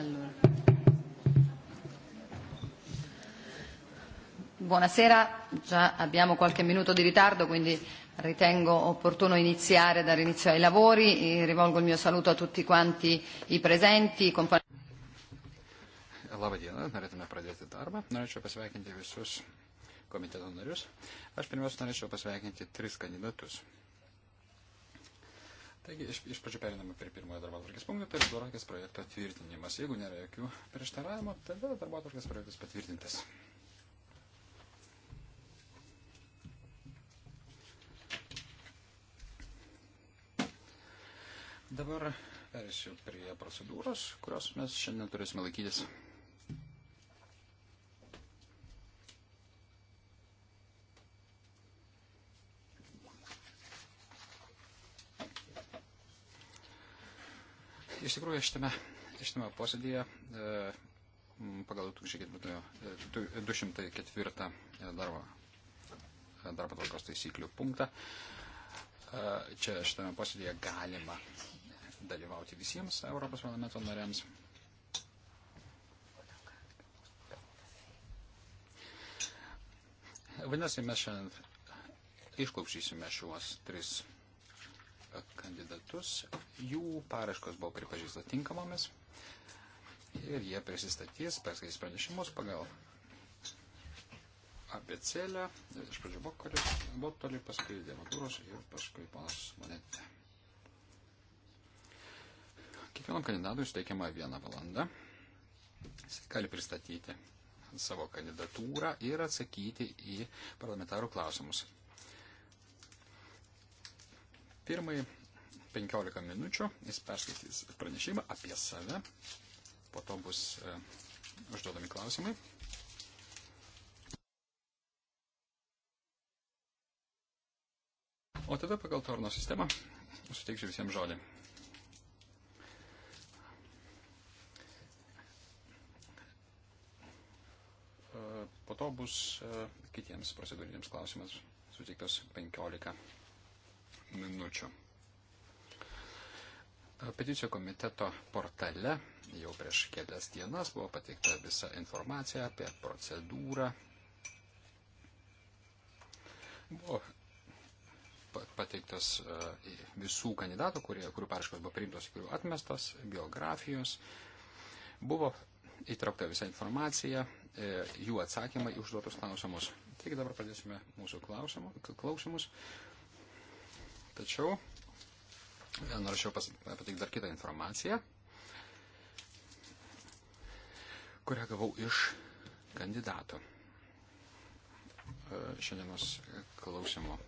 Allora. Buonasera, già abbiamo qualche minuto di ritardo, quindi ritengo opportuno iniziare, dare inizio ai lavori. E rivolgo il mio saluto a tutti quanti i presenti. Compagn- Labą dieną, norėtume pradėti darbą. Norėčiau pasveikinti visus komiteto narius. Aš pirmiausia norėčiau pasveikinti tris kandidatus Taigi iš, iš pradžių periname prie pirmojo darbo atvarkės punkto, tai darbo atvarkės projekto tvirtinimas. Jeigu nėra jokių prieštaravimo, tada darbo atvarkės projektas patvirtintas. Dabar perėsiu prie procedūros, kurios mes šiandien turėsime laikytis. Iš tikrųjų, šitame, šitame posėdėje e, pagal 204 e, e, darbo, darbo tvarkos taisyklių punktą čia šitame posėdėje galima dalyvauti visiems Europos parlamento nariams. Vadinasi, mes šiandien išklausysime šiuos tris kandidatus. Jų paraškos buvo pripažįsta tinkamomis ir jie prisistatys, perskaitys pranešimus pagal abecelę. Iš pradžių Bokoris, Botoli, paskui Dematūros ir paskui panas Monetė. Kiekvienam kandidatui suteikiama vieną valandą. Jis gali pristatyti savo kandidatūrą ir atsakyti į parlamentarų klausimus. Pirmai 15 minučių jis perskaitys pranešimą apie save, po to bus e, užduodami klausimai. O tada pagal torno sistemą suteiksiu visiems žodį. E, po to bus e, kitiems procedūriniams klausimams suteiktos 15 minučių. Peticijų komiteto portale jau prieš kelias dienas buvo pateikta visa informacija apie procedūrą. Buvo pateiktas e, visų kandidatų, kurie, kurių paraškos buvo priimtos, kurių atmestos, biografijos. Buvo įtraukta visa informacija, e, jų atsakymai užduotus klausimus. Taigi dabar pradėsime mūsų klausimus. Tačiau norėčiau pateikti dar kitą informaciją, kurią gavau iš kandidatų. E, šiandienos klausimo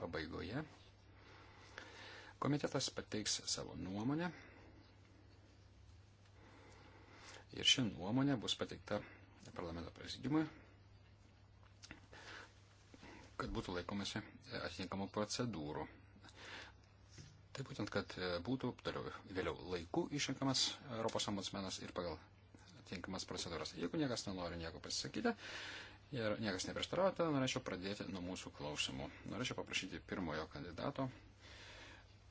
pabaigoje komitetas pateiks savo nuomonę ir ši nuomonė bus pateikta parlamento prezidiumui, kad būtų laikomasi atitinkamų procedūrų Tai būtent, kad e, būtų toliau, vėliau laiku išrinkamas Europos ombudsmenas ir pagal tinkamas procedūras. Jeigu niekas nenori nieko pasisakyti ir niekas neprieštarauja, norėčiau pradėti nuo mūsų klausimų. Norėčiau paprašyti pirmojo kandidato,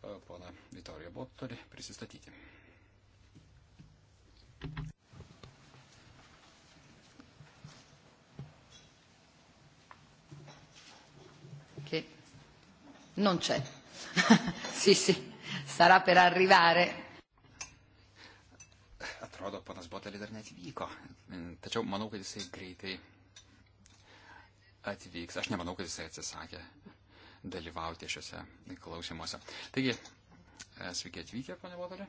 e, pona Vitorijo Botolį, prisistatyti. Okay. Non c'è. sì, sì, sarà per arrivare. Atrodo, panas Botelį dar neatvyko. Mm, tačiau manau, kad jisai greitai atvyks. Aš nemanau, kad jisai atsisakė dalyvauti šiuose klausimuose. Taigi, e, sveiki atvykę, ponė Botelė.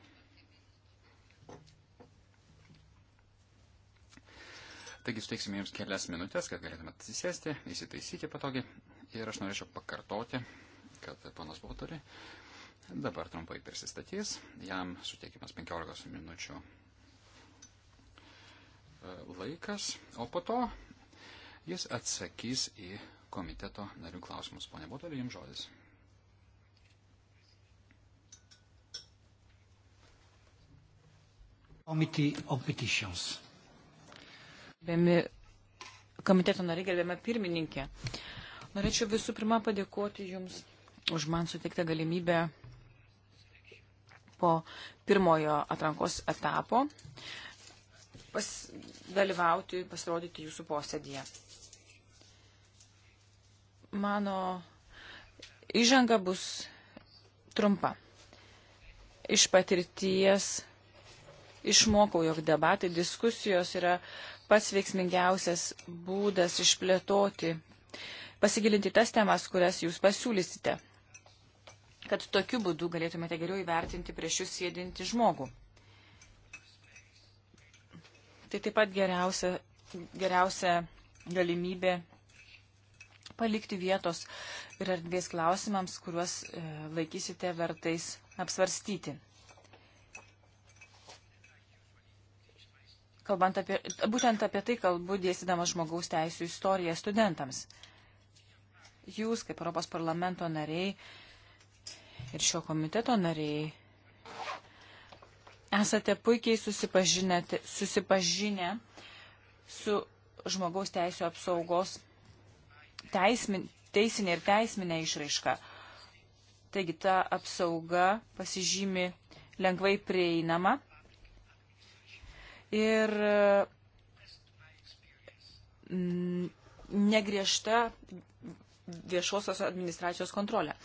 Taigi, suteiksime jums kelias minutės, kad galėtumėte atsisėsti, įsitaisyti patogiai. Ir aš norėčiau pakartoti kad panas Botori dabar trumpai prisistatys. Jam suteikimas 15 minučių e, laikas, o po to jis atsakys į komiteto narių klausimus. Pone Botori, jums žodis. Committee on Petitions. Gerbiami komiteto nariai, gerbiami pirmininkė, norėčiau visų pirma padėkoti Jums už man suteiktą galimybę po pirmojo atrankos etapo pas, dalyvauti, pasirodyti jūsų posėdėje. Mano įžanga bus trumpa. Iš patirties išmokau, jog debatai, diskusijos yra pats veiksmingiausias būdas išplėtoti, pasigilinti tas temas, kurias jūs pasiūlysite kad tokiu būdu galėtumėte geriau įvertinti prieš jūs sėdinti žmogų. Tai taip pat geriausia, geriausia galimybė palikti vietos ir erdvės klausimams, kuriuos e, laikysite vertais apsvarstyti. Kalbant apie, būtent apie tai kalbu dėstydamas žmogaus teisų istoriją studentams. Jūs, kaip Europos parlamento nariai, e, ir šio komiteto nariai esate puikiai susipažinę, susipažinę su žmogaus teisų apsaugos teismin, teisinė ir teisminė išraiška. Taigi ta apsauga pasižymi lengvai prieinama ir mm, negriežta viešosios administracijos kontrolė.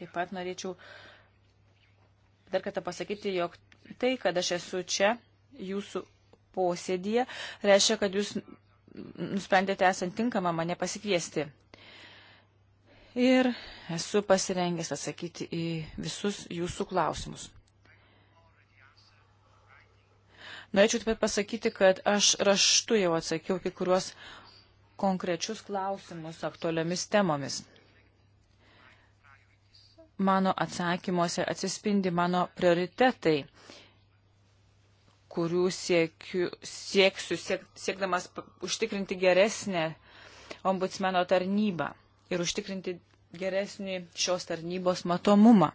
Taip pat norėčiau dar kartą pasakyti, jog tai, kad aš esu čia, jūsų posėdėje, reiškia, kad jūs nusprendėte esant tinkamą mane pasikviesti. Ir esu pasirengęs atsakyti į visus jūsų klausimus. Norėčiau taip pat pasakyti, kad aš raštu jau atsakiau kai kuriuos konkrečius klausimus aktualiomis temomis mano atsakymuose atsispindi mano prioritetai, kurių siekiu, sieksiu, siek, siekdamas užtikrinti geresnę ombudsmeno tarnybą ir užtikrinti geresnį šios tarnybos matomumą.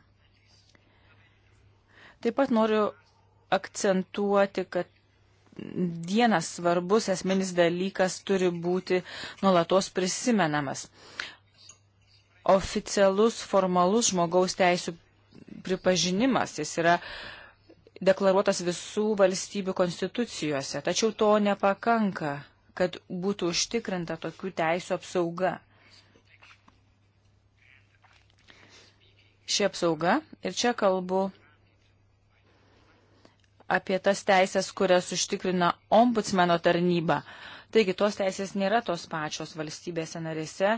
Taip pat noriu akcentuoti, kad vienas svarbus esminis dalykas turi būti nuolatos prisimenamas oficialus, formalus žmogaus teisų pripažinimas. Jis yra deklaruotas visų valstybių konstitucijose, tačiau to nepakanka, kad būtų užtikrinta tokių teisų apsauga. Ši apsauga, ir čia kalbu apie tas teisės, kurias užtikrina ombudsmeno tarnyba. Taigi tos teisės nėra tos pačios valstybėse narėse,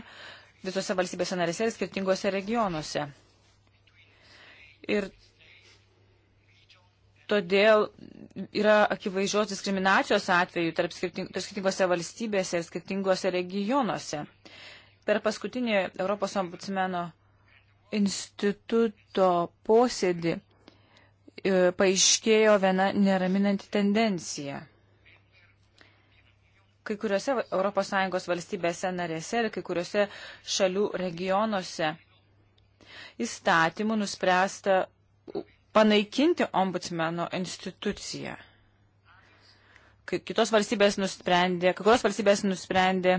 visose valstybėse narėse ir skirtingose regionuose. Ir todėl yra akivaizdžios diskriminacijos atveju tarp, skirting, tarp skirtingose valstybėse ir skirtingose regionuose. Per paskutinį Europos ombudsmeno instituto posėdį e, paaiškėjo viena neraminanti tendencija kai kuriuose ES valstybėse narėse ir kai kuriuose šalių regionuose įstatymų nuspręsta panaikinti ombudsmeno instituciją. Kai kitos valstybės nusprendė, kai kurios valstybės nusprendė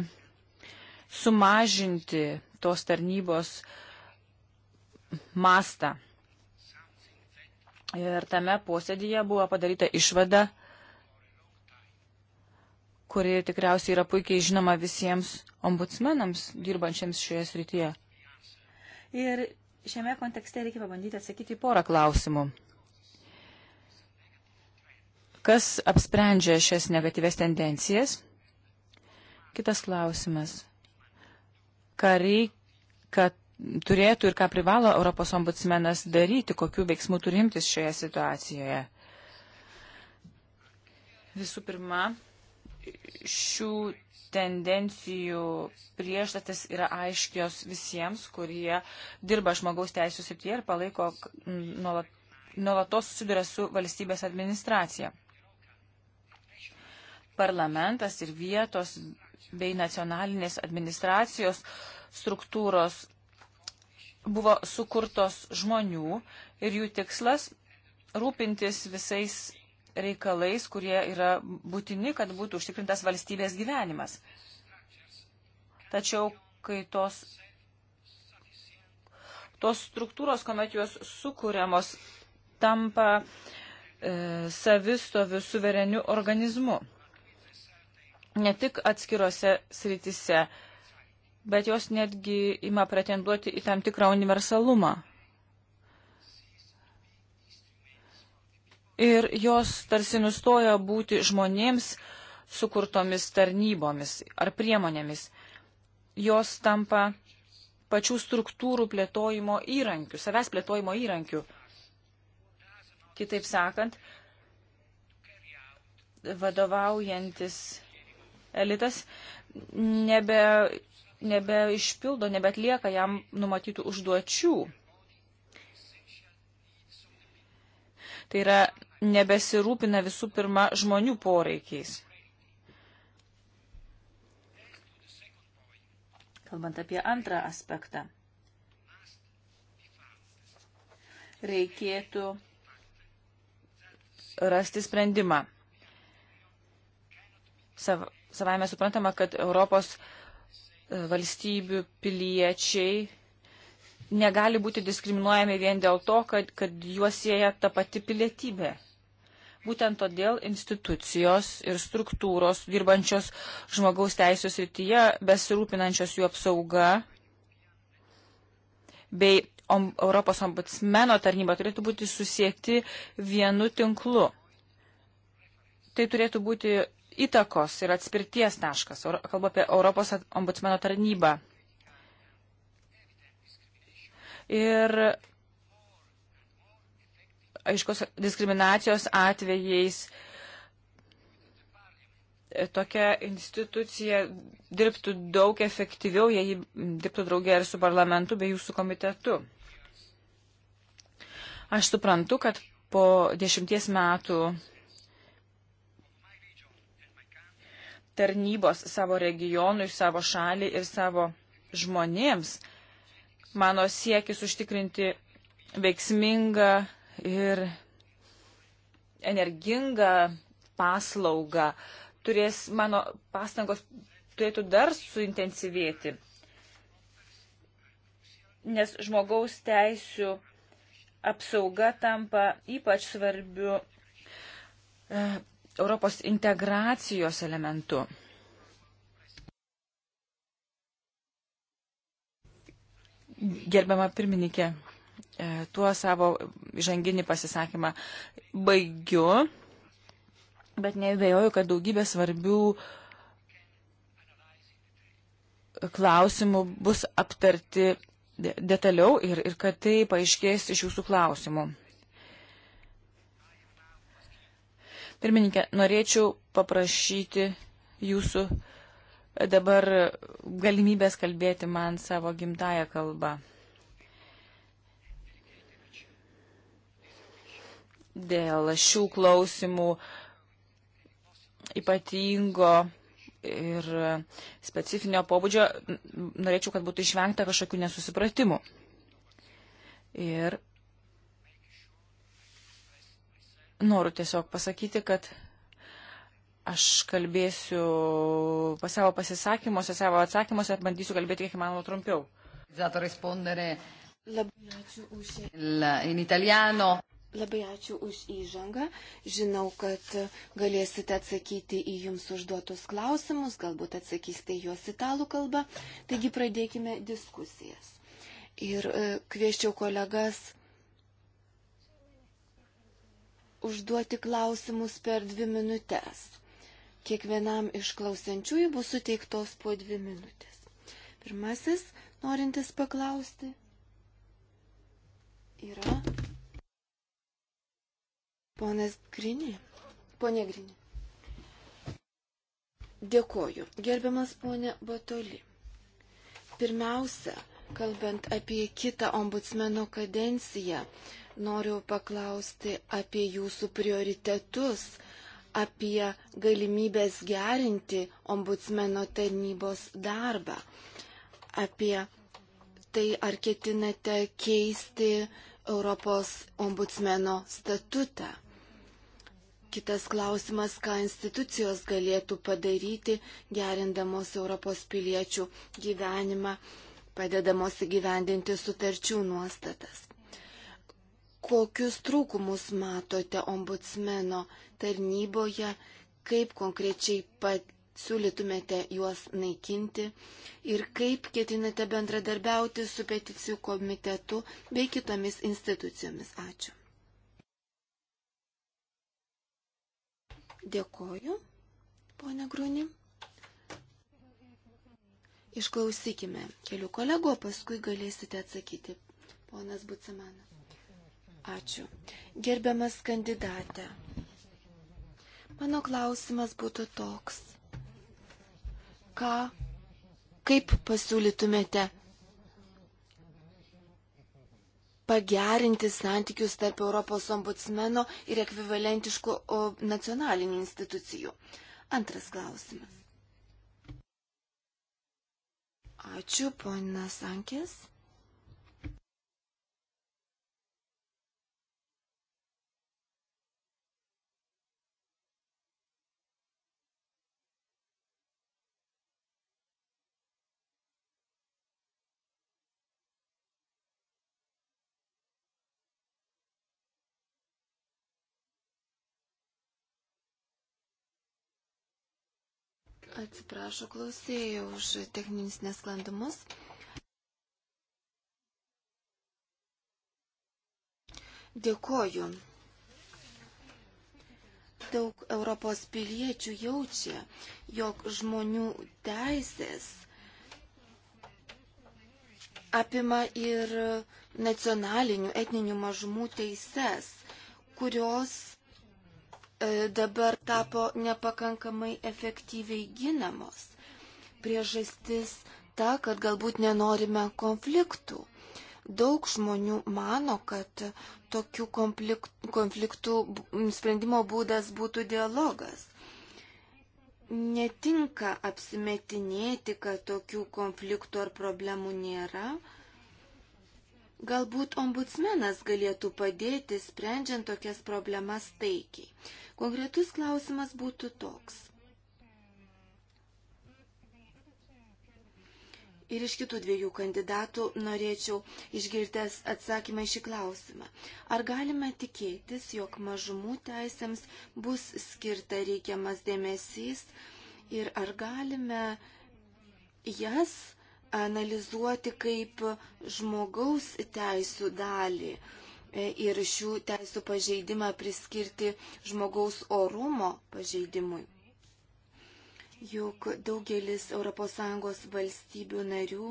sumažinti tos tarnybos mastą. Ir tame posėdėje buvo padaryta išvada, kuri tikriausiai yra puikiai žinoma visiems ombudsmenams dirbančiams šioje srityje. Ir šiame kontekste reikia pabandyti atsakyti į porą klausimų. Kas apsprendžia šias negatyves tendencijas? Kitas klausimas. Ką reikia turėtų ir ką privalo Europos ombudsmenas daryti, kokiu veiksmu turi imtis šioje situacijoje? Visų pirma, šių tendencijų prieštatis yra aiškios visiems, kurie dirba žmogaus teisų srityje ir palaiko nuolatos susiduria su valstybės administracija. Parlamentas ir vietos bei nacionalinės administracijos struktūros buvo sukurtos žmonių ir jų tikslas rūpintis visais reikalais, kurie yra būtini, kad būtų užtikrintas valstybės gyvenimas. Tačiau, kai tos, tos struktūros, kuomet jos sukūriamos, tampa e, savistoviu suvereniu organizmu. Ne tik atskirose sritise, bet jos netgi ima pretenduoti į tam tikrą universalumą. ir jos tarsi nustoja būti žmonėms sukurtomis tarnybomis ar priemonėmis. Jos tampa pačių struktūrų plėtojimo įrankių, savęs plėtojimo įrankių. Kitaip sakant, vadovaujantis elitas nebe, nebe išpildo, nebe atlieka jam numatytų užduočių. Tai yra nebesirūpina visų pirma žmonių poreikiais. Kalbant apie antrą aspektą, reikėtų rasti sprendimą. Sav, savame suprantama, kad Europos e, valstybių piliečiai negali būti diskriminuojami vien dėl to, kad, kad juos sieja ta pati pilietybė. Būtent todėl institucijos ir struktūros dirbančios žmogaus teisų srityje, besirūpinančios jų apsauga bei Europos ombudsmeno tarnyba turėtų būti susieti vienu tinklu. Tai turėtų būti įtakos ir atspirties taškas. Kalba apie Europos ombudsmeno tarnybą. Ir aiškos diskriminacijos atvejais tokia institucija dirbtų daug efektyviau, jei dirbtų draugė ir su parlamentu bei jūsų komitetu. Aš suprantu, kad po dešimties metų tarnybos savo regionui, savo šalį ir savo žmonėms mano siekis užtikrinti veiksmingą ir energingą paslaugą turės mano pastangos turėtų dar suintensyvėti. Nes žmogaus teisų apsauga tampa ypač svarbiu e, Europos integracijos elementu. Gerbiama pirmininkė, E, tuo savo žanginį pasisakymą baigiu, bet neįvėjoju, kad daugybė svarbių klausimų bus aptarti detaliau ir, ir kad tai paaiškės iš jūsų klausimų. Pirmininkė, norėčiau paprašyti jūsų dabar galimybės kalbėti man savo gimtają kalbą. dėl šių klausimų ypatingo ir specifinio pobūdžio, norėčiau, kad būtų išvengta kažkokių nesusipratimų. Ir noriu tiesiog pasakyti, kad aš kalbėsiu pas savo pasisakymuose, savo atsakymuose, bandysiu kalbėti kiek įmanoma trumpiau. Labai ačiū už šią. Labai ačiū už įžangą. Žinau, kad galėsite atsakyti į jums užduotus klausimus, galbūt atsakysite juos italų kalbą. Taigi pradėkime diskusijas. Ir e, kvieščiau kolegas užduoti klausimus per dvi minutės. Kiekvienam iš klausiančiųjų bus suteiktos po dvi minutės. Pirmasis, norintis paklausti, yra Ponas Grinė. Ponė Grinė. Dėkoju. Gerbiamas ponė Batoli. Pirmiausia, kalbant apie kitą ombudsmeno kadenciją, noriu paklausti apie jūsų prioritetus, apie galimybės gerinti ombudsmeno tarnybos darbą, apie tai, ar ketinate keisti Europos ombudsmeno statutą. Kitas klausimas, ką institucijos galėtų padaryti, gerindamos Europos piliečių gyvenimą, padedamos įgyvendinti sutarčių nuostatas. Kokius trūkumus matote ombudsmeno tarnyboje, kaip konkrečiai pasiūlytumėte juos naikinti ir kaip ketinate bendradarbiauti su peticijų komitetu bei kitomis institucijomis? Ačiū. Dėkoju, ponė Gruni. Išklausykime kelių kolego, paskui galėsite atsakyti, ponas Bucemanas. Ačiū. Gerbiamas kandidatė. Mano klausimas būtų toks. Ką, kaip pasiūlytumėte pagerinti santykius tarp Europos ombudsmeno ir ekvivalentiškų nacionalinių institucijų? Antras klausimas. Ačiū, ponas Ankės. Atsiprašau klausėjų už techninius nesklandumus. Dėkoju. Daug Europos piliečių jaučia, jog žmonių teisės apima ir nacionalinių etninių mažumų teises, kurios E, dabar tapo nepakankamai efektyviai ginamos. Priežastis ta, kad galbūt nenorime konfliktų. Daug žmonių mano, kad tokių konfliktų sprendimo būdas būtų dialogas. Netinka apsimetinėti, kad tokių konfliktų ar problemų nėra Galbūt ombudsmenas galėtų padėti sprendžiant tokias problemas taikiai. Konkretus klausimas būtų toks. Ir iš kitų dviejų kandidatų norėčiau išgirtęs atsakymą į šį klausimą. Ar galime tikėtis, jog mažumų teisėms bus skirta reikiamas dėmesys ir ar galime jas analizuoti kaip žmogaus teisų dalį e, ir šių teisų pažeidimą priskirti žmogaus orumo pažeidimui. Juk daugelis ES valstybių narių,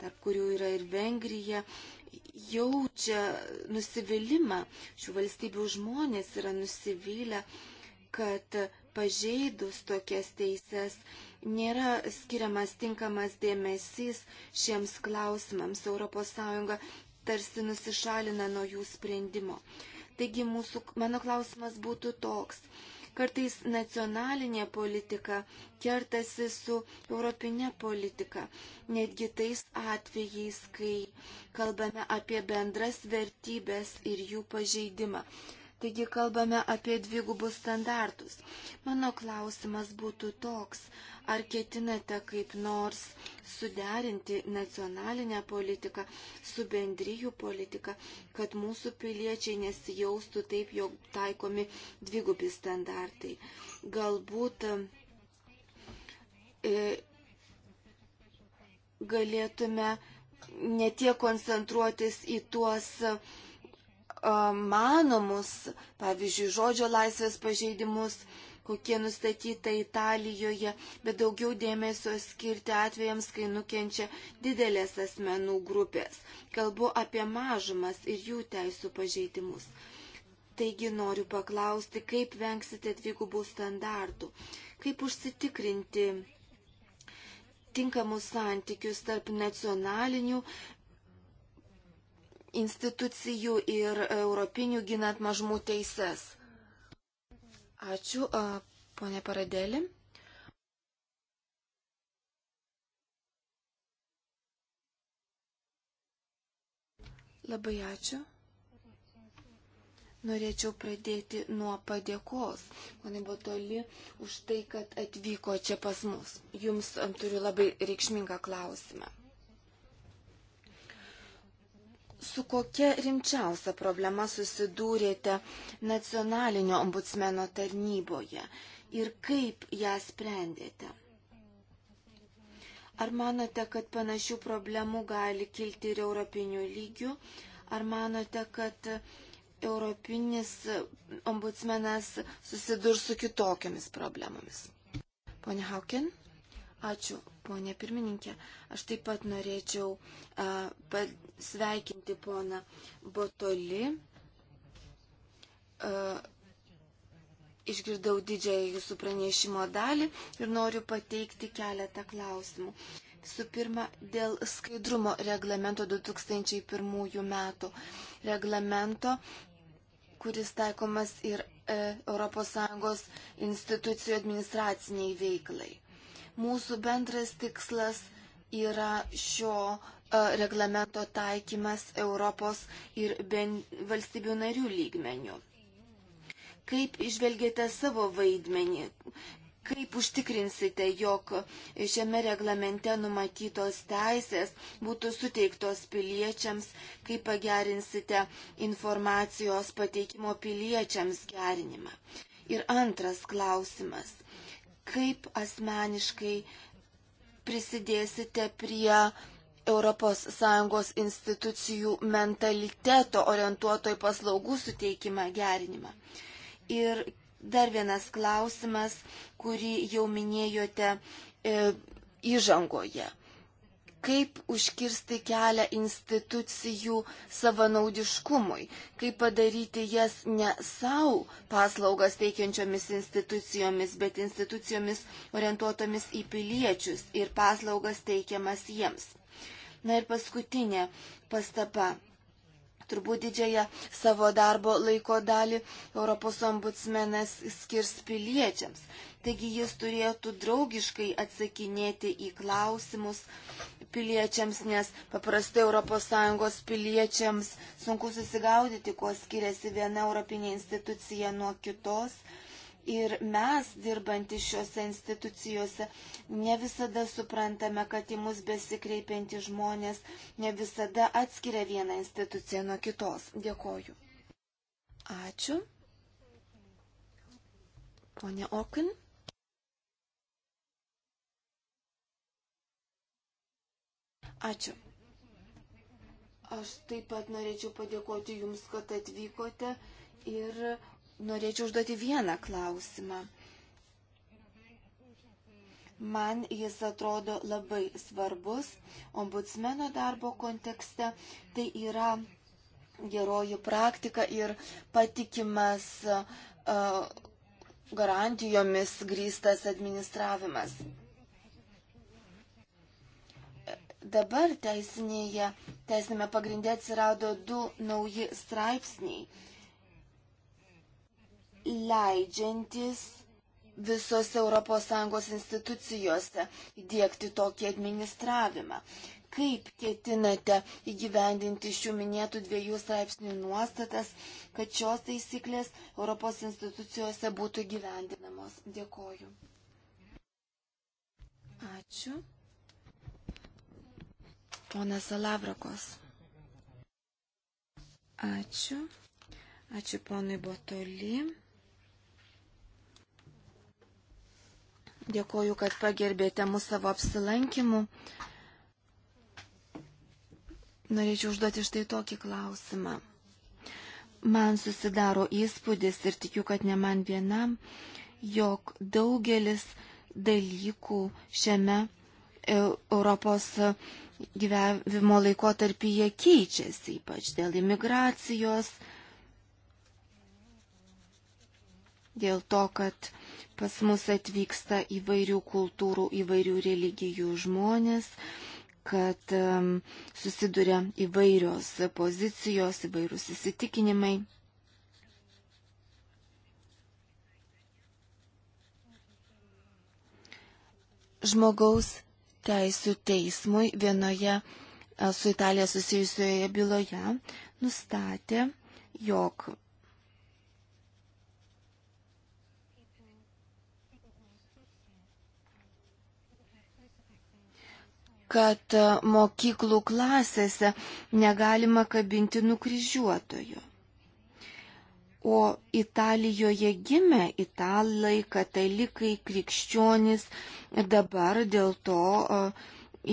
tarp kurių yra ir Vengrija, jaučia nusivylimą. Šių valstybių žmonės yra nusivylę, kad pažeidus tokias teises nėra skiriamas tinkamas dėmesys šiems klausimams. ES tarsi nusišalina nuo jų sprendimo. Taigi mūsų, mano klausimas būtų toks. Kartais nacionalinė politika kertasi su europinė politika, netgi tais atvejais, kai kalbame apie bendras vertybės ir jų pažeidimą. Taigi kalbame apie dvigubus standartus. Mano klausimas būtų toks, ar ketinate kaip nors suderinti nacionalinę politiką su bendryjų politika, kad mūsų piliečiai nesijaustų taip, jog taikomi dvigubi standartai. Galbūt e, galėtume netie koncentruotis į tuos manomus, pavyzdžiui, žodžio laisvės pažeidimus, kokie nustatyta Italijoje, bet daugiau dėmesio skirti atvejams, kai nukenčia didelės asmenų grupės. Kalbu apie mažumas ir jų teisų pažeidimus. Taigi noriu paklausti, kaip vengsite dvigubų standartų, kaip užsitikrinti tinkamus santykius tarp nacionalinių institucijų ir europinių ginant mažumų teises. Ačiū, ponė Paradėlė. Labai ačiū. Norėčiau pradėti nuo padėkos. Mane buvo toli už tai, kad atvyko čia pas mus. Jums turiu labai reikšmingą klausimą su kokia rimčiausia problema susidūrėte nacionalinio ombudsmeno tarnyboje ir kaip ją sprendėte? Ar manote, kad panašių problemų gali kilti ir europinių lygių? Ar manote, kad europinis ombudsmenas susidurs su kitokiamis problemomis? Pone Haukin? Ačiū, ponė pirmininkė. Aš taip pat norėčiau a, sveikinti poną Botoli. A, išgirdau didžiąją jūsų pranešimo dalį ir noriu pateikti keletą klausimų. Visų pirma, dėl skaidrumo reglamento 2001 metų. Reglamento, kuris taikomas ir e, ES institucijų administraciniai veiklai. Mūsų bendras tikslas yra šio e, reglamento taikymas Europos ir ben, valstybių narių lygmenių. Kaip išvelgėte savo vaidmenį? Kaip užtikrinsite, jog šiame reglamente numatytos teisės būtų suteiktos piliečiams, kaip pagerinsite informacijos pateikimo piliečiams gerinimą? Ir antras klausimas kaip asmeniškai prisidėsite prie ES institucijų mentaliteto orientuoto į paslaugų suteikimą gerinimą. Ir dar vienas klausimas, kurį jau minėjote e, įžangoje kaip užkirsti kelią institucijų savanaudiškumui, kaip padaryti jas ne savo paslaugas teikiančiomis institucijomis, bet institucijomis orientuotomis į piliečius ir paslaugas teikiamas jiems. Na ir paskutinė pastaba. Turbūt didžiąją savo darbo laiko dalį Europos ombudsmenas skirs piliečiams. Taigi jis turėtų draugiškai atsakinėti į klausimus piliečiams, nes paprastai ES piliečiams sunku susigaudyti, kuo skiriasi viena europinė institucija nuo kitos. Ir mes, dirbantys šiuose institucijose, ne visada suprantame, kad į mus besikreipianti žmonės ne visada atskiria vieną instituciją nuo kitos. Dėkoju. Ačiū. Pone Okin. Ačiū. Aš taip pat norėčiau padėkoti Jums, kad atvykote ir norėčiau užduoti vieną klausimą. Man jis atrodo labai svarbus ombudsmeno darbo kontekste. Tai yra geroji praktika ir patikimas uh, garantijomis grįstas administravimas. Dabar teisinėje, teisinėme pagrindė atsirado du nauji straipsniai, leidžiantis visose ES institucijose įdėkti tokį administravimą. Kaip ketinate įgyvendinti šių minėtų dviejų straipsnių nuostatas, kad šios taisyklės Europos institucijose būtų gyvendinamos? Dėkoju. Ačiū ponas Lavrakos. Ačiū. Ačiū ponui Botoli. Dėkoju, kad pagerbėte mūsų savo apsilankimu. Norėčiau užduoti štai tokį klausimą. Man susidaro įspūdis ir tikiu, kad ne man vienam, jog daugelis dalykų šiame e, Europos gyvenimo laikotarpyje keičiasi, ypač dėl imigracijos, dėl to, kad pas mus atvyksta įvairių kultūrų, įvairių religijų žmonės, kad um, susiduria įvairios pozicijos, įvairūs įsitikinimai. Žmogaus teisų teismui vienoje e, su Italija susijusioje byloje nustatė, jog kad e, mokyklų klasėse negalima kabinti nukryžiuotojų. O Italijoje gimė italai, katalikai, krikščionys, dabar dėl to e,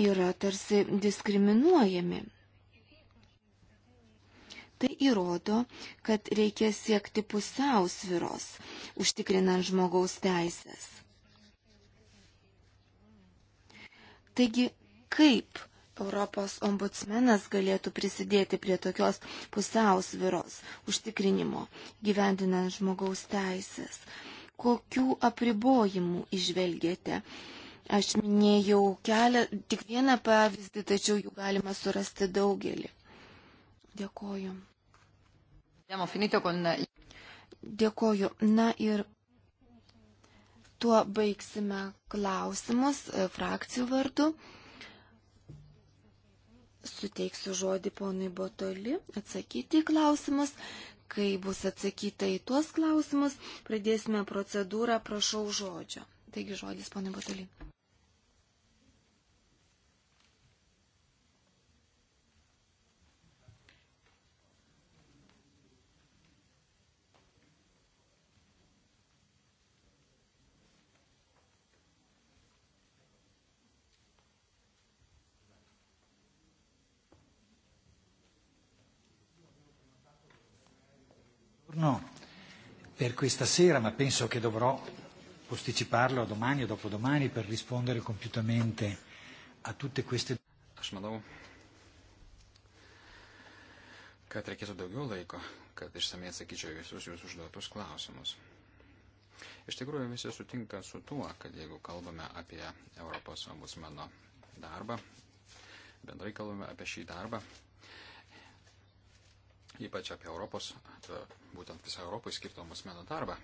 yra tarsi diskriminuojami. Tai įrodo, kad reikia siekti pusiausviros, užtikrinant žmogaus teisės. Taigi, kaip Europos ombudsmenas galėtų prisidėti prie tokios pusiausviros užtikrinimo gyvendinant žmogaus teisės. Kokių apribojimų išvelgėte? Aš minėjau kelią, tik vieną pavyzdį, tačiau jų galima surasti daugelį. Dėkoju. Dėkoju. Na ir tuo baigsime klausimus e, frakcijų vardu suteiksiu žodį ponui Botoli atsakyti į klausimus. Kai bus atsakyta į tuos klausimus, pradėsime procedūrą, prašau žodžio. Taigi žodis, ponai Botoli. giorno per questa sera, ma penso che dovrò posticiparlo a domani o dopodomani per rispondere compiutamente a tutte queste Aš manau, kad reikėtų daugiau laiko, kad išsamei atsakyčiau visus jūsų užduotus klausimus. Iš tikrųjų, visi sutinka su tuo, kad jeigu kalbame apie Europos ombudsmeno darbą, bendrai kalbame apie šį darbą, ypač apie Europos, būtent visą Europai skirtą ombudsmeno darbą.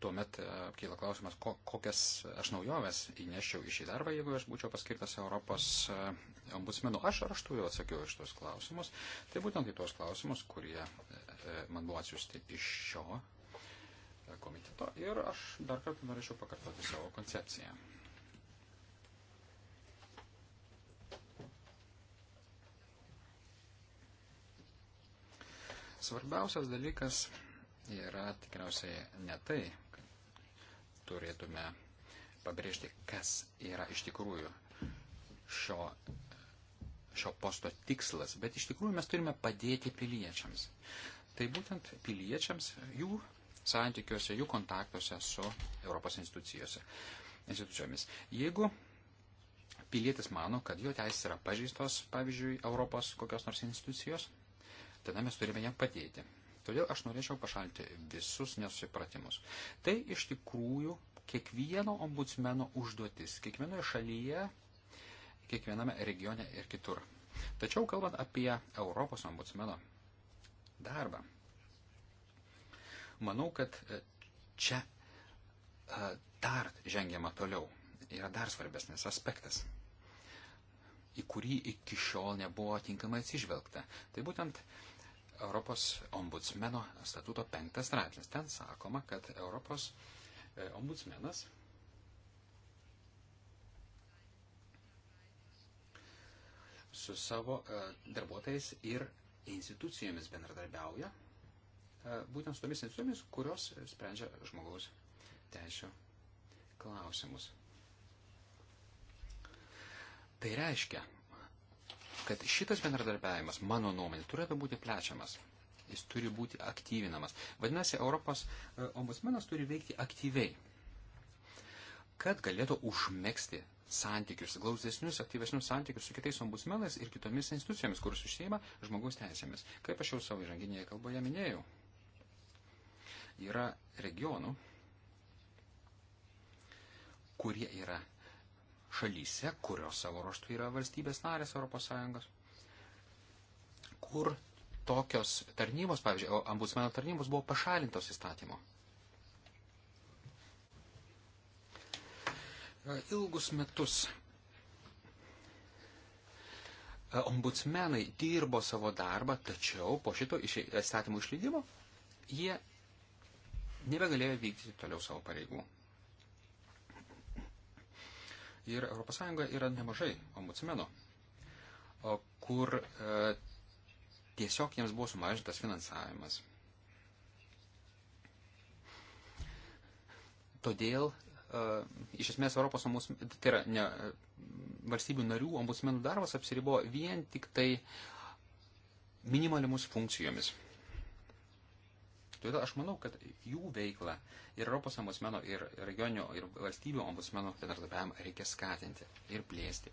Tuomet e, kyla klausimas, ko, kokias e, aš naujoves įneščiau į šį darbą, jeigu aš būčiau paskirtas Europos e, ombudsmenu. Aš raštu jau atsakiau iš tuos klausimus. Tai būtent į tuos klausimus, kurie man buvo atsiųsti iš šio komiteto. Ir aš dar kartą norėčiau pakartoti savo koncepciją. Svarbiausias dalykas yra tikriausiai ne tai, kad turėtume pabrėžti, kas yra iš tikrųjų šio, šio posto tikslas, bet iš tikrųjų mes turime padėti piliečiams. Tai būtent piliečiams jų santykiuose, jų kontaktuose su Europos institucijomis. Jeigu pilietis mano, kad jo teisės yra pažįstos, pavyzdžiui, Europos kokios nors institucijos, tada mes turime jam padėti. Todėl aš norėčiau pašalti visus nesusipratimus. Tai iš tikrųjų kiekvieno ombudsmeno užduotis, kiekvienoje šalyje, kiekviename regione ir kitur. Tačiau kalbant apie Europos ombudsmeno darbą, manau, kad e, čia e, dar žengiama toliau. Yra dar svarbesnis aspektas, į kurį iki šiol nebuvo tinkamai atsižvelgta. Tai būtent uh, Europos ombudsmeno statuto penktas straipsnis. Ten sakoma, kad Europos e, ombudsmenas su savo e, darbuotojais ir institucijomis bendradarbiauja, e, būtent su tomis institucijomis, kurios sprendžia žmogaus teisų klausimus. Tai reiškia, kad šitas bendradarbiavimas, mano nuomonė, turėtų būti plečiamas. Jis turi būti aktyvinamas. Vadinasi, Europos e, ombudsmenas turi veikti aktyviai, kad galėtų užmėgsti santykius, glausdesnius, aktyvesnius santykius su kitais ombudsmenais ir kitomis institucijomis, kuris užsieima žmogaus teisėmis. Kaip aš jau savo įžanginėje kalboje minėjau, yra regionų, kurie yra šalyse, kurios savo ruoštų yra valstybės narės ES, kur tokios tarnybos, pavyzdžiui, ambusmeno tarnybos buvo pašalintos įstatymo. E, ilgus metus e, ombudsmenai dirbo savo darbą, tačiau po šito įstatymų išleidimo jie nebegalėjo vykdyti toliau savo pareigų ir ES yra nemažai ombudsmenų, kur e, tiesiog jiems buvo sumažintas finansavimas. Todėl e, iš esmės Europos ombudsmenų, tai yra ne, e, valstybių narių ombudsmenų darbas apsiribo vien tik tai minimalimus funkcijomis. Todėl aš manau, kad jų veiklą ir Europos ombudsmeno, ir regioninio, ir valstybių ombudsmeno bendradarbiavimą reikia skatinti ir plėsti.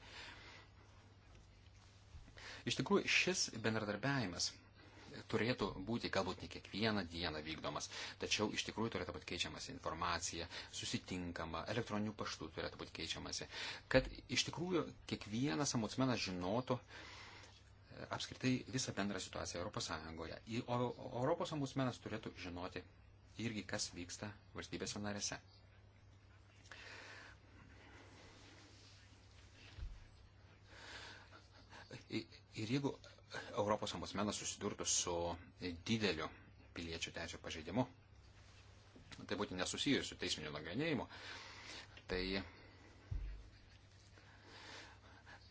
Iš tikrųjų, šis bendradarbiavimas turėtų būti galbūt ne kiekvieną dieną vykdomas, tačiau iš tikrųjų turėtų būti keičiamas informacija, susitinkama, elektroniniu paštu turėtų būti keičiamasi, kad iš tikrųjų kiekvienas amutsmenas žinotų, uh, apskritai visą bendrą situaciją Europos Sąjungoje. O Europos ombudsmenas turėtų žinoti irgi, kas vyksta valstybėse narėse. Ir jeigu Europos ombudsmenas susidurtų su dideliu piliečių teisų pažeidimu, tai būtent nesusijęs su teisminiu nagrinėjimu, tai,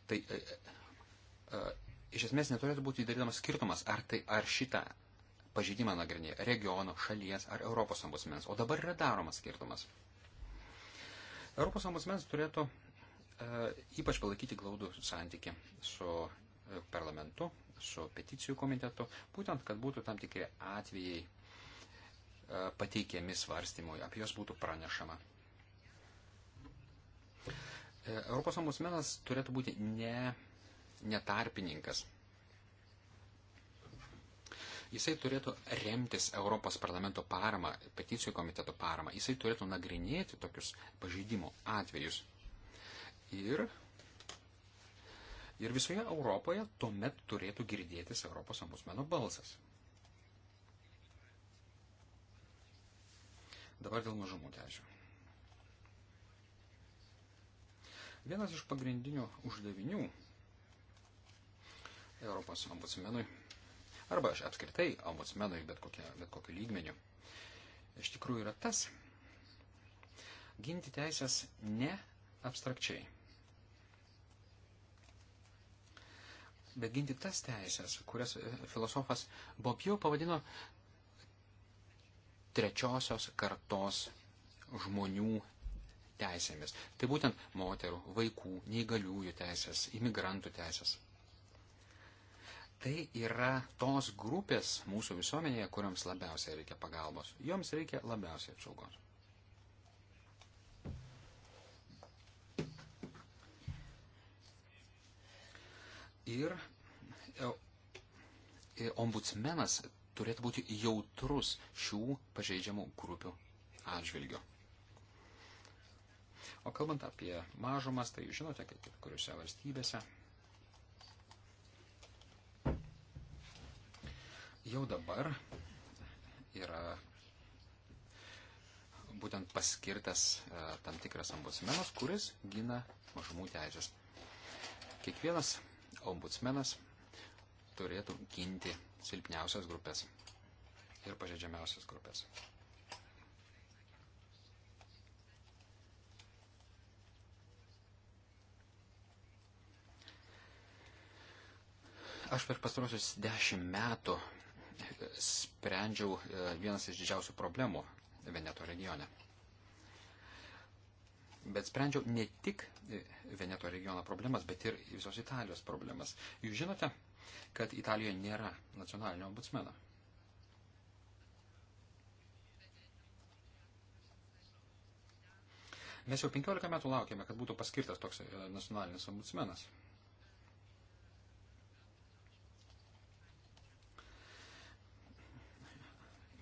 tai e, e, iš esmės neturėtų būti įdarydamas skirtumas, ar, tai, ar šitą pažydimą nagrinėja regiono, šalies ar Europos ambusmens. O dabar yra daromas skirtumas. Europos ambusmens turėtų e, ypač palaikyti glaudų santyki su e, parlamentu, su peticijų komitetu, būtent, kad būtų tam tikri atvejai e, pateikiami svarstymui, apie juos būtų pranešama. E, Europos ambusmenas turėtų būti ne netarpininkas. Jisai turėtų remtis Europos parlamento parama, peticijų komiteto parama. Jisai turėtų nagrinėti tokius pažeidimo atvejus. Ir, ir visoje Europoje tuomet turėtų girdėtis Europos ambusmeno balsas. Dabar dėl mažumų teisių. Vienas iš pagrindinių uždavinių Europos ombudsmenui, arba aš apskritai ombudsmenui, bet, kokia, bet kokiu lygmeniu, iš tikrųjų yra tas, ginti teisės ne abstrakčiai, bet ginti tas teisės, kurias e, filosofas Bobjau pavadino trečiosios kartos žmonių teisėmis. Tai būtent moterų, vaikų, neįgaliųjų teisės, imigrantų teisės tai yra tos grupės mūsų visuomenėje, kuriams labiausiai reikia pagalbos. Joms reikia labiausiai apsaugos. Ir, ir e, e, ombudsmenas turėtų būti jautrus šių pažeidžiamų grupių atžvilgiu. O kalbant apie mažumas, tai žinote, kad kuriuose valstybėse Jau dabar yra būtent paskirtas e, tam tikras ombudsmenas, kuris gina mažumų teisės. Kiekvienas ombudsmenas turėtų ginti silpniausias grupės ir pažeidžiamiausias grupės. Aš per pastarosius dešimt metų sprendžiau e, vienas iš didžiausių problemų Veneto regione. Bet sprendžiau ne tik e, Veneto regiono problemas, bet ir visos Italijos problemas. Jūs žinote, kad Italijoje nėra nacionalinio ombudsmeno. Mes jau 15 metų laukėme, kad būtų paskirtas toks e, nacionalinis ombudsmenas.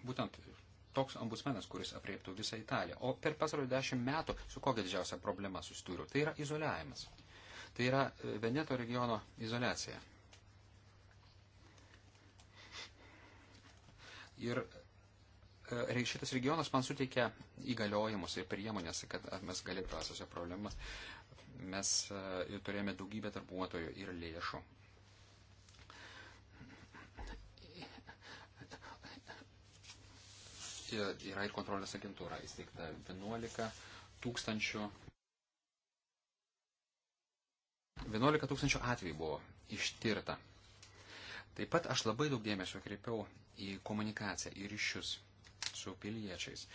būtent toks ombudsmenas, kuris apreiptų visą Italiją. O per pasarojų dešimt metų su kokia didžiausia problema susidūriau? Tai yra izoliavimas. Tai yra e, Veneto regiono izolacija. Ir e, šitas regionas man suteikia įgaliojimus ir priemonės, kad mes galėtume tas problemas. Mes e, turėjome daugybę darbuotojų ir lėšų yra ir kontrolės agentūra įsteigta 11 tūkstančių. 11 tūkstančių atvejų buvo ištirta. Taip pat aš labai daug dėmesio kreipiau į komunikaciją, į ryšius su piliečiais.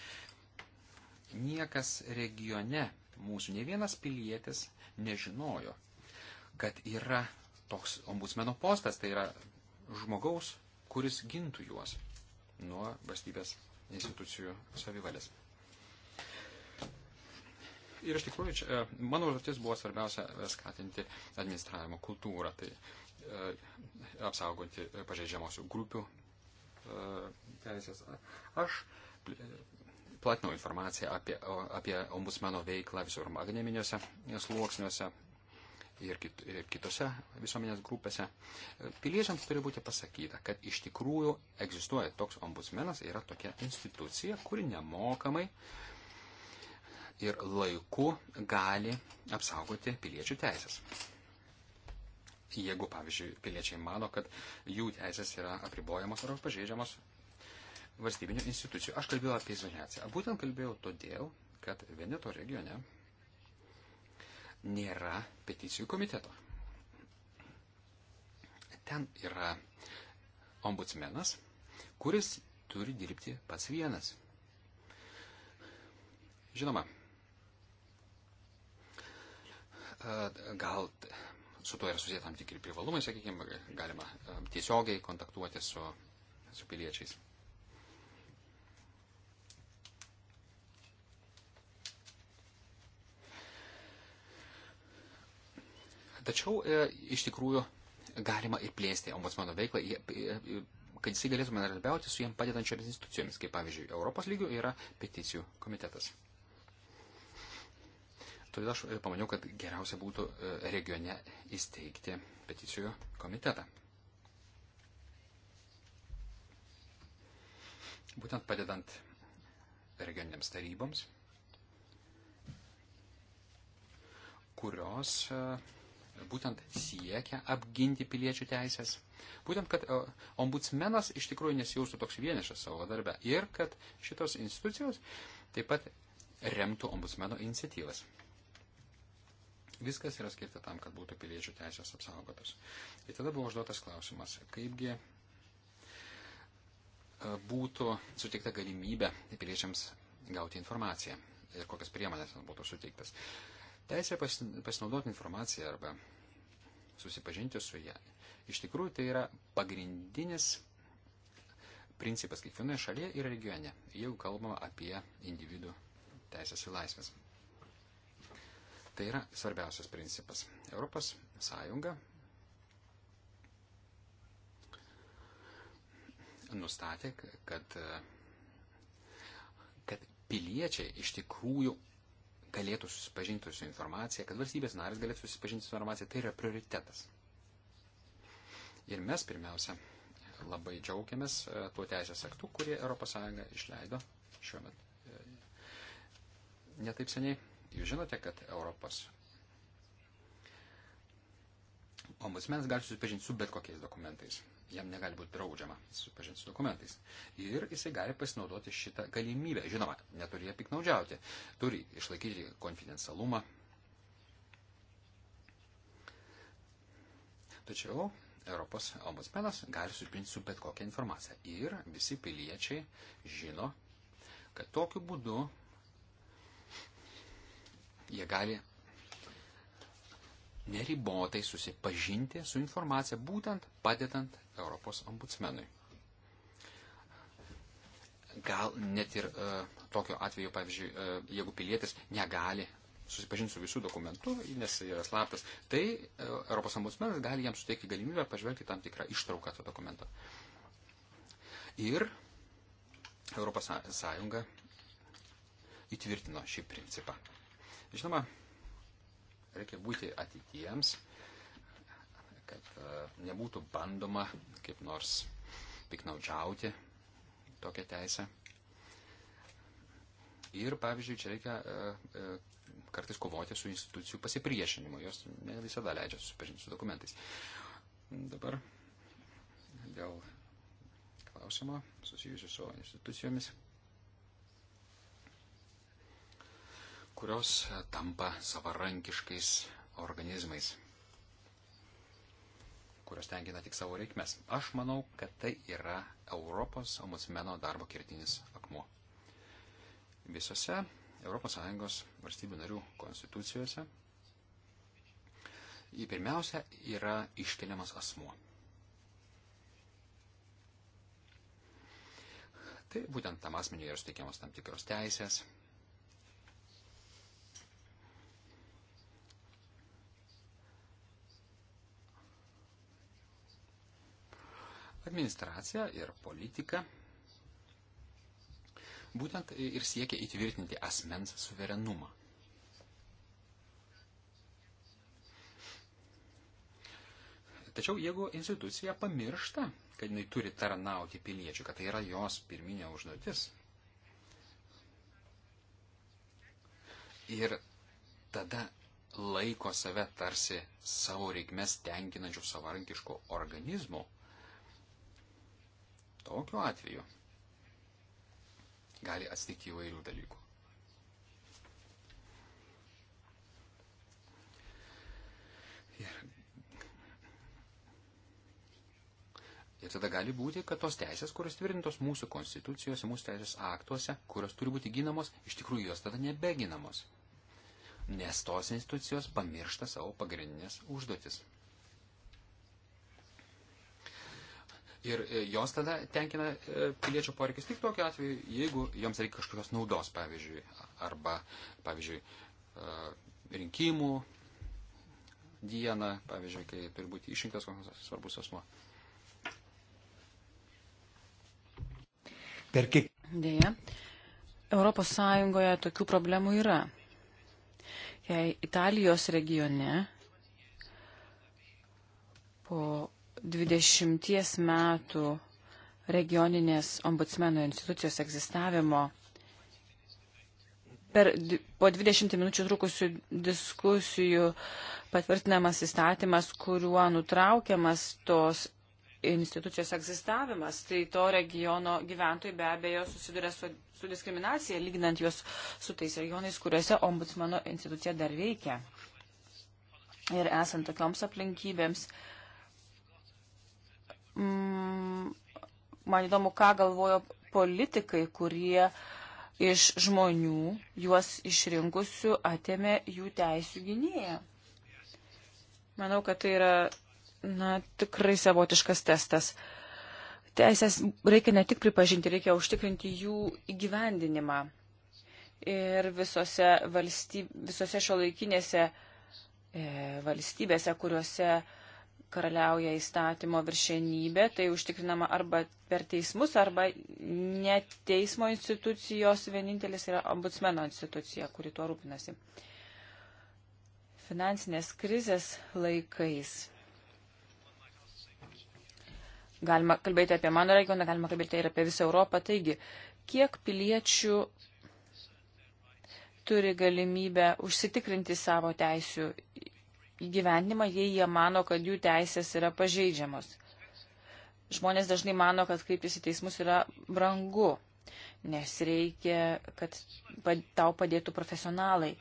Niekas regione mūsų, ne vienas pilietis nežinojo, kad yra toks ombudsmeno postas, tai yra žmogaus, kuris gintų juos nuo valstybės institucijų savivalės. Ir iš tikrųjų, čia, e, mano užduotis buvo svarbiausia e, skatinti administravimo kultūrą, tai e, apsaugoti pažeidžiamosių grupių teisės. Aš platinau informaciją apie, apie ombudsmeno veiklą visur magneminiuose sluoksniuose, ir kitose visuomenės grupėse, piliečiams turi būti pasakyta, kad iš tikrųjų egzistuoja toks ombudsmenas, yra tokia institucija, kuri nemokamai ir laiku gali apsaugoti piliečių teisės. Jeigu, pavyzdžiui, piliečiai mano, kad jų teisės yra apribojamos ar pažeidžiamos valstybinių institucijų. Aš kalbėjau apie izolaciją. Būtent kalbėjau todėl, kad Veneto regione nėra peticijų komiteto. Ten yra ombudsmenas, kuris turi dirbti pats vienas. Žinoma, gal su tuo yra susiję tam tikri privalumai, sakykime, galima tiesiogiai kontaktuoti su, su piliečiais. Tačiau e, iš tikrųjų galima ir plėsti ombudsmano veiklą, kad jisai galėtų bendradarbiauti su jam padedančiomis institucijomis, kaip pavyzdžiui, Europos lygių yra peticijų komitetas. Todėl aš e, pamaniau, kad geriausia būtų e, regione įsteigti peticijų komitetą. Būtent padedant regioniniams taryboms, kurios uh, būtent siekia apginti piliečių teisės. Būtent, kad e, ombudsmenas iš tikrųjų nesijaustų toks vienišas savo darbe ir kad šitos institucijos taip pat remtų ombudsmeno iniciatyvas. Viskas yra skirta tam, kad būtų piliečių teisės apsaugotos. Ir tada buvo užduotas klausimas, kaipgi e, būtų suteikta galimybė piliečiams gauti informaciją ir kokias priemonės būtų suteiktas. Uh, Teisė pasinaudoti informaciją arba susipažinti su ją. Iš tikrųjų, tai yra pagrindinis principas kiekvienoje šalyje ir regione, jeigu kalbama apie individų teisės ir laisvės. Tai yra svarbiausias principas. Europos Sąjunga nustatė, kad, kad piliečiai iš tikrųjų galėtų susipažinti su informacija, kad valstybės narės galėtų susipažinti su informacija, tai yra prioritetas. Ir mes pirmiausia labai džiaugiamės e, tuo teisės aktu, kurį ES išleido šiuo metu. E, Netaip seniai. Jūs žinote, kad Europos ombudsmenas gali susipažinti su bet kokiais dokumentais jam negali būti draudžiama susipažinti su dokumentais. Ir jisai gali pasinaudoti šitą galimybę. Žinoma, neturi ją piknaudžiauti, turi išlaikyti konfidencialumą. Tačiau Europos ombudsmenas gali supinti su bet kokia informacija. Ir visi piliečiai žino, kad tokiu būdu jie gali neribotai susipažinti su informacija, būtent padedant Europos ombudsmenui. Gal net ir e, tokiu atveju, pavyzdžiui, e, jeigu pilietis negali susipažinti su visų dokumentų, nes yra slaptas, tai e, Europos ombudsmenas gali jam suteikti galimybę pažvelgti tam tikrą ištrauką to dokumento. Ir Europos Sąjunga įtvirtino šį principą. Žinoma, reikia būti atitiems, kad e, nebūtų bandoma kaip nors piknaudžiauti tokią teisę. Ir, pavyzdžiui, čia reikia e, e, kartais kovoti su institucijų pasipriešinimu, jos ne visada leidžia susipažinti su dokumentais. Dabar dėl klausimo susijusiu su institucijomis. kurios e, tampa savarankiškais organizmais, kurios tenkina tik savo reikmes. Aš manau, kad tai yra Europos ombudsmeno darbo kirtinis akmuo. Visose ES valstybių narių konstitucijose pirmiausia yra iškeliamas asmuo. Tai būtent tam asmeniui yra suteikiamas tam tikros teisės, Administracija ir politika būtent ir siekia įtvirtinti asmens suverenumą. Tačiau jeigu institucija pamiršta, kad jinai turi tarnauti piliečių, kad tai yra jos pirminė užduotis, ir tada laiko save tarsi savo reikmes tenkinančių savarankiškų organizmų, Tokiu atveju gali atsitikti įvairių dalykų. Ir, ir tada gali būti, kad tos teisės, kurios tvirtintos mūsų konstitucijose, mūsų teisės aktuose, kurios turi būti ginamos, iš tikrųjų jos tada nebeginamos. Nes tos institucijos pamiršta savo pagrindinės užduotis. Ir e, jos tada tenkina e, piliečio poreikis tik tokiu atveju, jeigu joms reikia kažkokios naudos, pavyzdžiui, arba, pavyzdžiui, e, rinkimų dieną, pavyzdžiui, kai turi būti išrinktas koks nors svarbus asmo. Dėja, Europos Sąjungoje tokių problemų yra. Jei Italijos regione po 20 metų regioninės ombudsmeno institucijos egzistavimo per, po 20 minučių trukusių diskusijų patvirtinamas įstatymas, kuriuo nutraukiamas tos institucijos egzistavimas, tai to regiono gyventojai be abejo susiduria su, su diskriminacija, lyginant juos su tais regionais, kuriuose ombudsmano institucija dar veikia. Ir esant tokioms aplinkybėms, uh, mm, man įdomu, ką galvojo politikai, kurie iš žmonių juos išrinkusių atėmė jų teisų gynėją. Manau, kad tai yra na, tikrai savotiškas testas. Teisės reikia ne tik pripažinti, reikia užtikrinti jų įgyvendinimą. Ir visose, valstyb, visose šio laikinėse e, valstybėse, kuriuose e, karaliauja įstatymo viršenybė, tai užtikrinama arba per teismus, arba net teismo institucijos, vienintelis yra ombudsmeno institucija, kuri tuo rūpinasi. Finansinės krizės laikais. Galima kalbėti apie mano regioną, galima kalbėti ir apie visą Europą. Taigi, kiek piliečių turi galimybę užsitikrinti savo teisių gyvenimą, jei jie mano, kad jų teisės yra pažeidžiamos. Žmonės dažnai mano, kad kreiptis į teismus yra brangu, nes reikia, kad tau padėtų profesionalai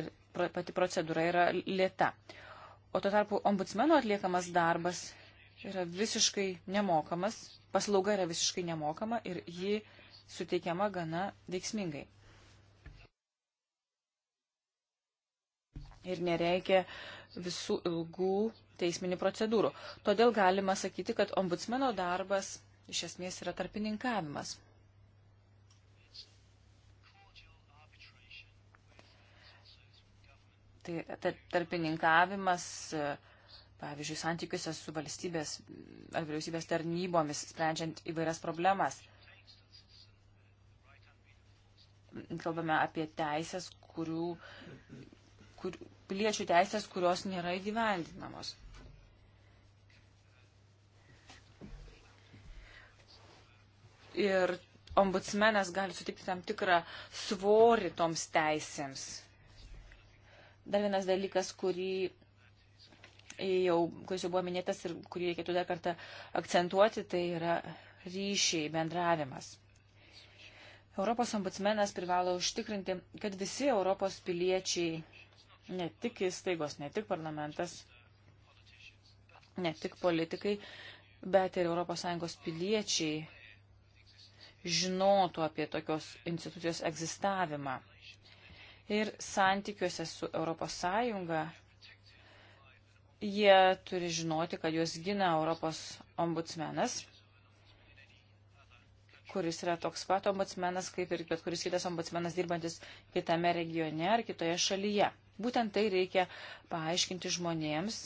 ir pati procedūra yra lėta. O tuo tarpu ombudsmeno atliekamas darbas yra visiškai nemokamas, paslauga yra visiškai nemokama ir ji suteikiama gana veiksmingai. ir nereikia visų ilgų teisminių procedūrų. Todėl galima sakyti, kad ombudsmeno darbas iš esmės yra tarpininkavimas. Tai tarpininkavimas, pavyzdžiui, santykiuose su valstybės ar vyriausybės tarnybomis, sprendžiant įvairias problemas. Kalbame apie teisės, kurių kur, piliečių teisės, kurios nėra įgyvendinamos. Ir ombudsmenas gali sutikti tam tikrą svorį toms teisėms. Dar vienas dalykas, kurį jau, kuris jau buvo minėtas ir kurį reikėtų dar kartą akcentuoti, tai yra ryšiai, bendravimas. Europos ombudsmenas privalo užtikrinti, kad visi Europos piliečiai ne tik įstaigos, ne tik parlamentas, ne tik politikai, bet ir ES piliečiai žinotų apie tokios institucijos egzistavimą. Ir santykiuose su ES jie turi žinoti, kad juos gina Europos ombudsmenas, kuris yra toks pat ombudsmenas, kaip ir bet kuris kitas ombudsmenas dirbantis kitame regione ar kitoje šalyje. Būtent tai reikia paaiškinti žmonėms.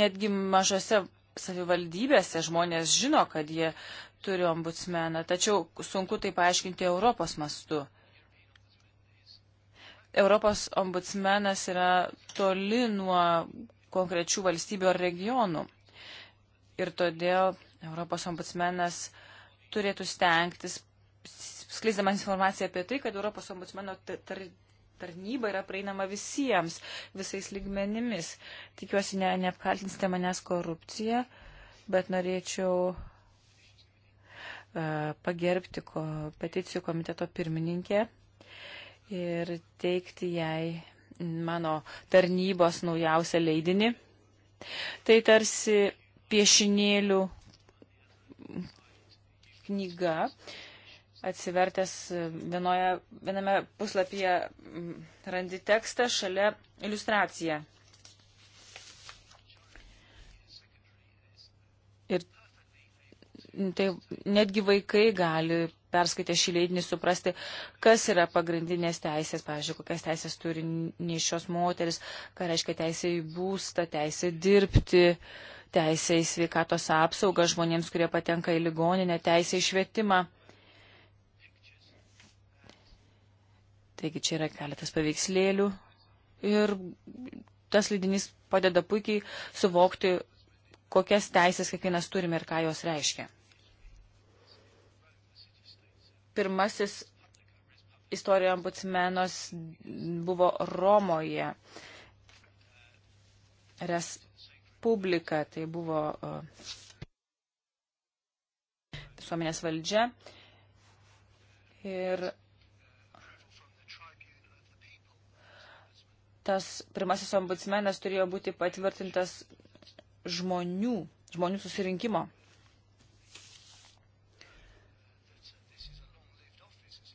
Netgi mažose savivaldybėse žmonės žino, kad jie turi ombudsmeną, tačiau sunku tai paaiškinti Europos mastu. Europos ombudsmenas yra toli nuo konkrečių valstybių ar regionų. Ir todėl Europos ombudsmenas turėtų stengtis skleisdama informaciją apie tai, kad Europos ombudsmeno tar tarnyba yra prieinama visiems, visais lygmenimis. Tikiuosi, ne, neapkaltinsite manęs korupciją, bet norėčiau uh, pagerbti ko, peticijų komiteto pirmininkę ir teikti jai mano tarnybos naujausią leidinį. Tai tarsi piešinėlių knyga, atsivertęs vienoje, viename puslapyje randi tekstą šalia iliustraciją. Ir tai netgi vaikai gali perskaitę šį leidinį suprasti, kas yra pagrindinės teisės, pavyzdžiui, kokias teisės turi neišios moteris, ką reiškia teisė į būstą, teisė dirbti, teisė į sveikatos apsaugą žmonėms, kurie patenka į ligoninę, teisė į švietimą. Taigi čia yra keletas paveikslėlių ir tas leidinys padeda puikiai suvokti, kokias teisės kiekvienas turime ir ką jos reiškia. Pirmasis istorijų ambucmenos buvo Romoje. Respublika, tai buvo uh, visuomenės valdžia. Ir tas pirmasis ombudsmenas turėjo būti patvirtintas žmonių, žmonių susirinkimo.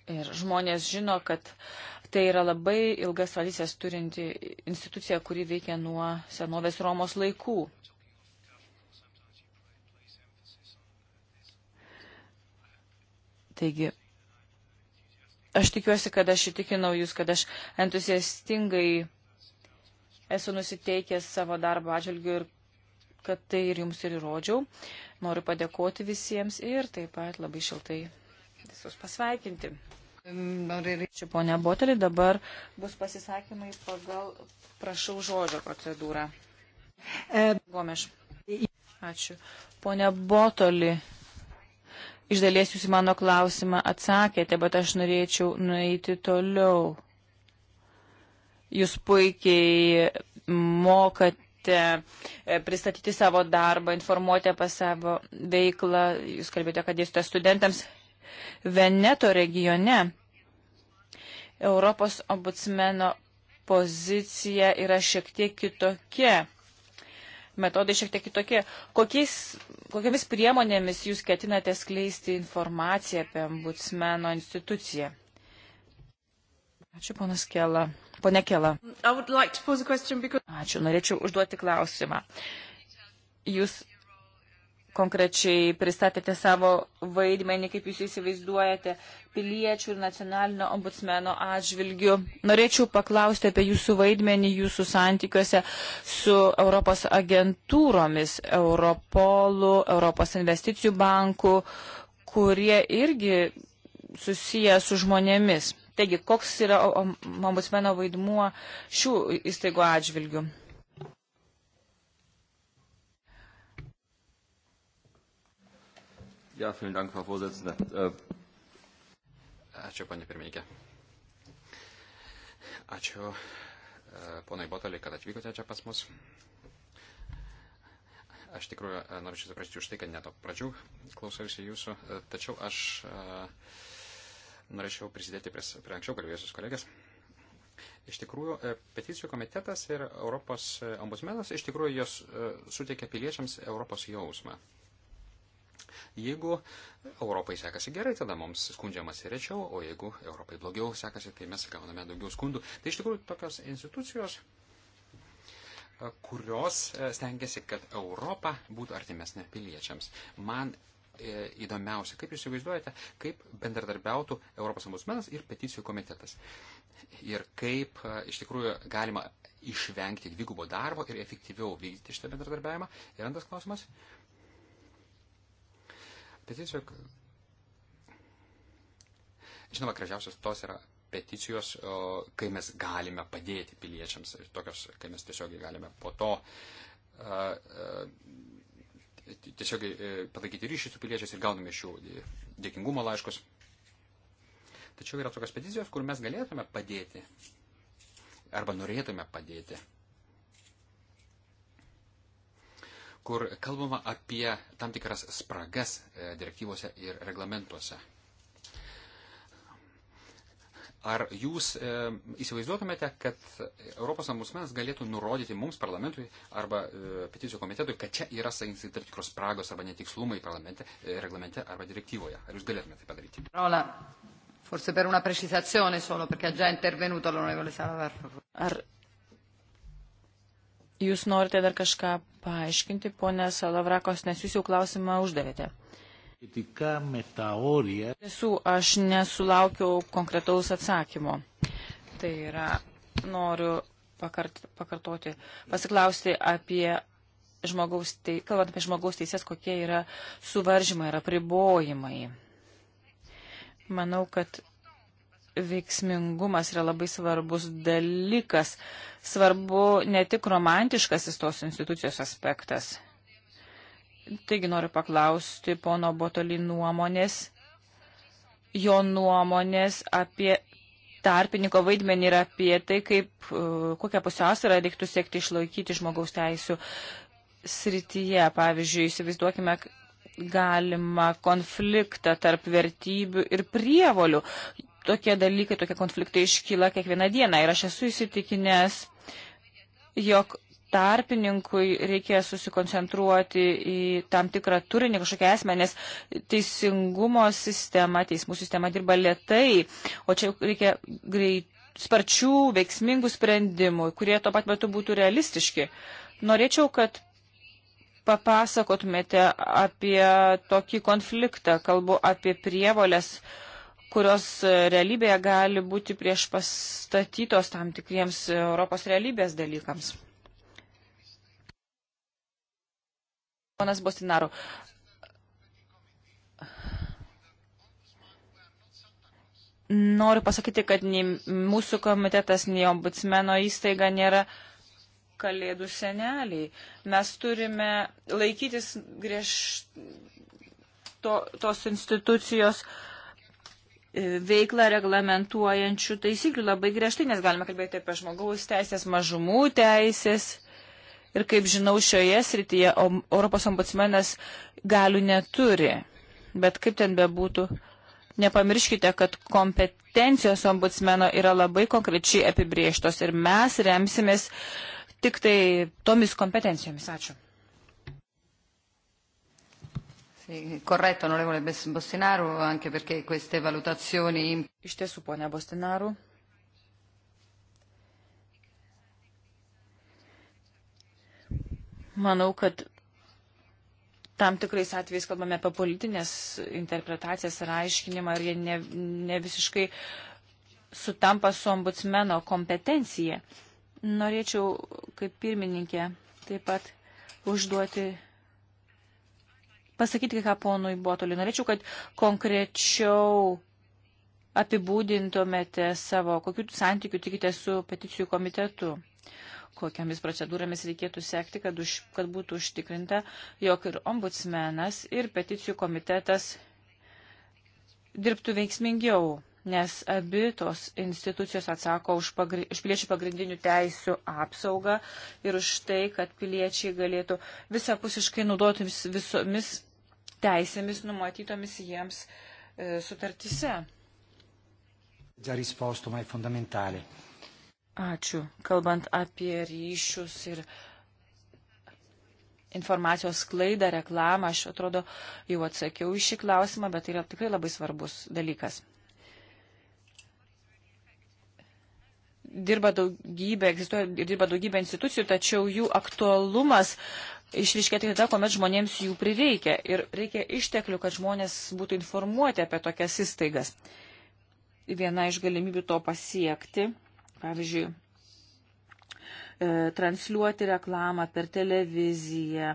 Ir žmonės žino, kad tai yra labai ilgas tradicijas turinti institucija, kuri veikia nuo senovės Romos laikų. Taigi, aš tikiuosi, kad aš įtikinau jūs, kad aš entuziastingai esu nusiteikęs savo darbo atžvilgiu ir kad tai ir jums ir įrodžiau. Noriu padėkoti visiems ir taip pat labai šiltai visus pasveikinti. Čia ponia Botelė, dabar bus pasisakymai pagal prašau žodžio procedūrą. Gomeš. Ačiū. Pone Botoli, iš dalies jūs į mano klausimą atsakėte, bet aš norėčiau nueiti toliau. Jūs puikiai mokate e, pristatyti savo darbą, informuoti apie savo veiklą. Jūs kalbėjote, kad dėstote studentams Veneto regione. Europos ombudsmeno pozicija yra šiek tiek kitokia. Metodai šiek tiek kitokie. Kokiais, kokiamis priemonėmis jūs ketinate skleisti informaciją apie ombudsmeno instituciją? Ačiū, ponas Kela. Pone Kela. Like because... Ačiū, norėčiau užduoti klausimą. Jūs konkrečiai pristatėte savo vaidmenį, kaip jūs įsivaizduojate, piliečių ir nacionalinio ombudsmeno atžvilgių. Norėčiau paklausti apie jūsų vaidmenį jūsų santykiuose su Europos agentūromis, Europolu, Europos investicijų banku, kurie irgi susiję su žmonėmis. Taigi, koks yra ombudsmeno vaidmuo šių įstaigų atžvilgių? Ja, vielen Dank, Frau Vorsitzende. Äh, Ačiū, panė pirmininkė. Ačiū, äh, ponai Botoliai, kad atvykote čia pas mus. Aš tikrųjų äh, norėčiau atsiprašyti už tai, kad neto pradžių klausiausi jūsų, tačiau aš. A, norėčiau prisidėti prie, prie anksčiau kalbėjusios kolegės. Iš tikrųjų, e, peticijų komitetas ir Europos e, ombudsmenas iš tikrųjų jos e, suteikia piliečiams Europos jausmą. Jeigu Europai sekasi gerai, tada mums skundžiamasi rečiau, o jeigu Europai blogiau sekasi, tai mes gauname daugiau skundų. Tai iš tikrųjų tokios institucijos, kurios stengiasi, kad Europa būtų artimesnė piliečiams. Man E, įdomiausia. Kaip jūs įsivaizduojate, kaip bendradarbiautų Europos ambusmenas ir peticijų komitetas? Ir kaip e, iš tikrųjų galima išvengti dvigubo darbo ir efektyviau vykdyti šitą bendradarbiavimą? Ir antras klausimas. Peticijų. Žinoma, gražiausios tos yra peticijos, kai mes galime padėti piliečiams, tokios, kai mes tiesiog galime po to uh, uh, tiesiog e, palaikyti ryšį su piliečiais ir gauname šių dėkingumo laiškus. Tačiau yra tokios peticijos, kur mes galėtume padėti arba norėtume padėti. Kur kalbama apie tam tikras spragas e, direktyvose ir reglamentuose. Ar jūs e, įsivaizduotumėte, kad Europos ambusmenas galėtų nurodyti mums, parlamentui arba e, peticijų komitetui, kad čia yra, sakykime, tam tikros spragos arba netikslumai parlamente, e, reglamente arba direktyvoje? Ar jūs galėtumėte tai padaryti? Rola. Forse per una precisazione solo, perché ha già intervenuto l'onorevole Salavar. Ar jūs norite dar kažką paaiškinti, ponė Salavrakos, nes jūs jau klausimą uždavėte? Visų aš nesulaukiau konkretaus atsakymo. Tai yra, noriu pakart, pakartoti, pasiklausti apie žmogaus, te, kalbant apie žmogaus teisės, kokie yra suvaržymai ir apribojimai. Manau, kad veiksmingumas yra labai svarbus dalykas. Svarbu ne tik romantiškasis tos institucijos aspektas. Taigi noriu paklausti pono Botolį nuomonės, jo nuomonės apie tarpininko vaidmenį ir apie tai, kaip, e, kokią pusiausvyrą reiktų siekti išlaikyti žmogaus teisų srityje. Pavyzdžiui, įsivaizduokime galima konfliktą tarp vertybių ir prievolių. Tokie dalykai, tokie konfliktai iškyla kiekvieną dieną ir aš esu įsitikinęs, jog tarpininkui reikia susikoncentruoti į tam tikrą turinį, kažkokią esmę, nes teisingumo sistema, teismų sistema dirba lietai, o čia reikia greit, sparčių, veiksmingų sprendimų, kurie tuo pat metu būtų realistiški. Norėčiau, kad papasakotumėte apie tokį konfliktą, kalbu apie prievolės kurios realybėje gali būti prieš pastatytos tam tikriems Europos realybės dalykams. Ponas Bostinaru. Noriu pasakyti, kad nei mūsų komitetas, nei ombudsmeno įstaiga nėra kalėdų seneliai. Mes turime laikytis griež to, tos institucijos e, veiklą reglamentuojančių taisyklių labai griežtai, nes galime kalbėti apie žmogaus teisės, mažumų teisės ir kaip žinau, šioje srityje Europos ombudsmenas galių neturi. Bet kaip ten bebūtų, nepamirškite, kad kompetencijos ombudsmeno yra labai konkrečiai apibrieštos ir mes remsimės tik tai tomis kompetencijomis. Ačiū. Corretto, onorevole Bostinaru, anche perché queste valutazioni. Iš tiesų, ponia Bostinaru, Manau, kad tam tikrais atvejais kalbame apie politinės interpretacijas ir aiškinimą, ar jie ne, ne visiškai sutampa su ombudsmeno kompetencija. Norėčiau, kaip pirmininkė, taip pat užduoti, pasakyti ką ponui Botoliu. Norėčiau, kad konkrečiau apibūdintumėte savo, kokiu santykiu tikite su peticijų komitetu kokiamis procedūromis reikėtų sekti, kad, už, kad būtų užtikrinta, jog ir ombudsmenas, ir peticijų komitetas dirbtų veiksmingiau, nes abi tos institucijos atsako už, pagri, už piliečių pagrindinių teisų apsaugą ir už tai, kad piliečiai galėtų visapusiškai naudoti vis, visomis teisėmis numatytomis jiems e, sutartise. Già risposto, ma è fondamentale. Ačiū. Kalbant apie ryšius ir informacijos sklaidą, reklamą, aš atrodo jau atsakiau į šį klausimą, bet tai yra tikrai labai svarbus dalykas. Dirba daugybė, egzistuoja ir dirba daugybė institucijų, tačiau jų aktualumas išriškia tik tada, kuomet žmonėms jų prireikia. Ir reikia išteklių, kad žmonės būtų informuoti apie tokias įstaigas. Viena iš galimybių to pasiekti Pavyzdžiui, e, transliuoti reklamą per televiziją,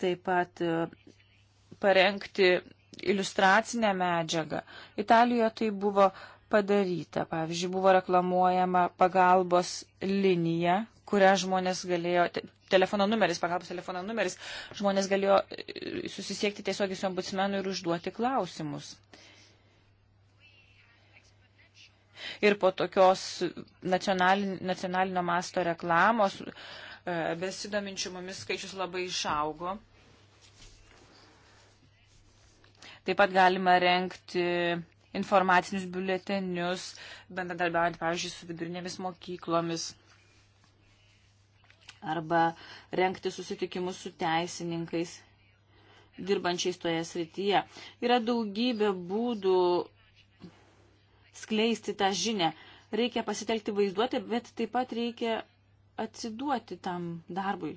taip pat e, parengti iliustracinę medžiagą. Italijoje tai buvo padaryta. Pavyzdžiui, buvo reklamuojama pagalbos linija, kurią žmonės galėjo, telefono numeris, pagalbos telefono numeris, žmonės galėjo e, susisiekti tiesiogiai su ombudsmenu ir užduoti klausimus. Uh, ir po tokios nacionalinio masto reklamos e, besidominčių mumis skaičius labai išaugo. Taip pat galima renkti informacinius biuletenius, bendradarbiaujant, pavyzdžiui, su vidurinėmis mokyklomis arba renkti susitikimus su teisininkais dirbančiais toje srityje. Yra daugybė būdų skleisti tą žinę. Reikia pasitelkti vaizduoti, bet taip pat reikia atsiduoti tam darbui.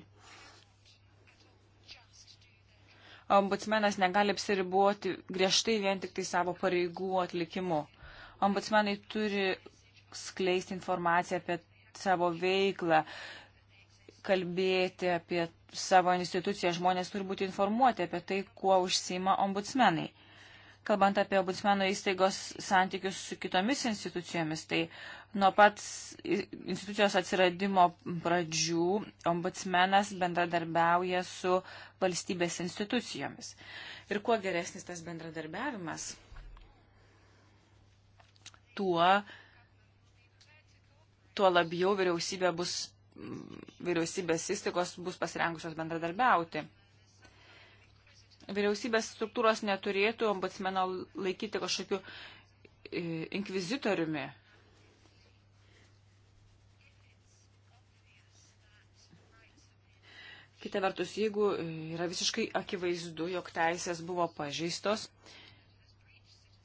Ombudsmenas negali apsiriboti griežtai vien tik tai savo pareigų atlikimu. Ombudsmenai turi skleisti informaciją apie savo veiklą, kalbėti apie savo instituciją. Žmonės turi būti informuoti apie tai, kuo užsima ombudsmenai kalbant apie obudsmeno įstaigos santykius su kitomis institucijomis, tai nuo pat institucijos atsiradimo pradžių ombudsmenas bendradarbiauja su valstybės institucijomis. Ir kuo geresnis tas bendradarbiavimas, tuo, tuo labiau vyriausybė bus, vyriausybės įstaigos bus pasirengusios bendradarbiauti vyriausybės struktūros neturėtų ombudsmeno laikyti kažkokiu e, inkvizitoriumi. Kita vertus, jeigu yra visiškai akivaizdu, jog teisės buvo pažeistos,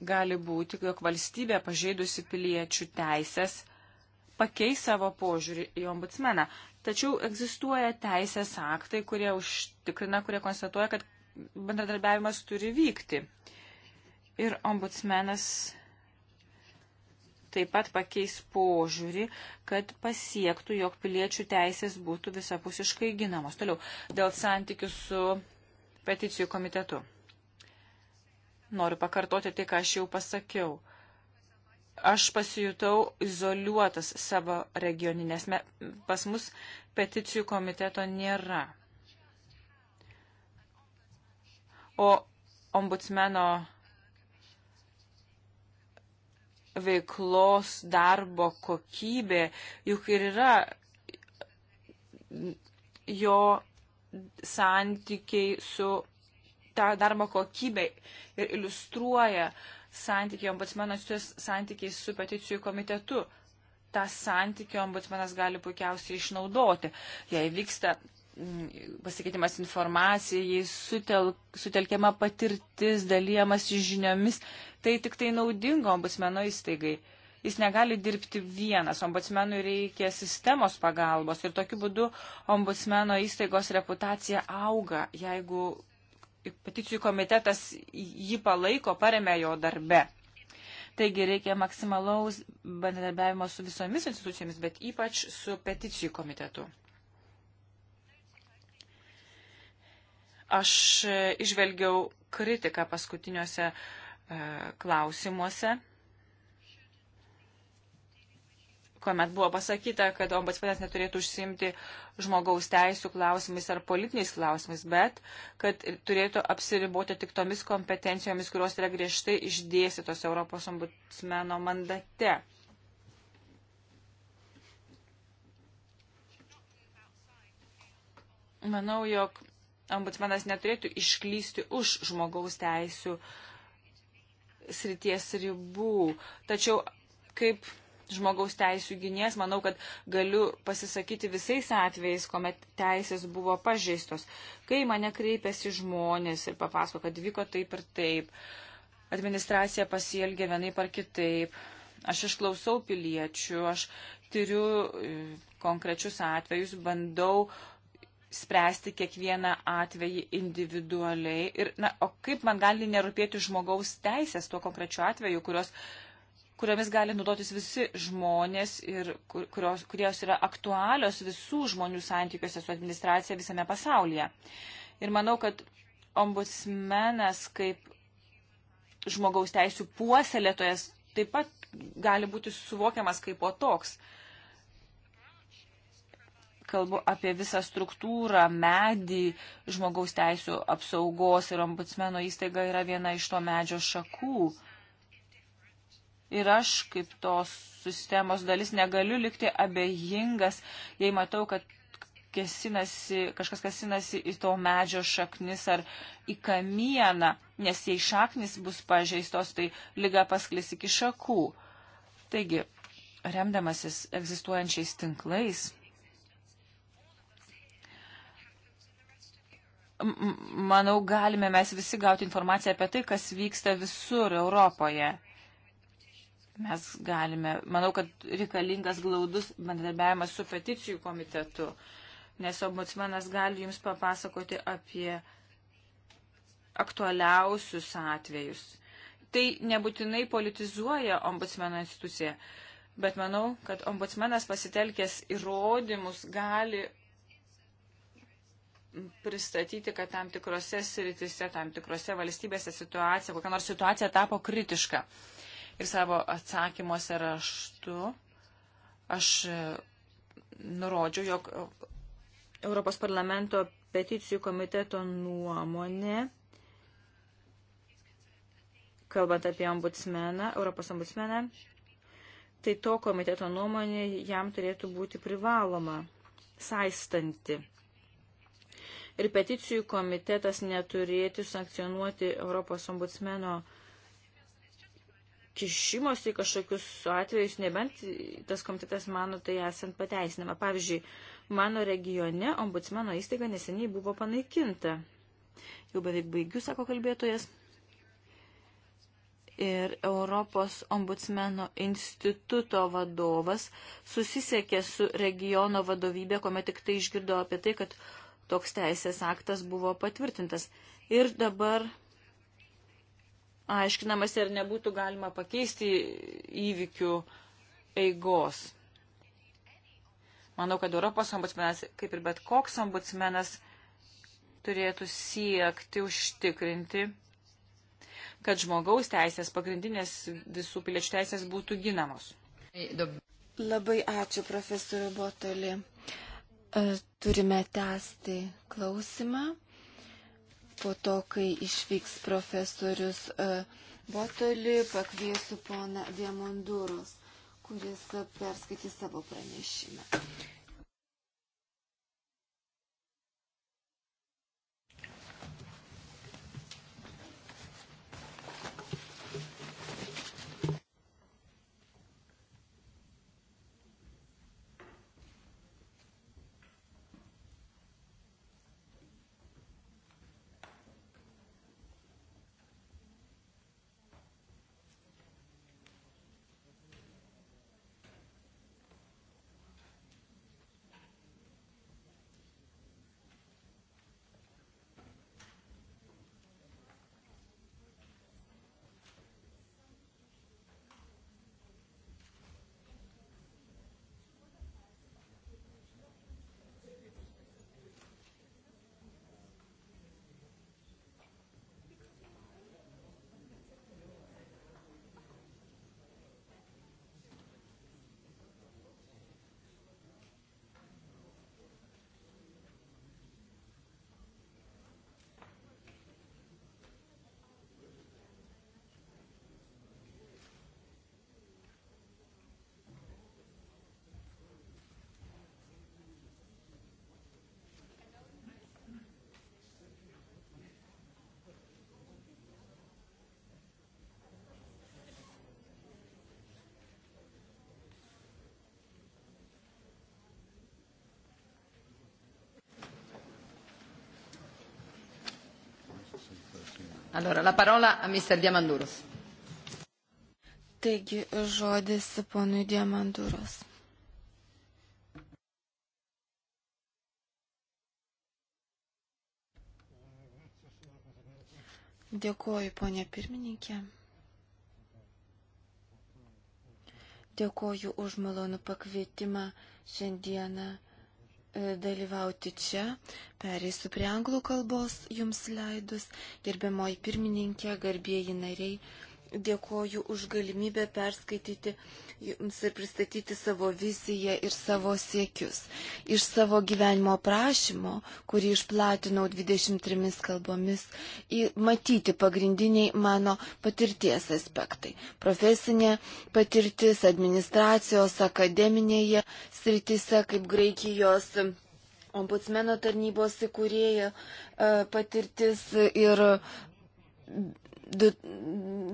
gali būti, jog valstybė pažeidusi piliečių teisės pakeis savo požiūrį į ombudsmeną. Tačiau egzistuoja teisės aktai, kurie užtikrina, kurie konstatuoja, kad bendradarbiavimas turi vykti. Ir ombudsmenas taip pat pakeis požiūrį, kad pasiektų, jog piliečių teisės būtų visapusiškai ginamos. Toliau, dėl santykių su peticijų komitetu. Noriu pakartoti tai, ką aš jau pasakiau. Aš pasijutau izoliuotas savo regioninės. Pas mus peticijų komiteto nėra. o ombudsmeno veiklos darbo kokybė juk ir yra jo santykiai su tą darbo kokybę ir iliustruoja santykiai ombudsmenas santykiai su peticijų komitetu tą santykį ombudsmenas gali puikiausiai išnaudoti. Jei vyksta pasikeitimas informacijai, sutel, sutelkiama patirtis, dalyjamas žiniomis, tai tik tai naudingo ombudsmeno įstaigai. Jis negali dirbti vienas, ombudsmenui reikia sistemos pagalbos ir tokiu būdu ombudsmeno įstaigos reputacija auga, jeigu peticijų komitetas jį palaiko, paremė jo darbe. Taigi reikia maksimalaus bendradarbiavimo su visomis institucijomis, bet ypač su peticijų komitetu. Aš e, išvelgiau kritiką paskutiniuose e, klausimuose, kuomet buvo pasakyta, kad ombudsmenas neturėtų užsimti žmogaus teisų klausimais ar politiniais klausimais, bet kad turėtų apsiriboti tik tomis kompetencijomis, kurios yra griežtai išdėstytos Europos ombudsmeno mandate. Manau, jog ombudsmenas neturėtų išklysti už žmogaus teisų srities ribų. Tačiau kaip žmogaus teisų gynės, manau, kad galiu pasisakyti visais atvejais, kuomet teisės buvo pažeistos. Kai mane kreipėsi žmonės ir papasako, kad vyko taip ir taip, administracija pasielgė vienaip ar kitaip, aš išklausau piliečių, aš tyriu e, konkrečius atvejus, bandau spręsti kiekvieną atvejį individualiai. Ir, na, o kaip man gali nerūpėti žmogaus teisės tuo konkrečiu atveju, kurios, kuriomis gali naudotis visi žmonės ir kur, kurios, kurios yra aktualios visų žmonių santykiuose su administracija visame pasaulyje. Ir manau, kad ombudsmenas kaip žmogaus teisų puoselėtojas taip pat gali būti suvokiamas kaip o toks. Uh, kalbu apie visą struktūrą, medį, žmogaus teisų apsaugos ir ombudsmeno įstaiga yra viena iš to medžio šakų. Ir aš kaip tos sistemos dalis negaliu likti abejingas, jei matau, kad kesinasi, kažkas kesinasi į to medžio šaknis ar į kamieną, nes jei šaknis bus pažeistos, tai lyga pasklis iki šakų. Taigi, remdamasis egzistuojančiais tinklais, manau, galime mes visi gauti informaciją apie tai, kas vyksta visur Europoje. Mes galime, manau, kad reikalingas glaudus bendradarbiavimas su peticijų komitetu, nes ombudsmenas gali jums papasakoti apie aktualiausius atvejus. Tai nebūtinai politizuoja ombudsmeno instituciją, bet manau, kad ombudsmenas pasitelkęs įrodymus gali pristatyti, kad tam tikrose sritise, tam tikrose valstybėse situacija, kokia nors situacija tapo kritiška. Ir savo atsakymuose raštu aš e, nurodžiau, jog Europos parlamento peticijų komiteto nuomonė, kalbant apie ombudsmeną, Europos ombudsmeną, tai to komiteto nuomonė jam turėtų būti privaloma, saistanti ir peticijų komitetas neturėtų sankcionuoti Europos ombudsmeno kišimosi į kažkokius atvejus, nebent tas komitetas mano tai esant pateisinama. Pavyzdžiui, mano regione ombudsmeno įstaiga neseniai buvo panaikinta. Jau beveik baigiu, sako kalbėtojas. Ir Europos ombudsmeno instituto vadovas susisiekė su regiono vadovybė, kuomet tik tai išgirdo apie tai, kad toks teisės aktas buvo patvirtintas. Ir dabar aiškinamas, ar nebūtų galima pakeisti įvykių eigos. Manau, kad Europos ombudsmenas, kaip ir bet koks ombudsmenas, turėtų siekti užtikrinti, kad žmogaus teisės, pagrindinės visų piliečių teisės būtų ginamos. Labai ačiū, profesoriu Botoli. Uh, E, turime tęsti klausimą. Po to, kai išvyks profesorius e, Botoli, pakviesiu poną Diamonduros, kuris perskaitys savo pranešimą. Allora, la parola a Mr. Diamandouros. Taigi, žodis ponui Diamandouros. Dėkuoju, ponė pirmininkė. Dėkuoju už malonų pakvietimą šiandieną E, dalyvauti čia. Pereisiu prie anglų kalbos jums leidus. Gerbiamoji pirmininkė, garbėjai nariai, Dėkoju už galimybę perskaityti jums ir pristatyti savo viziją ir savo siekius. Iš savo gyvenimo prašymo, kurį išplatinau 23 kalbomis, matyti pagrindiniai mano patirties aspektai. Profesinė patirtis administracijos, akademinėje sritise, kaip Graikijos ombudsmeno tarnybos įkūrėja e, patirtis ir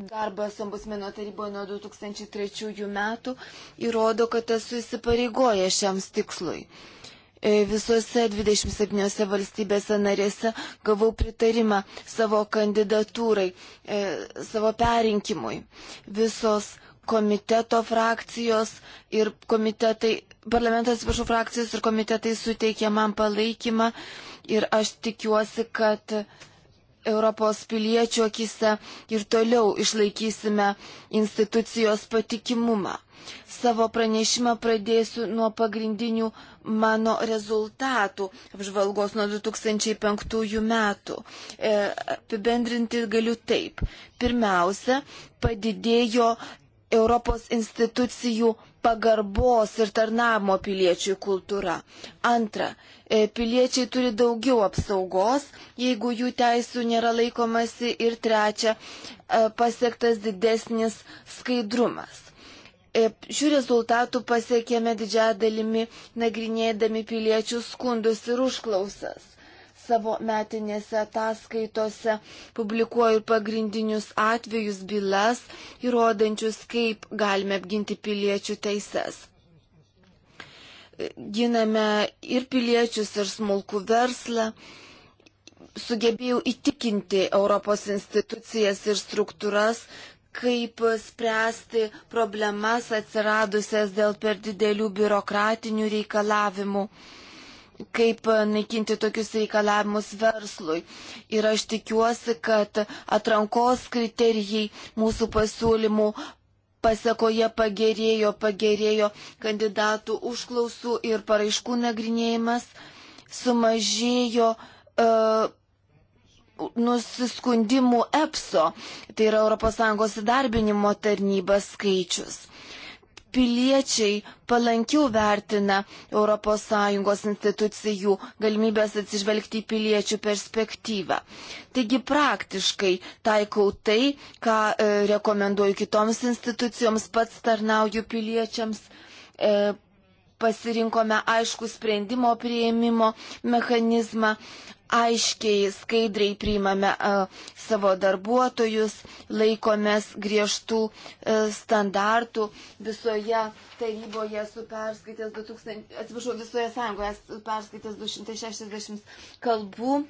darbas ombudsmeno taryboje nuo 2003 metų įrodo, kad esu įsipareigoję šiams tikslui. E, visose 27 valstybėse narėse gavau pritarimą savo kandidatūrai, e, savo perinkimui. Visos komiteto frakcijos ir komitetai, parlamentas, atsiprašau, frakcijos ir komitetai suteikė man palaikymą ir aš tikiuosi, kad Europos piliečių akise ir toliau išlaikysime institucijos patikimumą. Savo pranešimą pradėsiu nuo pagrindinių mano rezultatų apžvalgos nuo 2005 metų. E, apibendrinti galiu taip. Pirmiausia, padidėjo Europos institucijų pagarbos ir tarnavimo piliečiui kultūra. Antra, e, piliečiai turi daugiau apsaugos, jeigu jų teisų nėra laikomasi. Ir trečia, e, pasiektas didesnis skaidrumas. E, šių rezultatų pasiekėme didžiąją dalimi nagrinėdami piliečių skundus ir užklausas savo metinėse ataskaitose publikuoju pagrindinius atvejus bylas, įrodančius, kaip galime apginti piliečių teises. Giname ir piliečius, ir smulkų verslą. Sugebėjau įtikinti Europos institucijas ir struktūras, kaip spręsti problemas atsiradusias dėl per didelių biurokratinių reikalavimų kaip e, naikinti tokius reikalavimus verslui. Ir aš tikiuosi, kad atrankos kriterijai mūsų pasiūlymų pasakoje pagerėjo, pagerėjo kandidatų užklausų ir paraiškų nagrinėjimas, sumažėjo e, nusiskundimų EPSO, tai yra ES įdarbinimo tarnybas skaičius piliečiai palankiau vertina ES institucijų galimybės atsižvelgti į piliečių perspektyvą. Taigi praktiškai taikau tai, ką e, rekomenduoju kitoms institucijoms, pats tarnauju piliečiams. E, pasirinkome aišku sprendimo prieimimo mechanizmą, aiškiai, skaidriai priimame savo darbuotojus, laikomės griežtų e, standartų visoje taryboje su perskaitęs 2000, atsiprašau, visoje sąjungoje perskaitęs 260 kalbų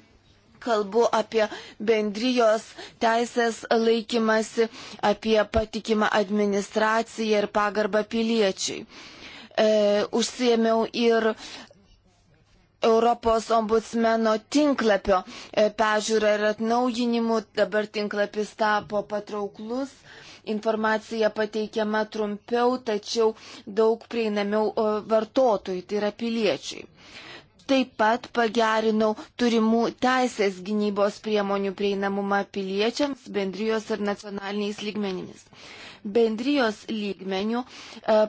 kalbu apie bendrijos teisės laikymasi, apie patikimą administraciją ir pagarbą piliečiui. E, užsiemiau ir Europos ombudsmeno tinklapio e, pežiūrą ir atnaujinimu. Dabar tinklapis tapo patrauklus, informacija pateikiama trumpiau, tačiau daug prieinamiau e, vartotojui, tai yra piliečiui. Taip pat pagerinau turimų teisės gynybos priemonių prieinamumą piliečiams bendrijos ir nacionaliniais lygmenimis. Bendrijos lygmenių e,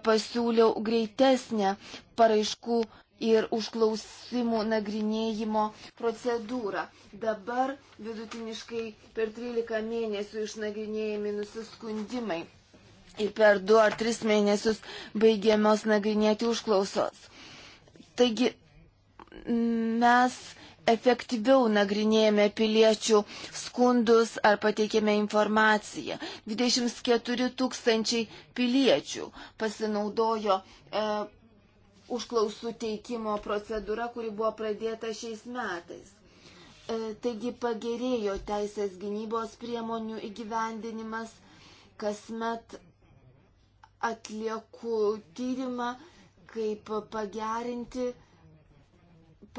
pasiūliau greitesnę paraiškų ir užklausimų nagrinėjimo procedūrą. Dabar vidutiniškai per 13 mėnesių išnagrinėjami nusiskundimai ir per 2 ar 3 mėnesius baigiamos nagrinėti užklausos. Taigi mes efektyviau nagrinėjame piliečių skundus ar pateikėme informaciją. 24 tūkstančiai piliečių pasinaudojo e, užklausų teikimo procedūra, kuri buvo pradėta šiais metais. E, taigi pagerėjo teisės gynybos priemonių įgyvendinimas, kasmet atlieku tyrimą, kaip pagerinti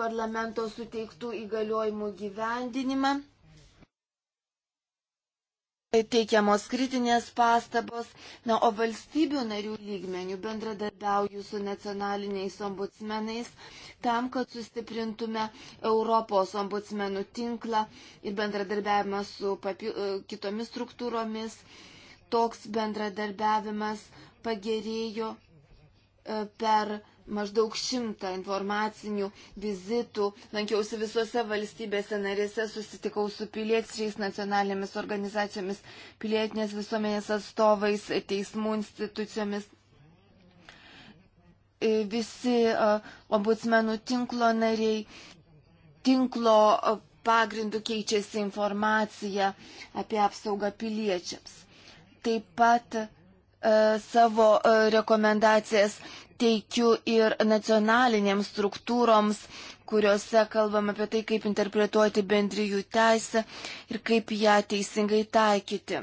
parlamento suteiktų įgaliojimų gyvendinimą teikiamos kritinės pastabos, na, o valstybių narių lygmenių bendradarbiauju su nacionaliniais ombudsmenais tam, kad sustiprintume Europos ombudsmenų tinklą ir bendradarbiavimą su papi, e, kitomis struktūromis. Toks bendradarbiavimas pagerėjo e, per maždaug šimtą informacinių vizitų, lankiausi visose valstybėse narėse, susitikau su piliečiais, nacionalinėmis organizacijomis, pilietinės visuomenės atstovais, teismų institucijomis. E, visi e, ombudsmenų tinklo nariai, tinklo e, pagrindų keičiasi informacija apie apsaugą piliečiams. Taip pat savo rekomendacijas teikiu ir nacionalinėms struktūroms, kuriuose kalbam apie tai, kaip interpretuoti bendrijų teisę ir kaip ją teisingai taikyti.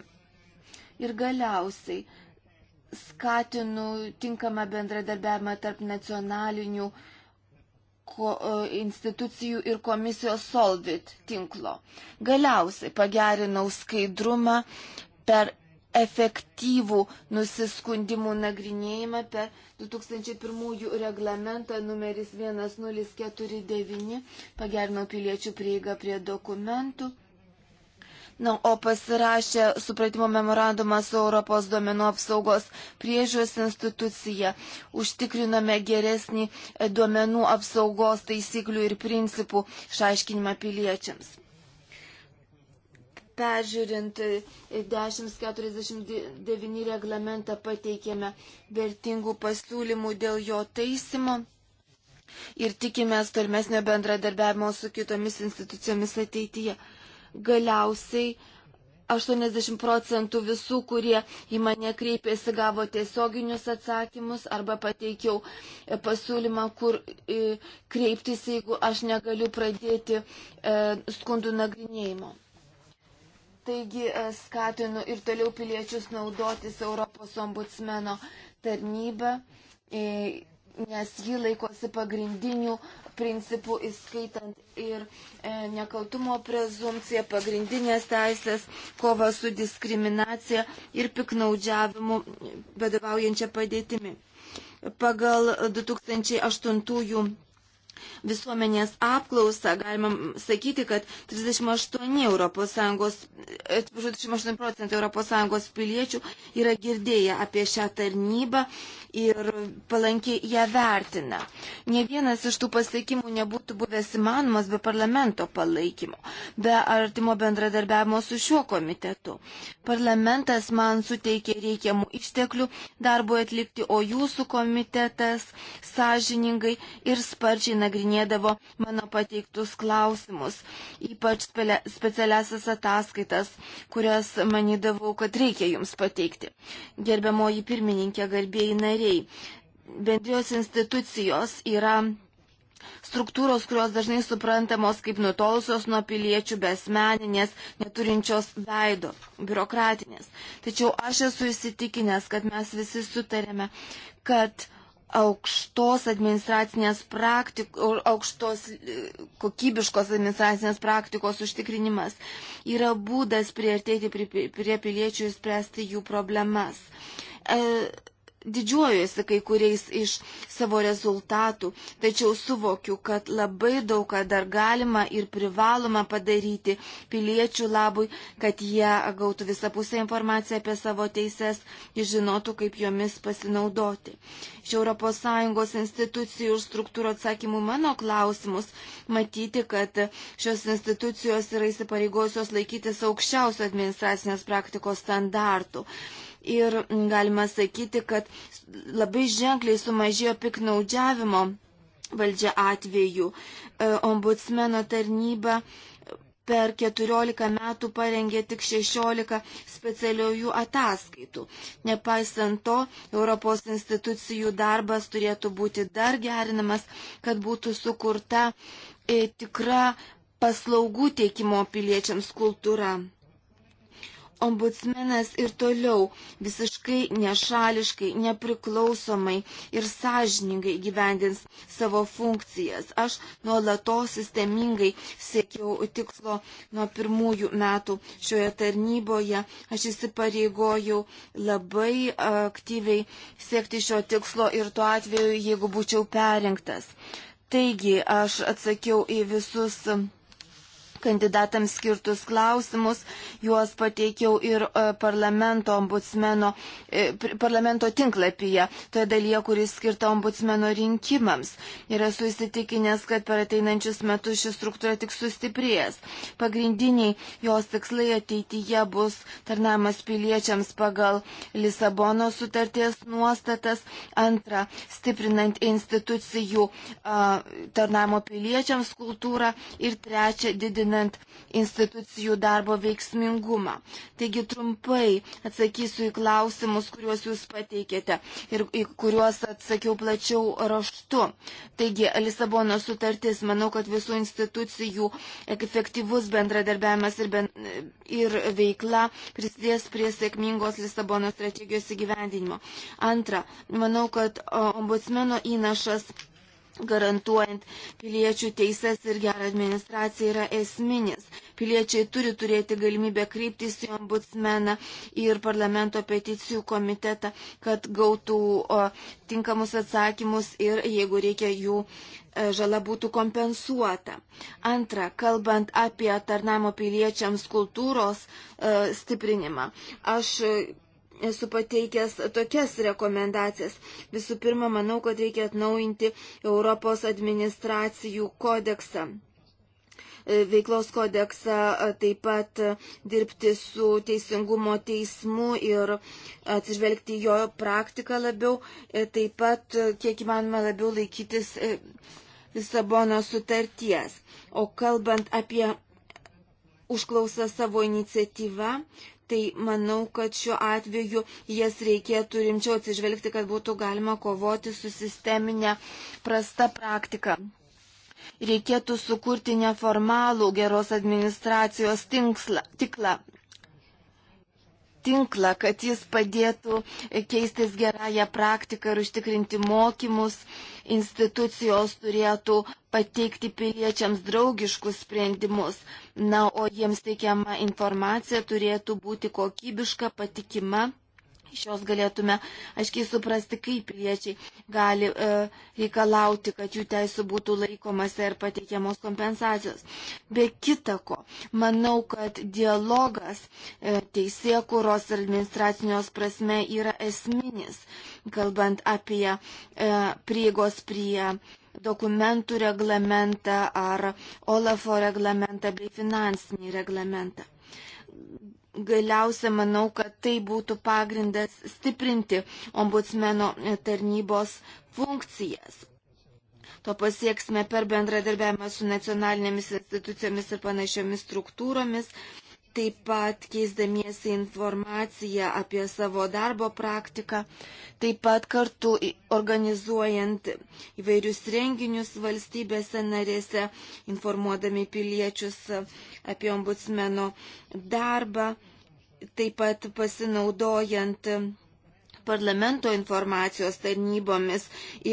Ir galiausiai skatinu tinkamą bendradarbiavimą tarp nacionalinių e, institucijų ir komisijos Solvit tinklo. Galiausiai pagerinau skaidrumą per efektyvų nusiskundimų nagrinėjimą per 2001 reglamentą numeris 1049 pagerino piliečių prieigą prie dokumentų. Na, o pasirašė supratimo memorandumą su Europos duomenų apsaugos priežiūros institucija. Užtikrinome geresnį duomenų apsaugos taisyklių ir principų išaiškinimą piliečiams peržiūrint 1049 e, reglamentą pateikėme vertingų pasiūlymų dėl jo taisymo ir tikimės tolmesnio bendradarbiavimo su kitomis institucijomis ateityje. Galiausiai 80 procentų visų, kurie į mane kreipėsi, gavo tiesioginius atsakymus arba pateikiau e, pasiūlymą, kur e, kreiptis, jeigu aš negaliu pradėti skundų nagrinėjimo. Taigi e, skatinu ir toliau piliečius naudotis Europos ombudsmeno tarnybą, e, nes ji laikosi pagrindinių principų, įskaitant ir e, nekaltumo prezumciją, pagrindinės teisės, kova su diskriminacija ir piknaudžiavimu vadovaujančia padėtimi. Pagal 2008 visuomenės apklausą galima sakyti, kad 38, ES, 38 procentai ES piliečių yra girdėję apie šią tarnybą ir palankiai ją vertina. Ne vienas iš tų pasiekimų nebūtų buvęs įmanomas be parlamento palaikymo, be artimo bendradarbiavimo su šiuo komitetu. Parlamentas man suteikė reikiamų išteklių darbui atlikti, o jūsų komitetas sąžiningai ir sparčiai nagrinėdavo mano pateiktus klausimus, ypač specialiasias ataskaitas, kurias manydavau, kad reikia jums pateikti. Gerbiamoji pirmininkė, garbėjai nariai, bendrijos institucijos yra Struktūros, kurios dažnai suprantamos kaip nutolusios nuo piliečių, besmeninės, neturinčios veido, biurokratinės. Tačiau aš esu įsitikinęs, kad mes visi sutarėme, kad aukštos administracinės praktikos, aukštos kokybiškos administracinės praktikos užtikrinimas yra būdas prieartėti prie piliečių ir spręsti jų problemas. E, didžiuojuosi kai kuriais iš savo rezultatų, tačiau suvokiu, kad labai daug ką dar galima ir privaloma padaryti piliečių labui, kad jie gautų visapusę informaciją apie savo teises ir žinotų, kaip jomis pasinaudoti. Iš ES institucijų ir struktūrų atsakymų mano klausimus matyti, kad šios institucijos yra įsipareigojusios laikytis aukščiausio administracinės praktikos standartų ir galima sakyti, kad labai ženkliai sumažėjo piknaudžiavimo valdžia atveju. E, ombudsmeno tarnyba per 14 metų parengė tik 16 specialiųjų ataskaitų. Nepaisant to, Europos institucijų darbas turėtų būti dar gerinamas, kad būtų sukurta e, tikra paslaugų teikimo piliečiams kultūra ombudsmenas ir toliau visiškai nešališkai, nepriklausomai ir sąžiningai gyvendins savo funkcijas. Aš nuolatos sistemingai siekiau tikslo nuo pirmųjų metų šioje tarnyboje. Aš įsipareigojau labai aktyviai siekti šio tikslo ir tuo atveju, jeigu būčiau perinktas. Taigi aš atsakiau į visus kandidatams skirtus klausimus, juos pateikiau ir e, parlamento, e, parlamento tinklapyje, toje dalyje, kuris skirta ombudsmeno rinkimams. Ir esu įsitikinęs, kad per ateinančius metus ši struktūra tik sustiprės. Pagrindiniai jos tikslai ateityje bus tarnamas piliečiams pagal Lisabono sutarties nuostatas. Antra, stiprinant institucijų a, tarnamo piliečiams kultūrą. Ir trečia, didinant stiprinant institucijų darbo veiksmingumą. Taigi trumpai atsakysiu į klausimus, kuriuos jūs pateikėte ir į kuriuos atsakiau plačiau raštu. Taigi, Lisabono sutartis, manau, kad visų institucijų efektyvus bendradarbiavimas ir, ben, ir veikla prisidės prie sėkmingos Lisabono strategijos įgyvendinimo. Antra, manau, kad ombudsmeno įnašas garantuojant piliečių teises ir gerą administraciją yra esminis. Piliečiai turi turėti galimybę kryptis į ombudsmeną ir parlamento peticijų komitetą, kad gautų o, tinkamus atsakymus ir jeigu reikia jų e, žala būtų kompensuota. Antra, kalbant apie tarnamo piliečiams kultūros e, stiprinimą, aš esu pateikęs tokias rekomendacijas. Visų pirma, manau, kad reikia atnaujinti Europos administracijų kodeksą. E, veiklos kodeksą e, taip pat dirbti su teisingumo teismu ir atsižvelgti jo praktiką labiau, e, taip pat kiek įmanoma labiau laikytis Lisabono sutarties. O kalbant apie užklausą savo iniciatyvą, Tai manau, kad šiuo atveju jas reikėtų rimčiau atsižvelgti, kad būtų galima kovoti su sisteminė prasta praktika. Reikėtų sukurti neformalų geros administracijos tinklą, tinklą, kad jis padėtų keistis gerąją praktiką ir užtikrinti mokymus. Institucijos turėtų pateikti piliečiams draugiškus sprendimus. Na, o jiems teikiama informacija turėtų būti kokybiška, patikima iš jos galėtume aiškiai suprasti, kaip piliečiai gali e, reikalauti, kad jų teisų būtų laikomasi ir pateikiamos kompensacijos. Be kitako, manau, kad dialogas e, teisėkuros ir administracinios prasme yra esminis, kalbant apie e, prieigos prie dokumentų reglamentą ar OLAFO reglamentą bei finansinį reglamentą Galiausia, manau, kad tai būtų pagrindas stiprinti ombudsmeno tarnybos funkcijas. To pasieksime per bendradarbiavimą su nacionalinėmis institucijomis ir panašiomis struktūromis, taip pat keisdamiesi informaciją apie savo darbo praktiką, taip pat kartu organizuojant įvairius renginius valstybėse narėse, informuodami piliečius apie ombudsmeno darbą, taip pat pasinaudojant parlamento informacijos tarnybomis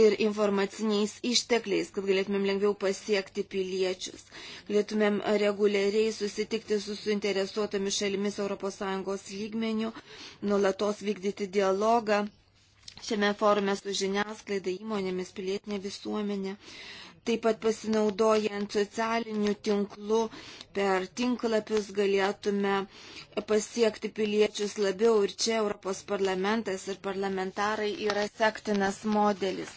ir informaciniais ištekliais, kad galėtumėm lengviau pasiekti piliečius. Galėtumėm reguliariai susitikti su suinteresuotomis šalimis ES lygmenių, nulatos vykdyti dialogą šiame forume su žiniasklaida, įmonėmis, pilietinė visuomenė. Uh, taip pat pasinaudojant socialiniu tinklu per tinklapius galėtume pasiekti piliečius labiau ir čia Europos parlamentas ir parlamentarai yra sektinas modelis.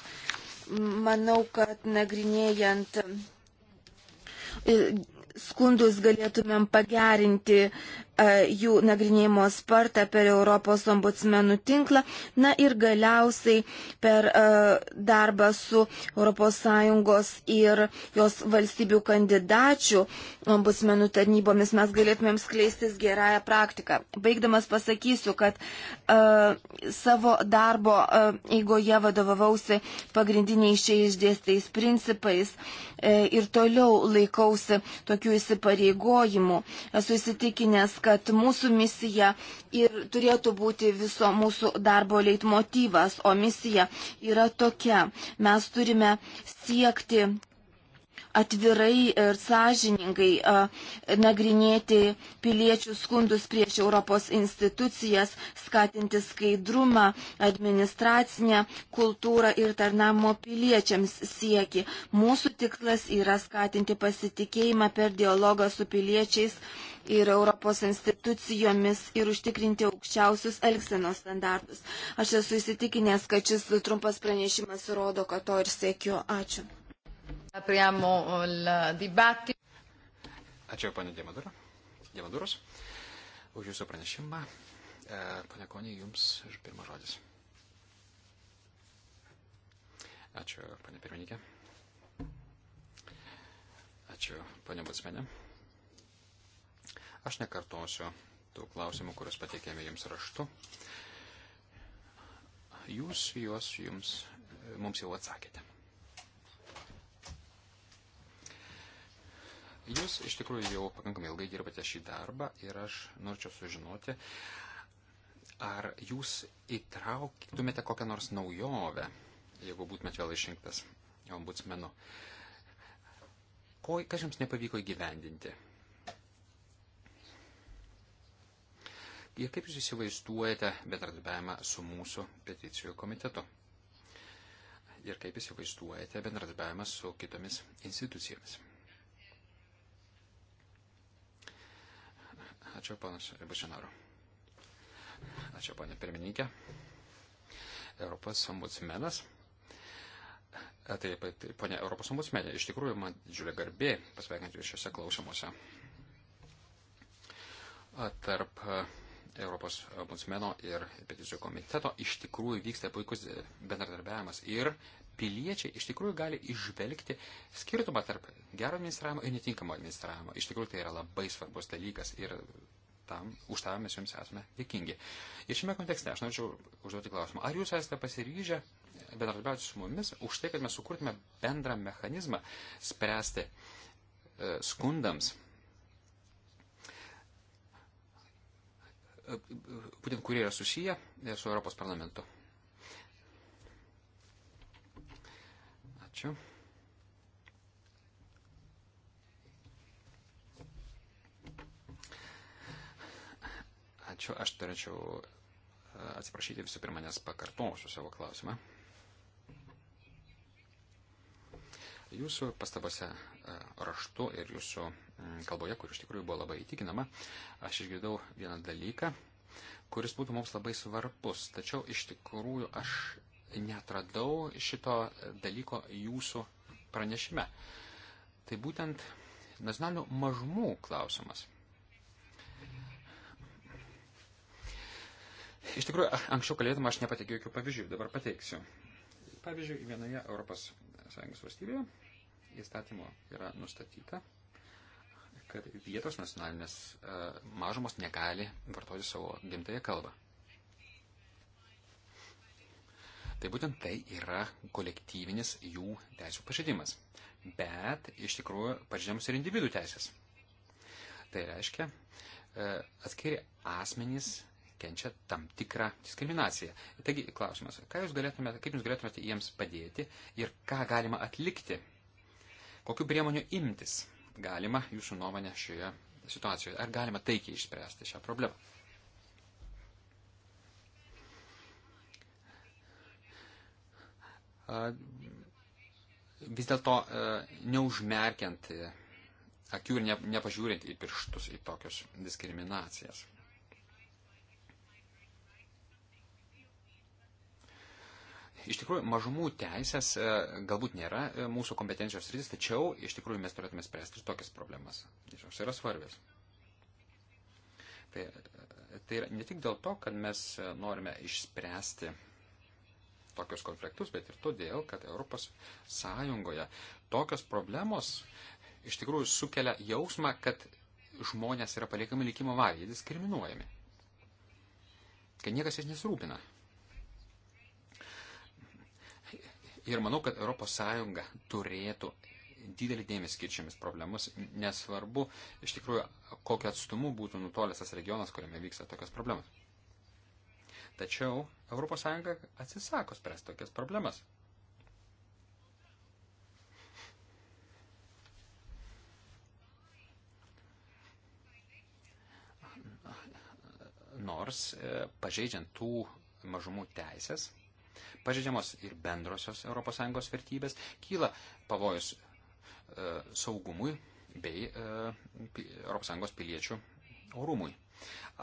Manau, kad nagrinėjant e, skundus galėtumėm pagerinti E, jų nagrinėjimo spartą per Europos ombudsmenų tinklą, na ir galiausiai per e, darbą su ES ir jos valstybių kandidačių ombudsmenų tarnybomis mes galėtumėm skleistis gerąją praktiką. Baigdamas pasakysiu, kad uh, savo darbo uh, eigoje vadovavausi pagrindiniais čia išdėstais principais uh, ir toliau laikausi tokių įsipareigojimų. Esu įsitikinęs, kad mūsų misija ir turėtų būti viso mūsų darbo leitmotyvas, o misija yra tokia. Mes turime siekti atvirai ir sąžiningai nagrinėti piliečių skundus prieš Europos institucijas, skatinti skaidrumą, administracinę kultūrą ir tarnamo piliečiams sieki. Mūsų tikslas yra skatinti pasitikėjimą per dialogą su piliečiais ir Europos institucijomis ir užtikrinti aukščiausius elgsenos standartus. Aš esu įsitikinęs, kad šis trumpas pranešimas rodo, kad to ir siekiu. Ačiū. Ačiū, panė Diemadura. Diemaduros, už jūsų pranešimą. Pane Konė, jums ir pirmas žodis. Ačiū, panė pirmininkė. Ačiū, panė Butsmenė. Aš nekartosiu tų klausimų, kuriuos pateikėme jums raštu. Jūs juos jums, mums jau atsakėte. Jūs iš tikrųjų jau pakankamai ilgai dirbate šį darbą ir aš norėčiau sužinoti, ar jūs įtrauktumėte kokią nors naujovę, jeigu būtumėte vėl išrinktas ombudsmenu. Ko, kas jums nepavyko įgyvendinti? ir kaip jūs įsivaizduojate bendradarbiavimą su mūsų peticijų komitetu? Ir kaip įsivaizduojate bendradarbiavimą su kitomis institucijomis? Ačiū, panas Bušinaru. Ačiū, panė pirmininkė. Europos ombudsmenas. Taip, taip, ponė Europos ombudsmenė, iš tikrųjų man didžiulė garbė pasveikinti jūs šiuose klausimuose. Tarp uh, Europos ombudsmeno ir peticijų komiteto iš tikrųjų vyksta puikus bendradarbiavimas ir piliečiai iš tikrųjų gali išvelgti skirtumą tarp gero administravimo ir netinkamo administravimo. Iš tikrųjų tai yra labai svarbus dalykas ir tam, už tą mes jums esame dėkingi. Ir šiame kontekste aš norėčiau užduoti klausimą, ar jūs esate pasiryžę bendradarbiauti su mumis už tai, kad mes sukurtume bendrą mechanizmą spręsti e, skundams būtent kurie yra susiję su Europos parlamentu. Ačiū. Ačiū, aš turėčiau e, atsiprašyti visų pirma, nes pakartosiu savo klausimą. Jūsų pastabose e, raštu ir jūsų mm, kalboje, kur iš tikrųjų buvo labai įtikinama, aš išgirdau vieną dalyką, kuris būtų mums labai svarbus. Tačiau iš tikrųjų aš netradau šito dalyko jūsų pranešime. Tai būtent nacionalinių mažumų klausimas. Iš tikrųjų, anksčiau kalėdama aš nepateikiau jokių pavyzdžių, dabar pateiksiu. Pavyzdžiui, vienoje Europos ES valstybėje įstatymo yra nustatyta, kad vietos nacionalinės e, mažumos negali vartoti savo gimtąją kalbą. Tai būtent tai yra kolektyvinis jų teisų pažeidimas. Bet iš tikrųjų pažeidžiamas ir individų teisės. Tai reiškia, e, atskiri asmenys pakenčia tam tikrą diskriminaciją. Taigi, klausimas, jūs galėtumėte, kaip jūs galėtumėte jiems padėti ir ką galima atlikti, kokiu priemonių imtis galima jūsų nuomonė šioje situacijoje, ar galima taikiai išspręsti šią problemą. Vis dėlto e, neužmerkiant e, akių ir nepažiūrint į pirštus į tokius diskriminacijas. Iš tikrųjų, mažumų teisės e, galbūt nėra e, mūsų kompetencijos rytis, tačiau iš tikrųjų mes turėtume spręsti ir tokias problemas. Jos yra svarbios. Tai, e, tai yra ne tik dėl to, kad mes norime išspręsti tokius konfliktus, bet ir todėl, kad Europos Sąjungoje tokios problemos iš tikrųjų sukelia jausmą, kad žmonės yra paliekami likimo valiai, diskriminuojami. Kad niekas jais nesirūpina. Ir manau, kad ES turėtų didelį dėmesį skirčiamis problemus, nesvarbu iš tikrųjų, kokiu atstumu būtų nutolęs tas regionas, kuriame vyksta tokios problemos. Tačiau ES atsisako spręsti tokias problemas. Nors e, pažeidžiant tų mažumų teisės, Pažeidžiamos ir bendrosios ES vertybės, kyla pavojus e, saugumui bei e, ES piliečių orumui.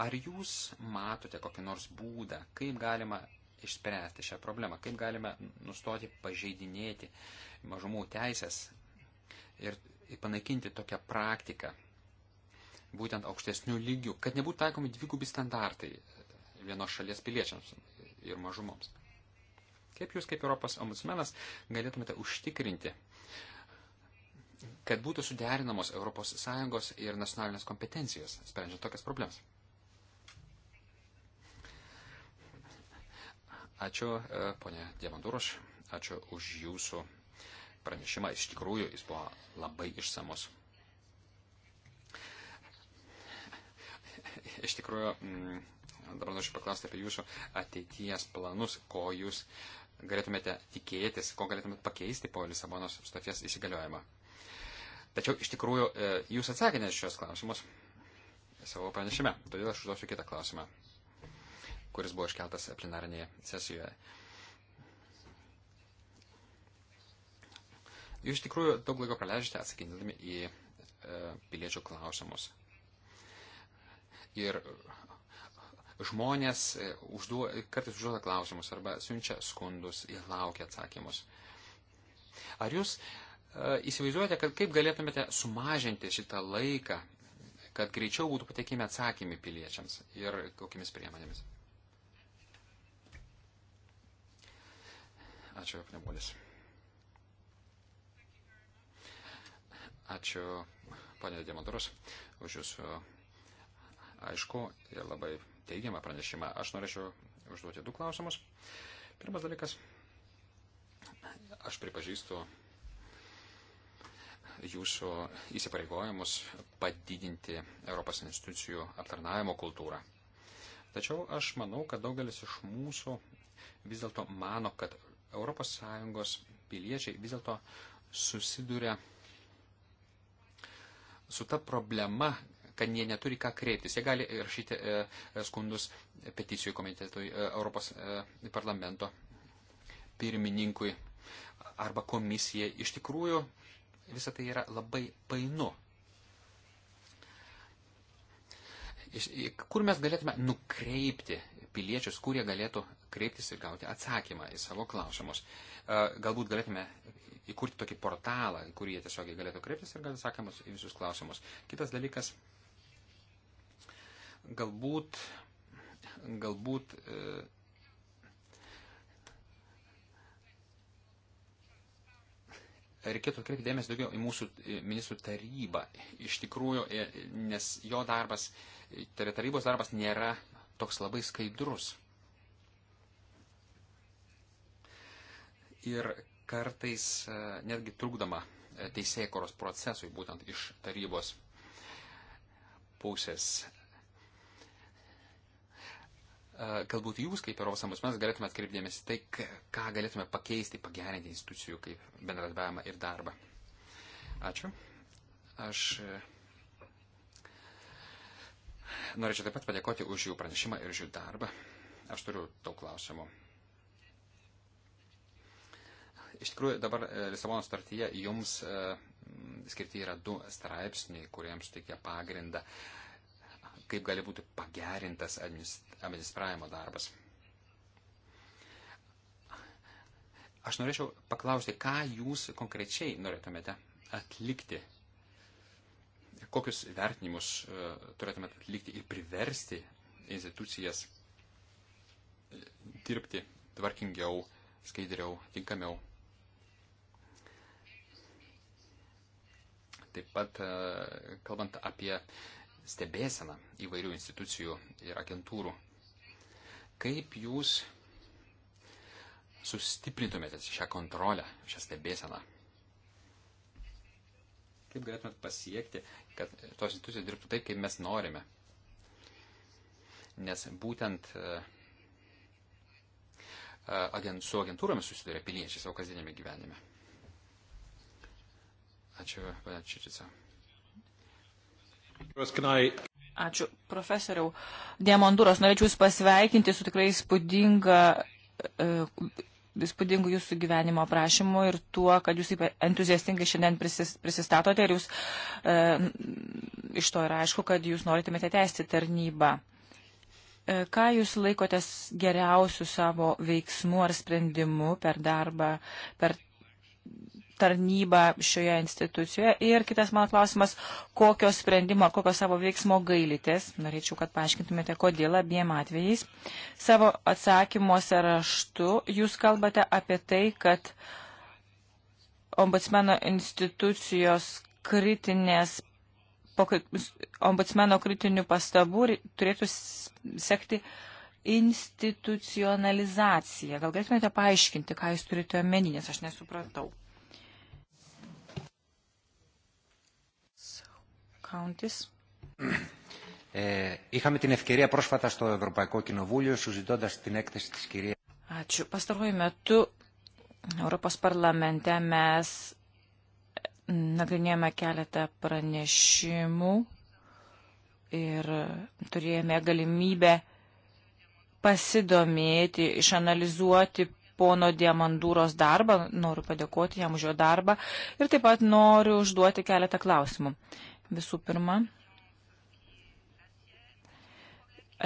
Ar jūs matote kokį nors būdą, kaip galima išspręsti šią problemą, kaip galime nustoti pažeidinėti mažumų teisės ir panaikinti tokią praktiką, būtent aukštesnių lygių, kad nebūtų taikomi dvigubi standartai vienos šalies piliečiams ir mažumoms. Kaip jūs, kaip Europos ombudsmenas, galėtumėte užtikrinti, kad būtų suderinamos ES ir nacionalinės kompetencijos, sprendžiant tokias problemas? Ačiū, e, ponė Diamandūroš, ačiū už jūsų pranešimą. Iš tikrųjų, jis buvo labai išsamus. Iš tikrųjų, mm, dabar noriu paklausti apie jūsų ateities planus, ko jūs uh, galėtumėte tikėtis, ko galėtumėte pakeisti po Lisabonos stoties įsigaliojimą. Tačiau iš tikrųjų e, jūs atsakėte šios klausimus savo pranešime, todėl aš užduosiu kitą klausimą, kuris buvo iškeltas plenarinėje sesijoje. Jūs iš tikrųjų daug laiko praleidžiate atsakindami į e, piliečių klausimus. Ir žmonės e, užduo, kartais užduoda klausimus arba siunčia skundus ir laukia atsakymus. Ar jūs e, įsivaizduojate, kad kaip galėtumėte sumažinti šitą laiką, kad greičiau būtų pateikimi atsakymai piliečiams ir kokiamis priemonėmis? Ačiū, Pnebulis. Ačiū, panė Diamantūros, už jūsų e, aišku ir labai teigiamą pranešimą. Aš norėčiau užduoti du klausimus. Pirmas dalykas, aš pripažįstu jūsų įsipareigojimus padidinti Europos institucijų aptarnavimo kultūrą. Tačiau aš manau, kad daugelis iš mūsų vis dėlto mano, kad ES piliečiai vis dėlto susiduria su ta problema, kad jie neturi ką kreiptis. Jie gali rašyti e, e, skundus peticijų komitetui e, Europos parlamento pirmininkui arba komisijai. Iš tikrųjų, visą tai yra labai painu. Kur mes galėtume nukreipti piliečius, kurie galėtų kreiptis ir gauti atsakymą į savo klausimus. Galbūt galėtume įkurti tokį portalą, į kurį jie tiesiog galėtų kreiptis ir gauti atsakymus į visus klausimus. Kitas dalykas Galbūt, galbūt e, reikėtų atkreipti dėmesį daugiau į mūsų ministrų tarybą. Iš tikrųjų, e, nes jo darbas, tai yra tarybos darbas nėra toks labai skaidrus. Ir kartais e, netgi trukdama teisėkoros procesui būtent iš tarybos pusės. E, galbūt jūs kaip Europos ambasmenas galėtumėte atkreipdėmėsi tai, ką galėtume pakeisti, pagerinti institucijų kaip bendradarbiavimą ir darbą. Ačiū. Aš e, norėčiau taip pat padėkoti už jų pranešimą ir už jų darbą. Aš turiu daug klausimų. Iš tikrųjų, dabar e, Lisabono startyje jums skirti yra du straipsniai, kuriems suteikia pagrindą uh, kaip gali būti pagerintas administravimo darbas. Aš norėčiau paklausti, ką jūs konkrečiai norėtumėte atlikti, kokius vertinimus e, turėtumėte atlikti ir priversti institucijas e, dirbti tvarkingiau, skaidriau, tinkamiau. Taip pat, e, kalbant apie stebėseną įvairių institucijų ir agentūrų. Kaip jūs sustiprintumėte šią kontrolę, šią stebėseną? Kaip galėtumėt pasiekti, kad tos institucijos dirbtų taip, kaip mes norime? Nes būtent e, e, agent, su agentūromis susiduria piliečiai savo kasdienėme gyvenime. Ačiū, pana Čičica. Ačiū, profesoriau. Diamanduros, norėčiau Jūs pasveikinti su tikrai spūdinga, e, spūdingu Jūsų gyvenimo aprašymu ir tuo, kad Jūs entuziastingai šiandien prisistatote ir Jūs e, iš to yra aišku, kad Jūs norėtumėte tęsti tarnybą. E, ką Jūs laikotės geriausių savo veiksmų ar sprendimų per darbą, per tarnybą šioje institucijoje. Ir kitas mano klausimas, kokio sprendimo ar kokio savo veiksmo gailitės, norėčiau, kad paaiškintumėte, kodėl abiem atvejais. Savo atsakymuose raštu jūs kalbate apie tai, kad ombudsmeno institucijos kritinės po ombudsmeno kritinių pastabų turėtų sekti institucionalizacija. Gal galėtumėte paaiškinti, ką jūs turite omeny, nes aš nesupratau. Χάουντις. Ε, είχαμε την ευκαιρία πρόσφατα στο Ευρωπαϊκό Κοινοβούλιο, συζητώντας την έκθεση της κυρίας. Ačiū. Pastaruoju metu Europos parlamente mes e, nagrinėjome keletą pranešimų ir turėjome galimybę pasidomėti, išanalizuoti pono Diamandūros darbą. Noriu padėkoti jam už jo darbą ir taip pat noriu užduoti keletą klausimų visų pirma,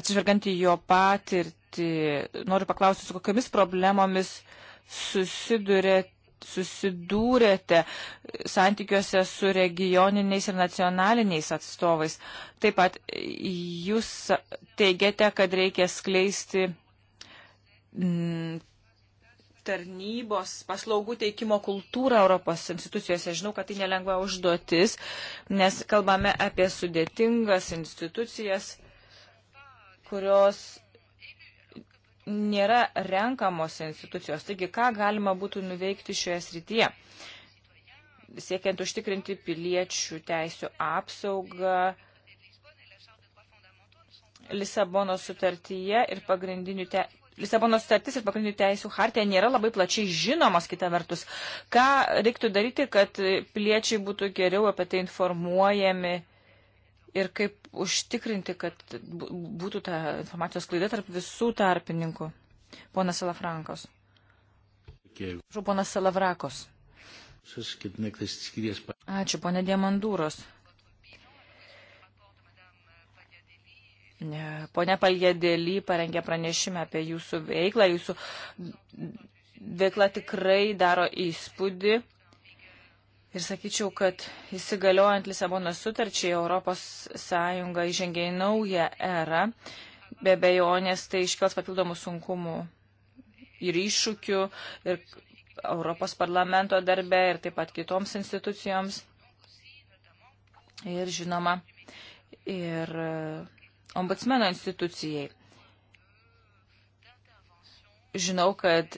atsižvelgiant į jo patirtį, noriu paklausti, su kokiamis problemomis susidurėte susidūrėte santykiuose su regioniniais ir nacionaliniais atstovais. Taip pat jūs teigiate, kad reikia skleisti tarnybos paslaugų teikimo kultūrą Europos institucijose. Žinau, kad tai nelengva užduotis, nes kalbame apie sudėtingas institucijas, kurios nėra renkamos institucijos. Taigi, ką galima būtų nuveikti šioje srityje? Siekiant užtikrinti piliečių teisų apsaugą, Lisabono sutartyje ir pagrindinių te Lisabonos sutartis ir pagrindinių teisų hartija nėra labai plačiai žinomos kita vertus. Ką reiktų daryti, kad piliečiai būtų geriau apie tai informuojami ir kaip užtikrinti, kad būtų ta informacijos klaida tarp visų tarpininkų? Ponas Salafrankos. Žinau, ponas Salavrakos. Ačiū, ponė Diamandūros. Pone Palgėdėly parengė pranešimą apie jūsų veiklą. Jūsų veikla tikrai daro įspūdį. Ir sakyčiau, kad įsigaliojant Lisabonos sutarčiai ES įžengė į naują erą. Be bejonės tai iškels papildomų sunkumų ir iššūkių ir Europos parlamento darbe ir taip pat kitoms institucijoms. Ir žinoma, ir ombudsmeno institucijai. Žinau, kad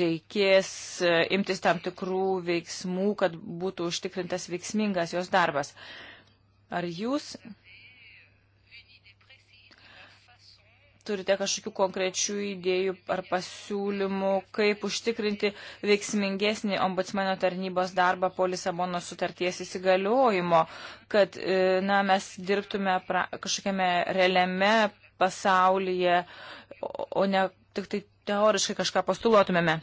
reikės e, imtis tam tikrų veiksmų, kad būtų užtikrintas veiksmingas jos darbas. Ar jūs turite kažkokių konkrečių idėjų ar pasiūlymų, kaip užtikrinti veiksmingesnį ombudsmeno tarnybos darbą po Lisabono sutarties įsigaliojimo, kad e, na, mes dirbtume pra, kažkokiame realiame pasaulyje, o ne tik tai teoriškai kažką postuluotumėme.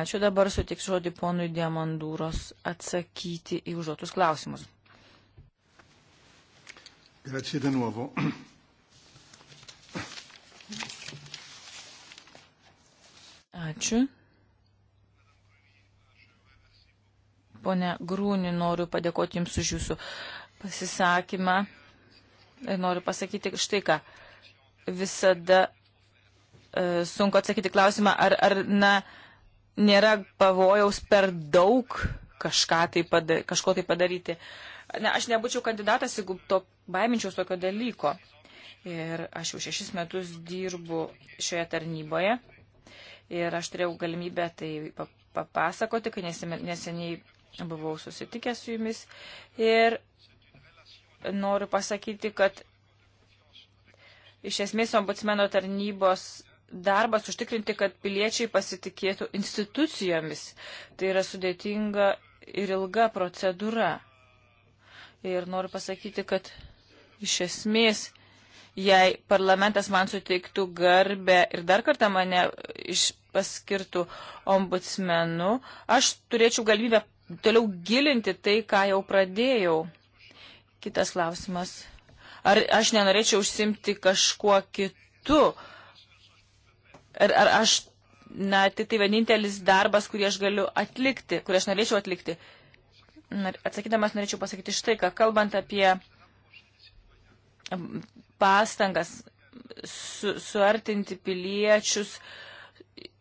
Ačiū dabar sutik žodį ponui Diamandūros atsakyti į užduotus klausimus. Grazie de nuovo. Ačiū. Pone Grūni, noriu padėkoti Jums už Jūsų pasisakymą. Ir noriu pasakyti štai ką. Visada e, sunku atsakyti klausimą, ar, ar na, nėra pavojaus per daug tai pada, kažko tai padaryti. Na, aš nebūčiau kandidatas, jeigu to baiminčiau tokio dalyko. Ir aš jau šešis metus dirbu šioje tarnyboje ir aš turėjau galimybę tai papasakoti, kai neseniai buvau susitikęs su jumis. Ir noriu pasakyti, kad iš esmės ombudsmeno tarnybos darbas užtikrinti, kad piliečiai pasitikėtų institucijomis. Tai yra sudėtinga ir ilga procedūra. Ir noriu pasakyti, kad iš esmės jei parlamentas man suteiktų garbę ir dar kartą mane paskirtų ombudsmenu, aš turėčiau galimybę toliau gilinti tai, ką jau pradėjau. Kitas klausimas. Ar aš nenorėčiau užsimti kažkuo kitu? Ar, ar aš, na, tai tai vienintelis darbas, kurį aš galiu atlikti, kurį aš norėčiau atlikti? Atsakydamas norėčiau pasakyti štai, ką kalbant apie pastangas su, suartinti piliečius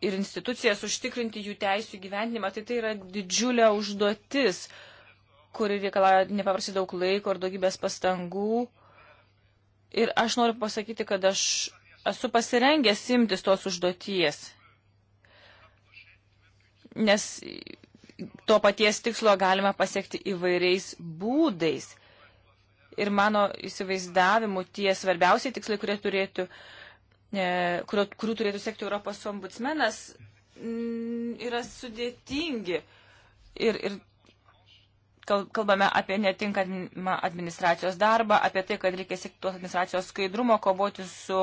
ir institucijas, užtikrinti jų teisų gyvenimą, tai tai yra didžiulė užduotis, kuri reikalauja nepaprastai daug laiko ir daugybės pastangų. Ir aš noriu pasakyti, kad aš esu pasirengęs imtis tos užduoties, nes to paties tikslo galima pasiekti įvairiais būdais ir mano įsivaizdavimu tie svarbiausiai tikslai, kurie turėtų, e, kurio, kurių turėtų sekti Europos ombudsmenas, yra sudėtingi. Ir, ir kalbame apie netinkamą administracijos darbą, apie tai, kad reikia siekti tos administracijos skaidrumo, kovoti su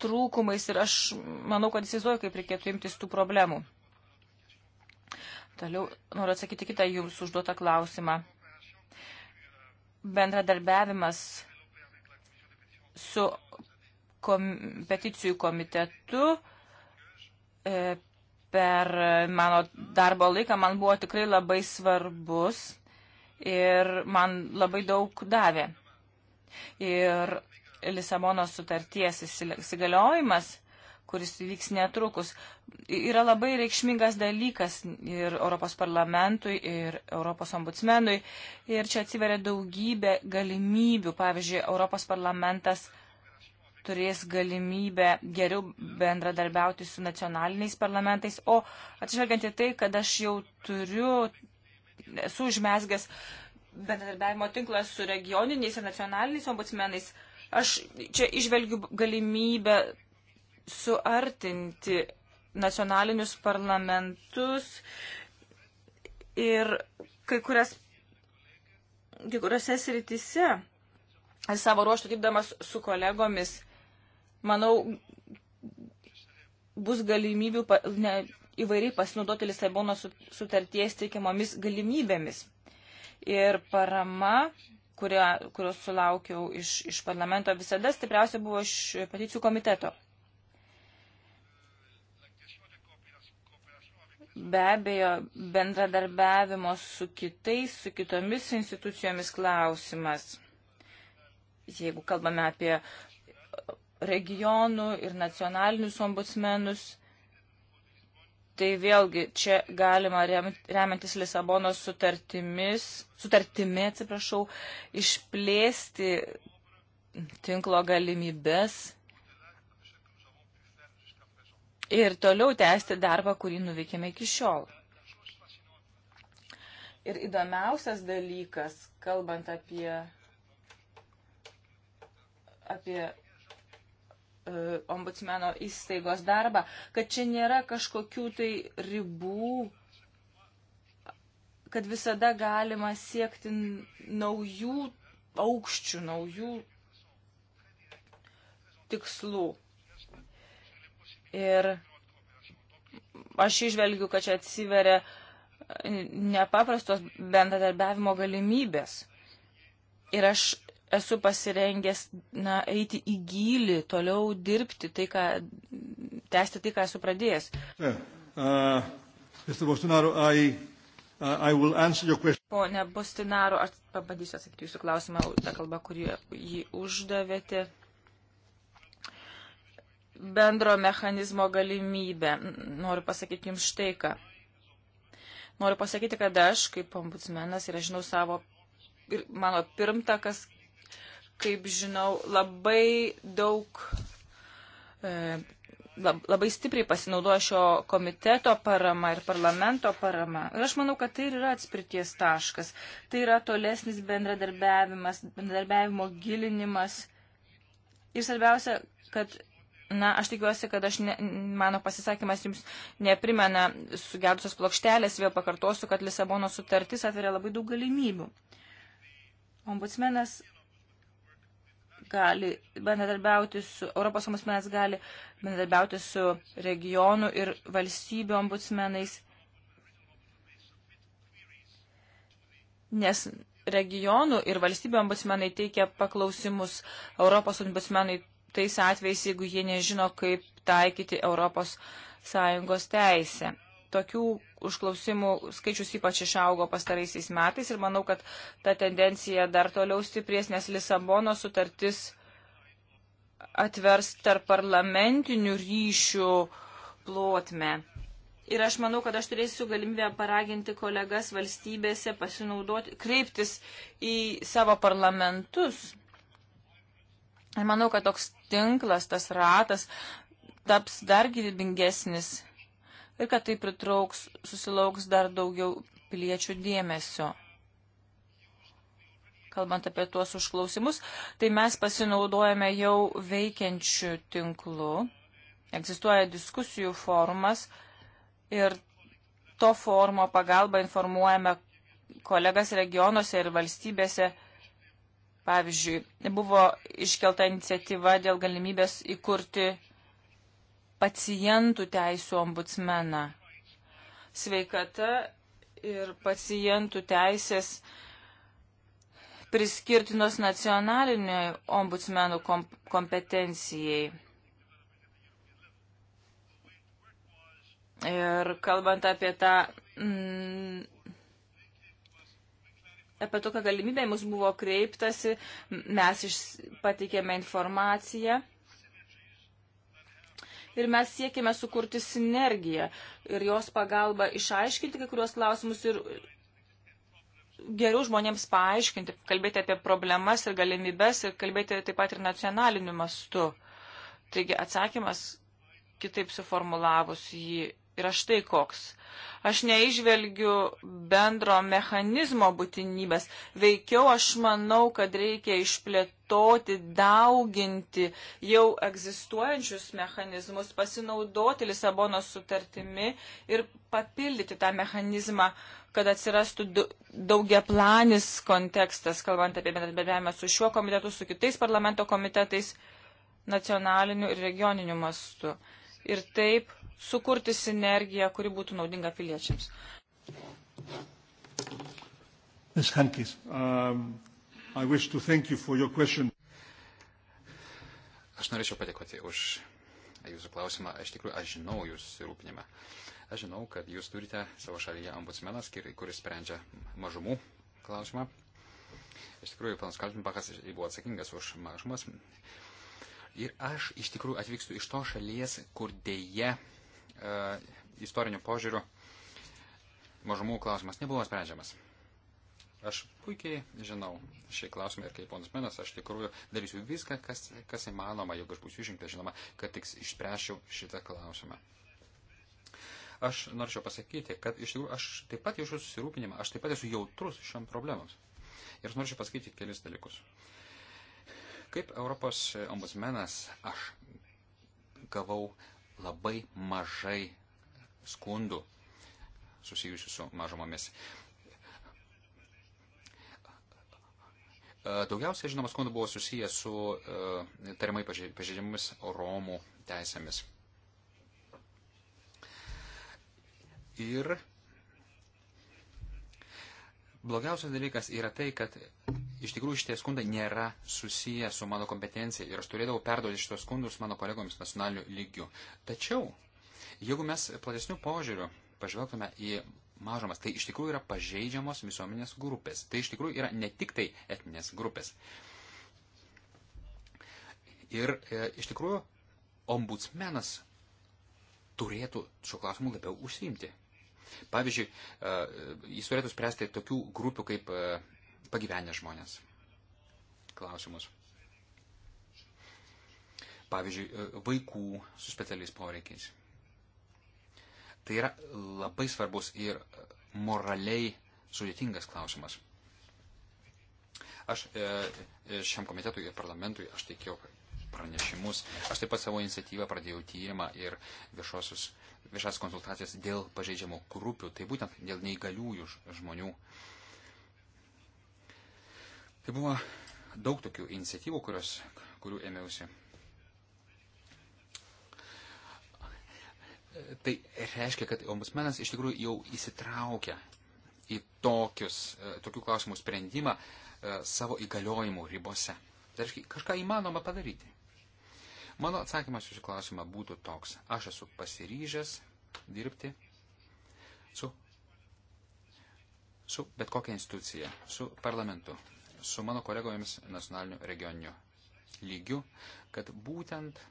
trūkumais ir aš manau, kad įsivaizduoju, kaip reikėtų imtis tų problemų. Toliau noriu atsakyti kitą jums užduotą klausimą bendradarbiavimas su kom, peticijų komitetu e, per mano darbo laiką man buvo tikrai labai svarbus ir man labai daug davė. Ir Lisabonos sutarties įsigaliojimas kuris vyks netrukus, yra labai reikšmingas dalykas ir Europos parlamentui, ir Europos ombudsmenui. Ir čia atsiveria daugybė galimybių. Pavyzdžiui, Europos parlamentas turės galimybę geriau bendradarbiauti su nacionaliniais parlamentais, o atsižvelgiant į tai, kad aš jau turiu, esu užmesgęs bendradarbiavimo tinklas su regioniniais ir nacionaliniais ombudsmenais, aš čia išvelgiu galimybę suartinti nacionalinius parlamentus ir kai, kurias, kai kuriuose srityse, savo ruoštų dirbdamas su kolegomis, manau, bus galimybių pa, ne, įvairiai pasinaudoti Lisabono sutarties teikiamomis galimybėmis. Ir parama, kurio, kurios sulaukiau iš, iš parlamento, visada stipriausia buvo iš peticijų komiteto. be abejo bendradarbiavimo su kitais, su kitomis institucijomis klausimas. Jeigu kalbame apie regionų ir nacionalinius ombudsmenus, tai vėlgi čia galima remiantis Lisabonos sutartimis, sutartimi, atsiprašau, išplėsti tinklo galimybės ir toliau tęsti darbą, kurį nuveikėme iki šiol. Ir įdomiausias dalykas, kalbant apie, apie e, ombudsmeno įstaigos darbą, kad čia nėra kažkokių tai ribų, kad visada galima siekti naujų aukščių, naujų tikslų. Ir aš išvelgiu, kad čia atsiveria nepaprastos bendradarbiavimo galimybės. Ir aš esu pasirengęs na, eiti į gilį, toliau dirbti, tai, ką, tęsti tai, ką esu pradėjęs. Yeah. Uh, I, uh, I Pone Bostinaru, aš pabandysiu atsakyti jūsų klausimą, tą kalbą, kurį jį uždavėte bendro mechanizmo galimybę. Noriu pasakyti jums štai ką. Noriu pasakyti, kad aš, kaip ombudsmenas, ir aš žinau savo, ir mano pirmtakas, kaip žinau, labai daug, e, labai stipriai pasinaudojo šio komiteto parama ir parlamento parama. Ir aš manau, kad tai ir yra atspirties taškas. Tai yra tolesnis bendradarbiavimas, bendradarbiavimo gilinimas. Ir svarbiausia, kad Na, aš tikiuosi, kad aš ne, mano pasisakymas jums neprimena sugedusios plokštelės, vėl pakartosiu, kad Lisabono sutartis atveria labai daug galimybių. Ombudsmenas gali bendradarbiauti su, Europos ombudsmenas gali bendradarbiauti su regionų ir valstybių ombudsmenais, nes regionų ir valstybių ombudsmenai teikia paklausimus, Europos ombudsmenai tais atvejais, jeigu jie nežino, kaip taikyti ES teisę. Tokių užklausimų skaičius ypač išaugo pastaraisiais metais ir manau, kad ta tendencija dar toliau stiprės, nes Lisabono sutartis atvers tarp parlamentinių ryšių plotmę. Ir aš manau, kad aš turėsiu galimybę paraginti kolegas valstybėse pasinaudoti, kreiptis į savo parlamentus Ir manau, kad toks tinklas, tas ratas taps dar gyvybingesnis ir kad tai pritrauks, susilauks dar daugiau piliečių dėmesio. Kalbant apie tuos užklausimus, tai mes pasinaudojame jau veikiančių tinklų. Egzistuoja diskusijų formas ir to formo pagalba informuojame kolegas regionuose ir valstybėse Pavyzdžiui, buvo iškelta iniciatyva dėl galimybės įkurti pacientų teisų ombudsmeną. Sveikata ir pacientų teisės priskirtinos nacionaliniai ombudsmenų kompetencijai. Ir kalbant apie tą mm, apie tokią galimybę mus buvo kreiptasi, mes iš, pateikėme informaciją. Ir mes siekėme sukurti sinergiją ir jos pagalba išaiškinti kai kuriuos klausimus ir geriau žmonėms paaiškinti, kalbėti apie problemas ir galimybes ir kalbėti taip pat ir nacionaliniu mastu. Taigi atsakymas, kitaip suformulavus jį, yra štai koks. Aš neižvelgiu bendro mechanizmo būtinybės. Veikiau aš manau, kad reikia išplėtoti, dauginti jau egzistuojančius mechanizmus, pasinaudoti Lisabonos sutartimi ir papildyti tą mechanizmą, kad atsirastų daugiaplanis kontekstas, kalbant apie bendradarbiavimą su šiuo komitetu, su kitais parlamento komitetais, nacionaliniu ir regioniniu mastu. Ir taip sukurti sinergiją, kuri būtų naudinga piliečiams. Ms. Hankis, um, I wish to thank you for your question. Aš norėčiau padėkoti už jūsų klausimą. Aš tikrųjų, aš žinau jūsų rūpinimą. Aš žinau, kad jūs turite savo šalyje ombudsmenas, kuris sprendžia mažumų klausimą. Iš tikrųjų, panas Kaltinbachas buvo atsakingas už mažumas. Ir aš iš tikrųjų atvykstu iš to šalies, kur dėje E, istoriniu požiūriu mažumų klausimas nebuvo sprendžiamas. Aš puikiai žinau šį klausimą ir kaip ponas Menas, aš tikrųjų darysiu viską, kas, kas įmanoma, jeigu aš būsiu išrinktas, žinoma, kad tik išspręšiau šitą klausimą. Aš norėčiau pasakyti, kad iš tikrųjų aš taip pat jaučiu susirūpinimą, aš taip pat esu jautrus šiom problemams. Ir aš norėčiau pasakyti kelis dalykus. Kaip Europos ombudsmenas aš gavau labai mažai skundų susijusių su mažumomis. E, Daugiausiai, žinoma, skundų buvo susiję su e, tariamai pažeidžiamomis Romų teisėmis. Ir Blogiausias dalykas yra tai, kad iš tikrųjų šitie skundai nėra susiję su mano kompetencija ir aš turėdavau perduoti šitos skundus mano kolegoms nacionaliniu lygiu. Tačiau, jeigu mes platesnių požiūrių pažvelgtume į mažumas, tai iš tikrųjų yra pažeidžiamos visuomenės grupės. Tai iš tikrųjų yra ne tik tai etinės grupės. Ir e, iš tikrųjų ombudsmenas turėtų šiuo klausimu labiau užsiimti. Pavyzdžiui, e, jis turėtų spręsti tokių grupių kaip e, pagyvenę žmonės klausimus. Pavyzdžiui, e, vaikų su specialiais poreikiais. Tai yra labai svarbus ir moraliai sudėtingas klausimas. Aš šiam komitetui ir parlamentui aš teikiau pranešimus. Aš taip pat savo iniciatyvą pradėjau tyrimą ir viešosius viešas konsultacijas dėl pažeidžiamų grupių, tai būtent dėl neįgaliųjų žmonių. Tai buvo daug tokių iniciatyvų, kurios, kurių ėmiausi. Tai reiškia, kad ombudsmenas iš tikrųjų jau įsitraukia į tokius, tokių klausimų sprendimą e, savo įgaliojimų ribose. Tai reiškia, kažką įmanoma padaryti. Mano atsakymas iš klausimą būtų toks. Aš esu pasiryžęs dirbti su, su bet kokia institucija, su parlamentu, su mano kolegomis nacionaliniu regioniniu lygiu, kad būtent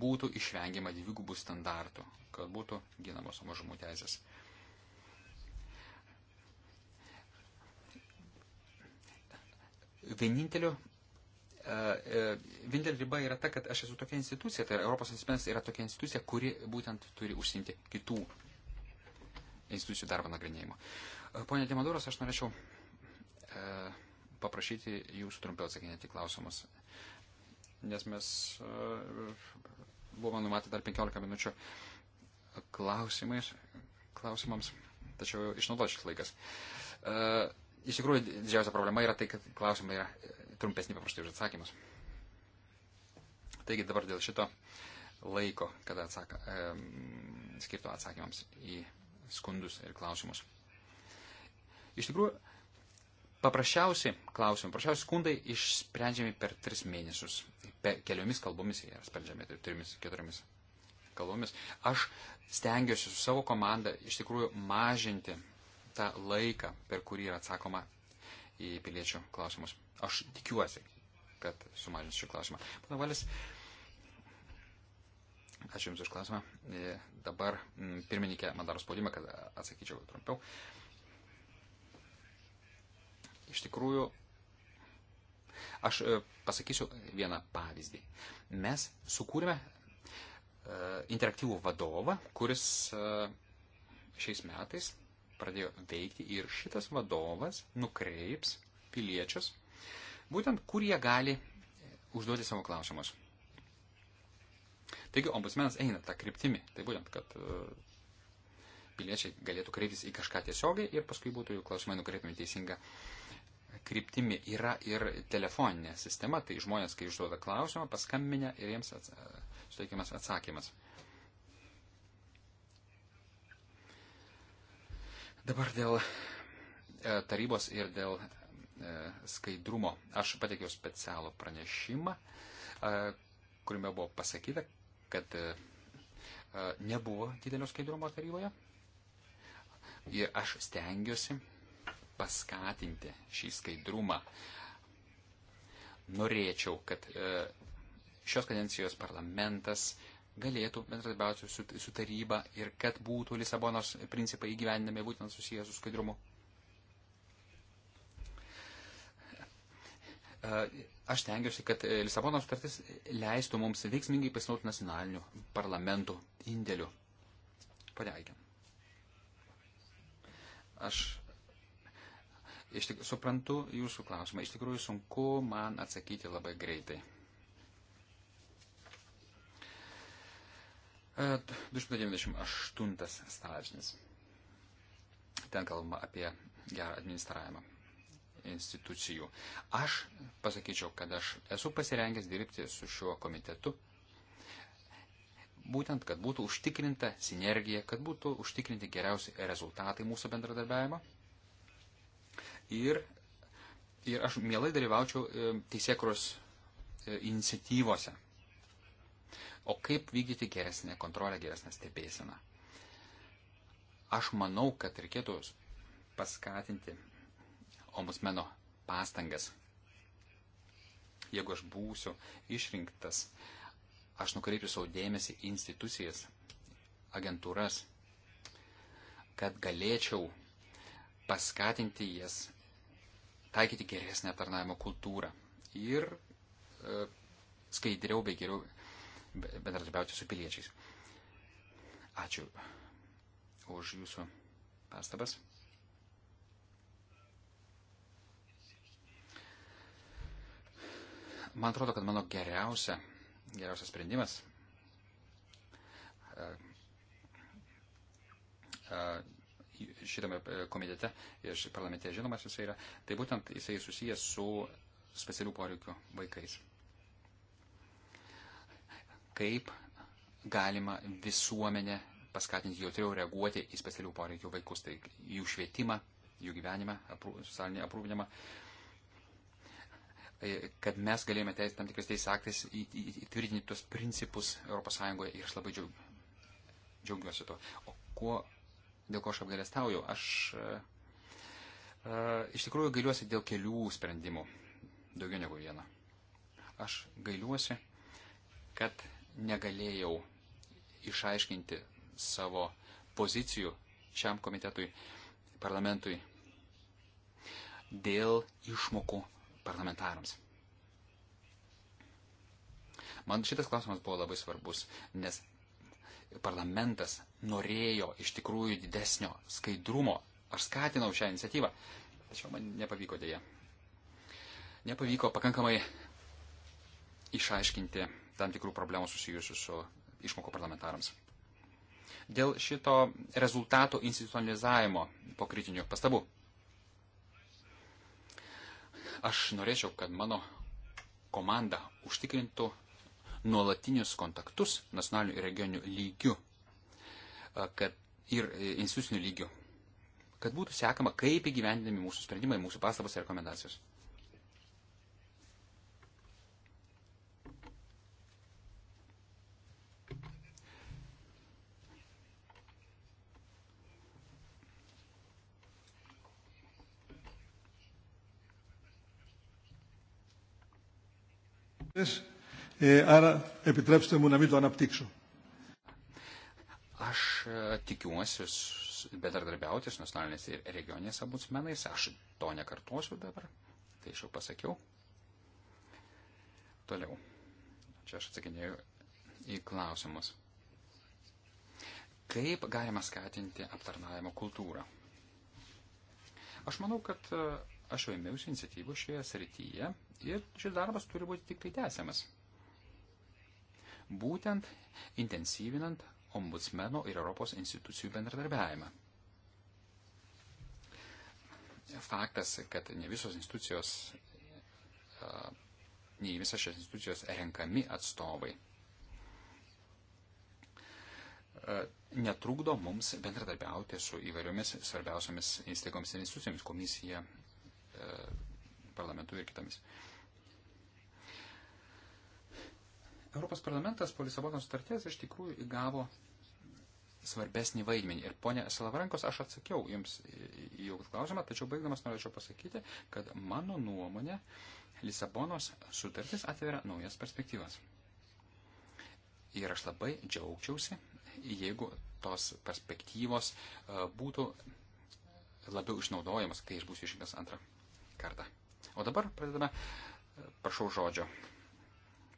būtų išvengiama dvigubų standartų, kad būtų ginamos mažumų teisės. Vieninteliu vienintelė riba yra ta, kad aš esu tokia institucija, tai yra Europos asmens yra tokia institucija, kuri būtent turi užsimti kitų institucijų darbo nagrinėjimo. Pone Demaduras, aš norėčiau paprašyti jūsų trumpiau atsakinėti klausimus, nes mes buvome numatę dar 15 minučių klausimais, klausimams, tačiau išnaudoju šis laikas. Iš tikrųjų, didžiausia problema yra tai, kad klausimai yra trumpesni paprastai už atsakymus. Taigi dabar dėl šito laiko, kada atsaka, e, skirto atsakymams į skundus ir klausimus. Iš tikrųjų, paprasčiausi klausimai, paprasčiausi skundai išsprendžiami per tris mėnesius. Pe, keliomis kalbomis jie sprendžiami, tai trimis, keturiomis kalbomis. Aš stengiuosi su savo komanda iš tikrųjų mažinti tą laiką, per kurį yra atsakoma į piliečių klausimus. Aš tikiuosi, kad sumažins šį klausimą. Pana Valis, ačiū Jums už klausimą. E, dabar pirmininkė man daro spaudimą, kad atsakyčiau trumpiau. Iš tikrųjų, aš e, pasakysiu vieną pavyzdį. Mes sukūrėme e, interaktyvų vadovą, kuris šiais metais pradėjo veikti ir šitas vadovas nukreips piliečius būtent kur jie gali užduoti savo klausimus. Taigi ombudsmenas eina tą kryptimį. Tai būtent, kad e, piliečiai galėtų kreiptis į kažką tiesiogiai ir paskui būtų jų klausimai nukreipiami teisinga kryptimi. Yra ir telefoninė sistema, tai žmonės, kai užduoda klausimą, paskambinę ir jiems ats suteikiamas atsakymas. Dabar dėl e, tarybos ir dėl E, skaidrumo. Aš pateikiau specialų pranešimą, e, kuriame buvo pasakyta, kad e, nebuvo didelio skaidrumo taryboje. Ir aš stengiuosi paskatinti šį skaidrumą. Norėčiau, kad šios kadencijos parlamentas galėtų bendradarbiauti su, su taryba ir kad būtų Lisabonos principai įgyvendinami būtent susijęs su skaidrumu. Aš tengiuosi, kad Lisabonos sutartis leistų mums veiksmingai pasinaudoti nacionalinių parlamentų indėlių. Padeigiam. Aš iš tik, suprantu jūsų klausimą. Iš tikrųjų sunku man atsakyti labai greitai. 298 e, straipsnis. Ten kalbama apie gerą administravimą institucijų. Aš pasakyčiau, kad aš esu pasirengęs dirbti su šiuo komitetu, būtent, kad būtų užtikrinta sinergija, kad būtų užtikrinti geriausi rezultatai mūsų bendradarbiavimo. Ir, ir aš mielai dalyvaučiau e, teisėkros e, iniciatyvose. O kaip vykdyti geresnę kontrolę, geresnę stebėseną? Aš manau, kad reikėtų paskatinti ombudsmeno pastangas. Jeigu aš būsiu išrinktas, aš nukreipsiu savo dėmesį į institucijas, agentūras, kad galėčiau paskatinti jas taikyti geresnę tarnavimo kultūrą ir e, skaidriau bei geriau bendradarbiauti su piliečiais. Ačiū už jūsų pastabas. Man atrodo, kad mano geriausia, geriausias sprendimas e, e, šitame komitete ir parlamente žinomas jisai yra, tai būtent jisai susijęs su specialių poreikių vaikais. Kaip galima visuomenę paskatinti jautriau reaguoti į specialių poreikių vaikus, tai jų švietimą, jų gyvenimą, socialinį aprūpinimą. Aprū, E, kad mes galėjome teis, tam tikras teisės aktais įtvirtinti tuos principus ES ir aš labai džiaug, džiaugiuosi to. O kuo, dėl ko aš apgalėstauju? Aš a, e, a, e, iš tikrųjų gailiuosi dėl kelių sprendimų, daugiau negu vieną. Aš gailiuosi, kad negalėjau išaiškinti savo pozicijų šiam komitetui, parlamentui dėl išmokų parlamentarams. Man šitas klausimas buvo labai svarbus, nes parlamentas norėjo iš tikrųjų didesnio skaidrumo. Aš skatinau šią iniciatyvą, tačiau man nepavyko dėja. Nepavyko pakankamai išaiškinti tam tikrų problemų susijusių su išmoko parlamentarams. Dėl šito rezultato institucionalizavimo po kritinių pastabų Aš norėčiau, kad mano komanda užtikrintų nuolatinius kontaktus nacionalinių ir regionių lygių kad, ir e, institucinių lygių, kad būtų sekama, kaip įgyvendinami mūsų sprendimai, mūsų pastabos ir rekomendacijos. Aš tikiuosi bendradarbiauti su nacionalinės ir regioninės abudsmenais. Aš to nekartosiu dabar. Tai aš jau pasakiau. Toliau. Čia aš atsakinėjau į klausimus. Kaip galima skatinti aptarnavimo kultūrą? Aš manau, kad aš jau ėmiausi iniciatyvų šioje srityje ir šis darbas turi būti tik tai tęsiamas. Būtent intensyvinant ombudsmeno ir Europos institucijų bendradarbiavimą. Faktas, kad ne visos institucijos, ne visas šias institucijos renkami atstovai, netrukdo mums bendradarbiauti su įvairiomis svarbiausiamis įstaigomis ir institucijomis - komisija, E, parlamentu ir kitomis. Europos parlamentas po Lisabonos sutarties iš tikrųjų įgavo svarbesnį vaidmenį. Ir ponė Salavrankos, aš atsakiau jums į jūsų klausimą, tačiau baigdamas norėčiau pasakyti, kad mano nuomonė Lisabonos sutartis atveria naujas perspektyvas. Ir aš labai džiaugčiausi, jeigu tos perspektyvos e, būtų labiau išnaudojamas, kai aš būsiu išrinktas antrą kartą. O dabar pradedame, prašau žodžio,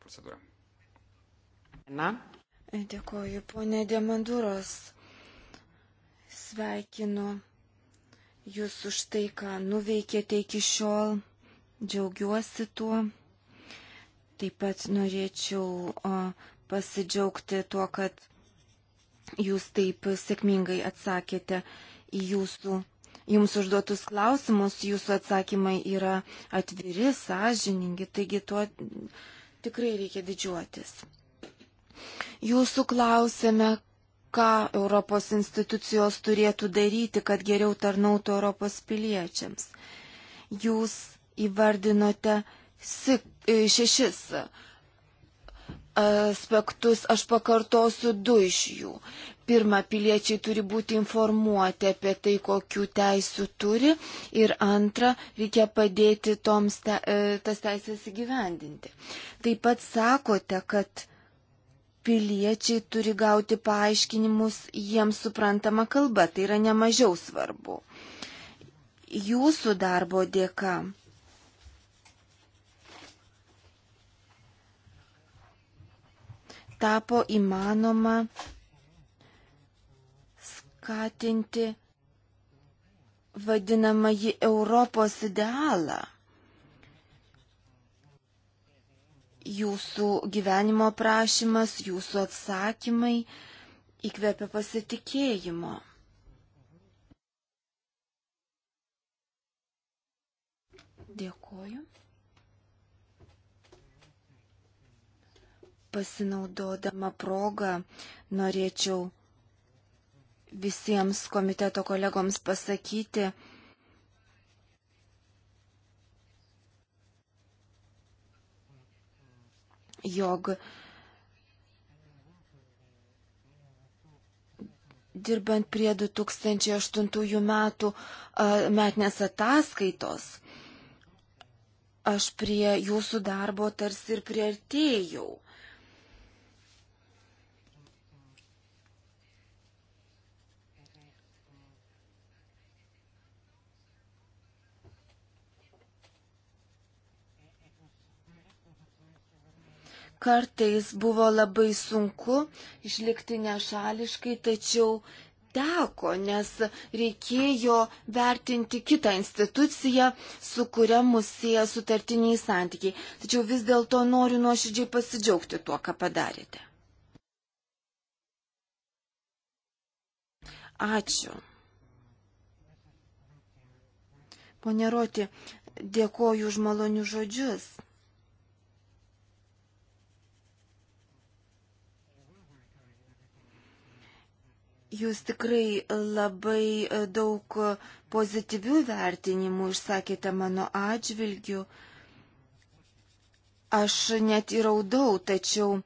procedūrą. Na. Dėkoju, ponė Demanduros. Sveikinu Jūs už tai, ką nuveikėte iki šiol. Džiaugiuosi tuo. Taip pat norėčiau o, pasidžiaugti tuo, kad jūs taip sėkmingai atsakėte į jūsų jums užduotus klausimus, jūsų atsakymai yra atviri, sąžiningi, taigi tuo tikrai reikia didžiuotis. Jūsų klausėme, ką Europos institucijos turėtų daryti, kad geriau tarnautų Europos piliečiams. Jūs įvardinote e, šešis e, aspektus, aš pakartosiu du iš jų. Pirma, piliečiai turi būti informuoti apie tai, kokių teisų turi. Ir antra, reikia padėti toms te, e, tas teisės įgyvendinti. Taip pat sakote, kad piliečiai turi gauti paaiškinimus jiems suprantama kalba. Tai yra nemažiau svarbu. Jūsų darbo dėka. tapo įmanoma skatinti vadinamąjį Europos idealą. Jūsų gyvenimo prašymas, jūsų atsakymai įkvepia pasitikėjimo. Dėkoju. Pasinaudodama progą norėčiau visiems komiteto kolegoms pasakyti, jog dirbant prie 2008 metų metinės ataskaitos, aš prie jūsų darbo tarsi ir priartėjau. Kartais buvo labai sunku išlikti nešališkai, tačiau teko, nes reikėjo vertinti kitą instituciją, su kuria mus sieja sutartiniai santykiai. Tačiau vis dėlto noriu nuoširdžiai pasidžiaugti tuo, ką padarėte. Ačiū. Pone Roti, dėkoju už malonius žodžius. Jūs tikrai labai e, daug e, pozityvių vertinimų išsakėte mano atžvilgiu. Aš net įraudau, tačiau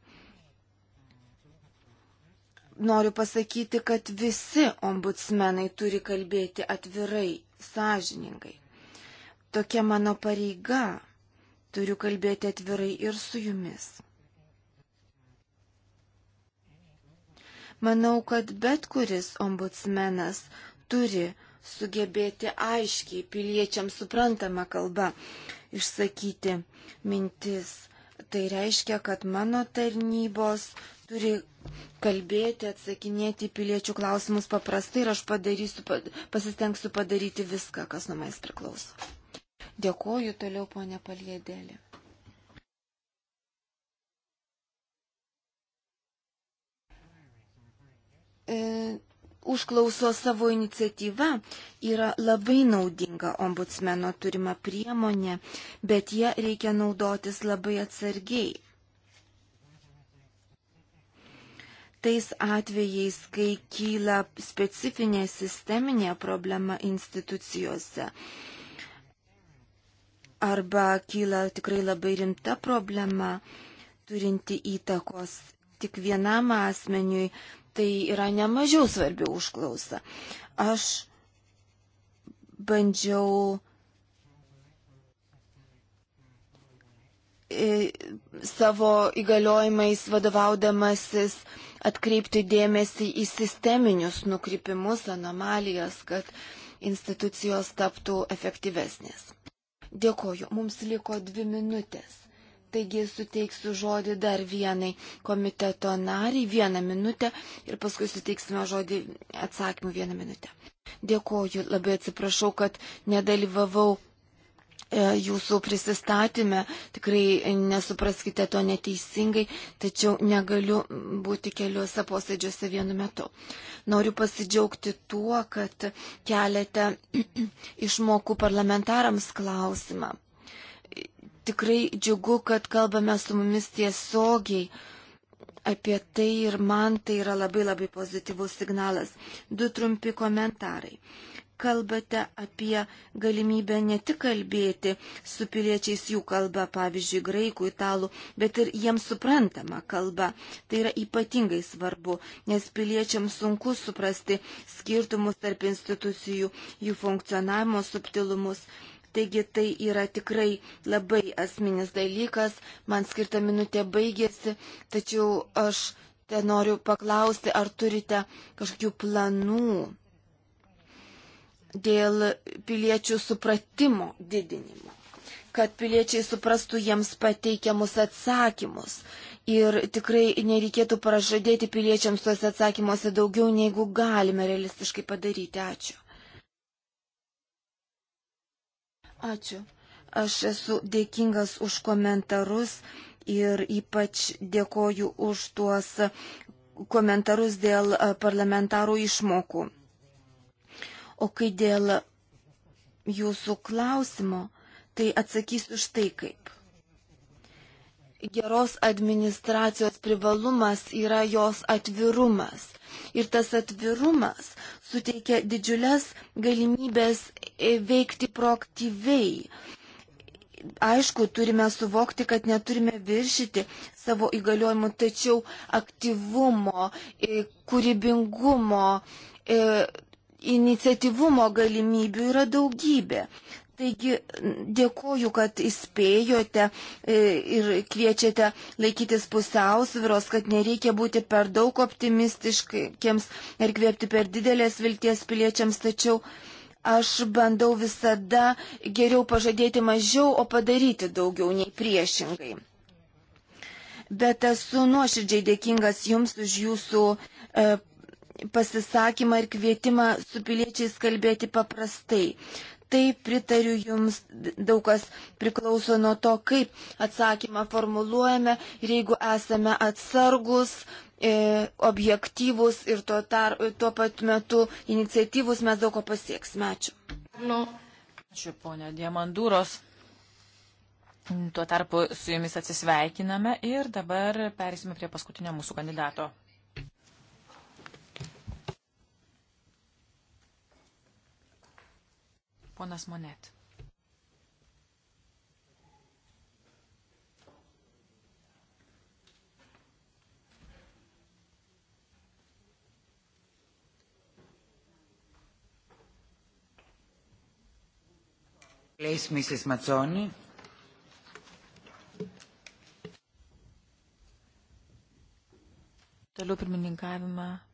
noriu pasakyti, kad visi ombudsmenai turi kalbėti atvirai, sąžiningai. Tokia mano pareiga. Turiu kalbėti atvirai ir su jumis. Manau, kad bet kuris ombudsmenas turi sugebėti aiškiai piliečiam suprantamą kalbą išsakyti mintis. Tai reiškia, kad mano tarnybos turi kalbėti, atsakinėti piliečių klausimus paprastai ir aš padarysiu, pasistengsiu padaryti viską, kas nuo manęs priklauso. Dėkoju toliau, ponė Paliedėlė. e, užklauso savo iniciatyva yra labai naudinga ombudsmeno turima priemonė, bet ją reikia naudotis labai atsargiai. Tais atvejais, kai kyla specifinė sisteminė problema institucijose arba kyla tikrai labai rimta problema, turinti įtakos tik vienam asmeniui, tai yra nemažiau svarbi užklausa. Aš bandžiau e, savo įgaliojimais vadovaudamasis atkreipti dėmesį į sisteminius nukrypimus, anomalijas, kad institucijos taptų efektyvesnės. Dėkoju, mums liko dvi minutės. Taigi suteiksiu žodį dar vienai komiteto nariai vieną minutę ir paskui suteiksime žodį atsakymų vieną minutę. Dėkoju, labai atsiprašau, kad nedalyvavau e, jūsų prisistatymę, tikrai nesupraskite to neteisingai, tačiau negaliu būti keliuose posėdžiuose vienu metu. Noriu pasidžiaugti tuo, kad keliate išmokų parlamentarams klausimą tikrai džiugu, kad kalbame su mumis tiesiogiai apie tai ir man tai yra labai labai pozityvus signalas. Du trumpi komentarai. Kalbate apie galimybę ne tik kalbėti su piliečiais jų kalba, pavyzdžiui, graikų, italų, bet ir jiems suprantama kalba. Tai yra ypatingai svarbu, nes piliečiams sunku suprasti skirtumus tarp institucijų, jų funkcionavimo subtilumus. Taigi tai yra tikrai labai asmenis dalykas, man skirta minutė baigėsi, tačiau aš te noriu paklausti, ar turite kažkokių planų dėl piliečių supratimo didinimo, kad piliečiai suprastų jiems pateikiamus atsakymus. Ir tikrai nereikėtų pražadėti piliečiams tuose atsakymuose daugiau, negu galime realistiškai padaryti. Ačiū. Ačiū. Aš esu dėkingas už komentarus ir ypač dėkoju už tuos komentarus dėl e, parlamentarų išmokų. O kai dėl jūsų klausimo, tai atsakysiu štai kaip. Geros administracijos privalumas yra jos atvirumas. Ir tas atvirumas suteikia didžiulės galimybės e, veikti proaktyviai. Aišku, turime suvokti, kad neturime viršyti savo įgaliojimų, tačiau aktyvumo, e, kūrybingumo, e, iniciatyvumo galimybių yra daugybė. Taigi dėkuoju, kad įspėjote e, ir kviečiate laikytis pusiausviros, kad nereikia būti per daug optimistiškiams ir kvėpti per didelės vilties piliečiams, tačiau aš bandau visada geriau pažadėti mažiau, o padaryti daugiau nei priešingai. Bet esu nuoširdžiai dėkingas Jums už Jūsų e, pasisakymą ir kvietimą su piliečiais kalbėti paprastai. Taip pritariu Jums, daug kas priklauso nuo to, kaip atsakymą formuluojame ir jeigu esame atsargus, e, objektyvus ir tuo, tar, tuo pat metu iniciatyvus, mes daug ko pasieksime. Ačiū. Nu. Ačiū, ponia Diamandūros. Tuo tarpu su jumis atsisveikiname ir dabar perėsime prie paskutinio mūsų kandidato. Ponas Monet. Please, Mrs. Mazzoni. Toliau pirmininkavimą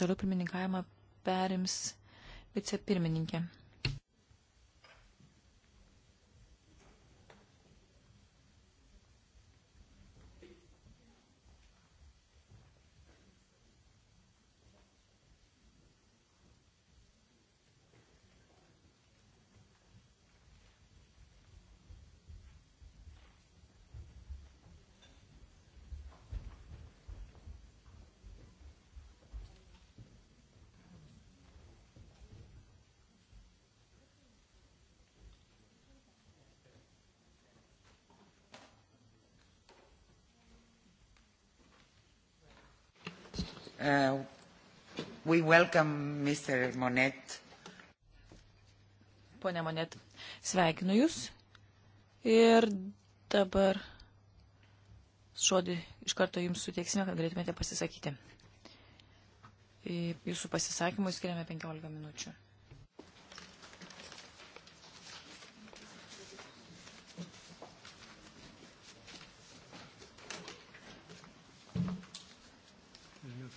toliau pirmininkavimą perims vicepirmininkė. Uh, we welcome Mr. Monet. Pone Monet, sveikinu Jūs. Ir dabar žodį iš karto Jums suteiksime, kad galėtumėte pasisakyti. Į jūsų pasisakymus skiriame 15 minučių.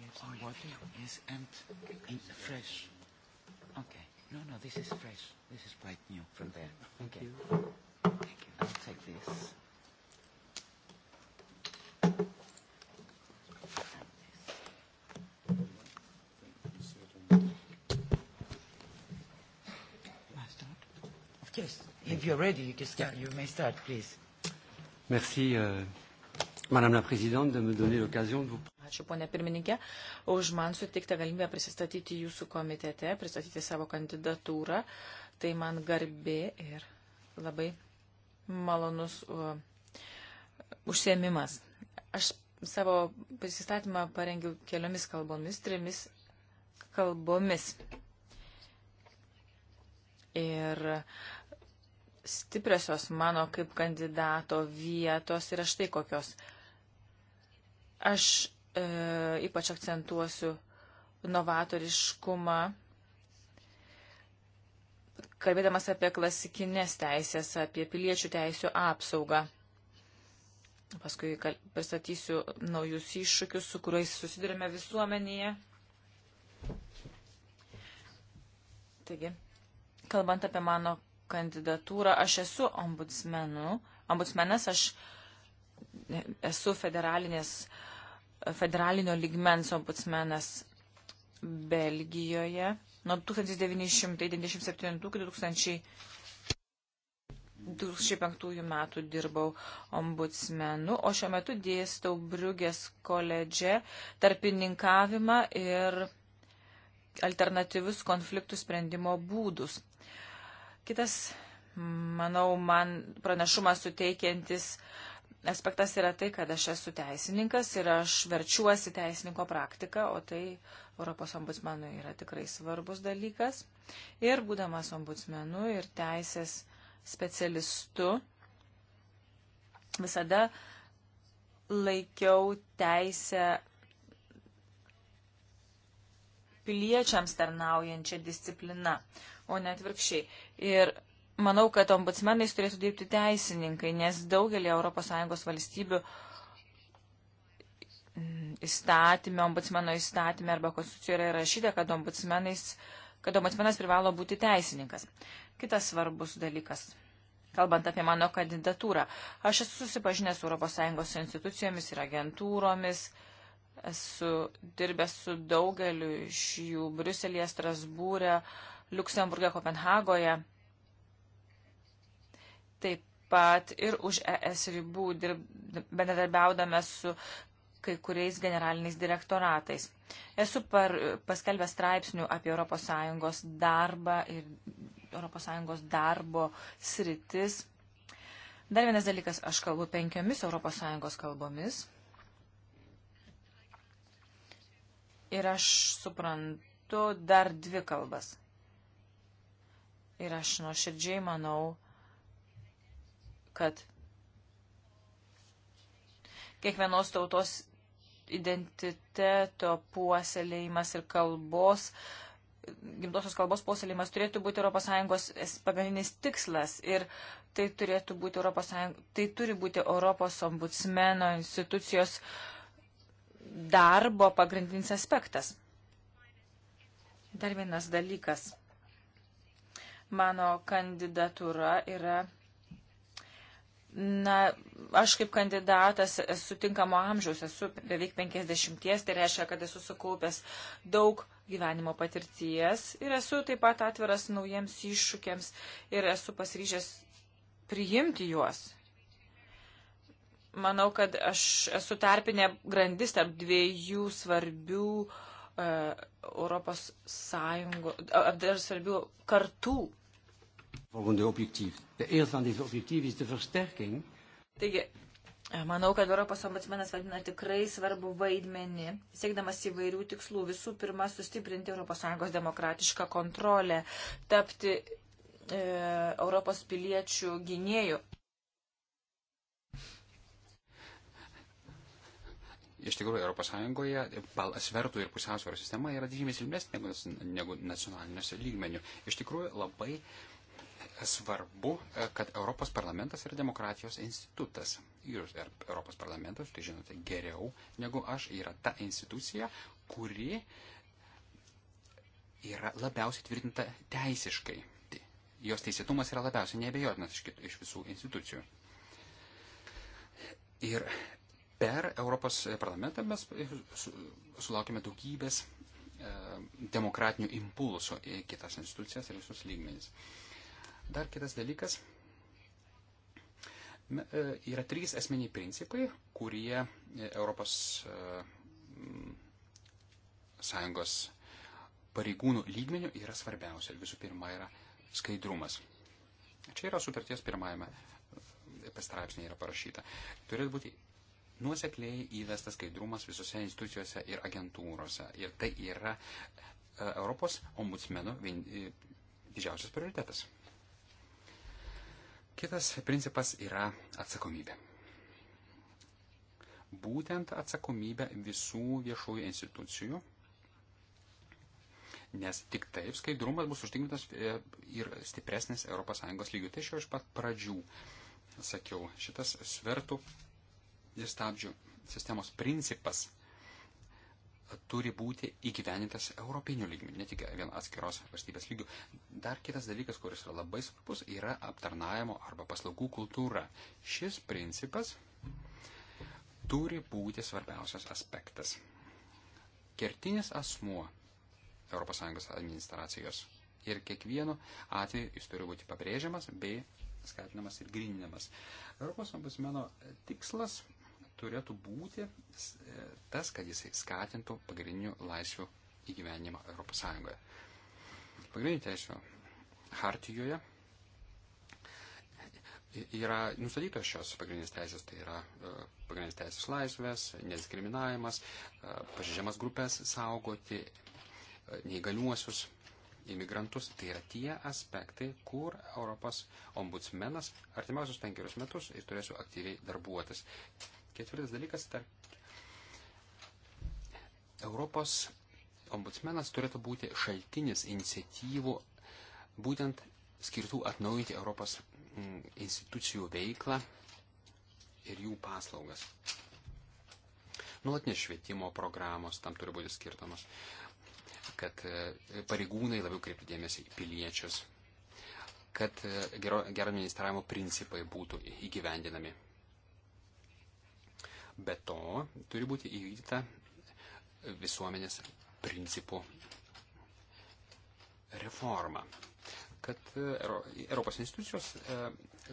Yes, and water. Yes, and in fresh. Okay. No, no, this is fresh. This is quite new from there. Thank okay. you. Thank you. I'll take this. Yes, if you're ready, you can start. You may start, please. Merci, euh, Madame la Présidente, de me donner l'occasion de vous Ačiū, ponė pirmininkė, už man sutiktą galimybę prisistatyti jūsų komitete, pristatyti savo kandidatūrą. Tai man garbi ir labai malonus uh, užsiemimas. Aš savo prisistatymą parengiau keliomis kalbomis, trimis kalbomis. Ir stipriosios mano kaip kandidato vietos yra štai kokios. Aš e, ypač akcentuosiu novatoriškumą, kalbėdamas apie klasikinės teisės, apie piliečių teisų apsaugą. Paskui pristatysiu naujus iššūkius, su kuriais susidurime visuomenėje. Taigi, kalbant apie mano kandidatūrą, aš esu ombudsmenu. Ombudsmenas aš esu federalinės uh, federalinio ligmens ombudsmenas Belgijoje nuo 1997 2005 metų dirbau ombudsmenu, o šiuo metu dėstau Briugės koledže tarpininkavimą ir alternatyvius konfliktų sprendimo būdus. Kitas, manau, man pranašumas suteikiantis uh, aspektas yra tai, kad aš esu teisininkas ir aš verčiuosi teisininko praktiką, o tai Europos ombudsmenui yra tikrai svarbus dalykas. Ir būdamas ombudsmenu ir teisės specialistu visada laikiau teisę piliečiams tarnaujančią discipliną, o net virkščiai. Ir manau, kad ombudsmenais turėtų dirbti teisininkai, nes daugelį ES valstybių mm, įstatymė, ombudsmeno įstatymė arba konstitucijoje yra rašyta, kad, kad ombudsmenas privalo būti teisininkas. Kitas svarbus dalykas, kalbant apie mano kandidatūrą. Aš esu susipažinęs su ES institucijomis ir agentūromis, esu dirbęs su daugeliu iš jų Briuselėje, Strasbūrė, Luksemburgė, Kopenhagoje taip pat ir už ES ribų dirb, bendradarbiaudame su kai kuriais generaliniais direktoratais. Esu par, paskelbęs straipsnių apie ES darbą ir ES darbo sritis. Dar vienas dalykas, aš kalbu penkiomis ES kalbomis. Ir aš suprantu dar dvi kalbas. Ir aš nuoširdžiai manau, kad kiekvienos tautos identiteto puoselėjimas ir kalbos, gimtosios kalbos puoselėjimas turėtų būti ES pagrindinis tikslas ir tai turėtų būti ES, tai turi būti Europos ombudsmeno institucijos darbo pagrindinis aspektas. Dar vienas dalykas. Mano kandidatūra yra Na, aš kaip kandidatas esu tinkamo amžiaus, esu beveik 50, tai reiškia, kad esu sukaupęs daug gyvenimo patirties ir esu taip pat atviras naujiems iššūkiams ir esu pasiryžęs priimti juos. Manau, kad aš esu tarpinė grandis tarp dviejų svarbių uh, Europos Sąjungos, uh, e, dar svarbių kartų Taigi, manau, kad Europos ombudsmenas vadina tikrai svarbu vaidmenį, siekdamas įvairių tikslų. Visų pirma, sustiprinti ES demokratišką kontrolę, tapti e, Europos piliečių gynėjų. iš tikrųjų ES svertų ir pusiausvėros sistema yra žymiai silpnesnė negu, negu nacionaliniuose lygmenių. Iš tikrųjų labai svarbu, e, kad Europos parlamentas yra demokratijos institutas. Jūs ir Europos parlamentas, tai žinote geriau negu aš, yra ta institucija, kuri yra labiausiai tvirtinta teisiškai. Tai jos teisėtumas yra labiausiai neabejotinas iš, iš visų institucijų. Ir per Europos parlamentą mes sulaukime daugybės e, demokratinių impulsų į kitas institucijas ir visus lygmenys. Uh, Dar kitas dalykas. E, yra trys esminiai principai, kurie e, Europos e, Sąjungos pareigūnų lygmenių yra svarbiausia. Visų pirma yra skaidrumas. Čia yra sutarties pirmajame pastraipsnėje yra parašyta. Turėtų būti nuosekliai įvestas skaidrumas visose institucijose ir agentūrose. Ir tai yra Europos ombudsmeno didžiausias prioritetas. Kitas principas yra atsakomybė. Būtent atsakomybė visų viešųjų institucijų, nes tik taip skaidrumas bus užtikrintas e, ir stipresnis ES lygių. Tai šio iš pat pradžių sakiau, šitas svertų ir stabdžių sistemos principas turi būti įgyvenintas europinių lygmių, ne tik vien atskiros valstybės lygių. Dar kitas dalykas, kuris yra labai svarbus, yra aptarnavimo arba paslaugų kultūra. Šis principas turi būti svarbiausias aspektas. Kertinis asmuo ES administracijos ir kiekvienu atveju jis turi būti pabrėžiamas bei skatinamas ir grininamas. Europos ombudsmeno tikslas turėtų būti e, tas, kad jisai skatintų pagrindinių laisvių įgyvenimą ES. Pagrindinių teisų hartijoje yra nustatytos šios pagrindinės teisės, tai yra e, pagrindinės teisės laisvės, nediskriminavimas, e, pažeidžiamas grupės saugoti, neįgaliuosius, imigrantus. Tai yra tie aspektai, kur Europos ombudsmenas artimiausius penkerius metus ir turėsiu aktyviai darbuotis. Ketvirtas dalykas, tar... Europos ombudsmenas turėtų būti šaltinis iniciatyvų būtent skirtų atnaujinti Europos mm, institucijų veiklą ir jų paslaugas. Nuolatinės švietimo programos tam turi būti skirtamos, kad e, pareigūnai labiau kreiptų dėmesį į piliečius, kad e, gero, gero administravimo principai būtų įgyvendinami. Be to, turi būti įvykdyta visuomenės principų reforma, kad e, Europos institucijos e,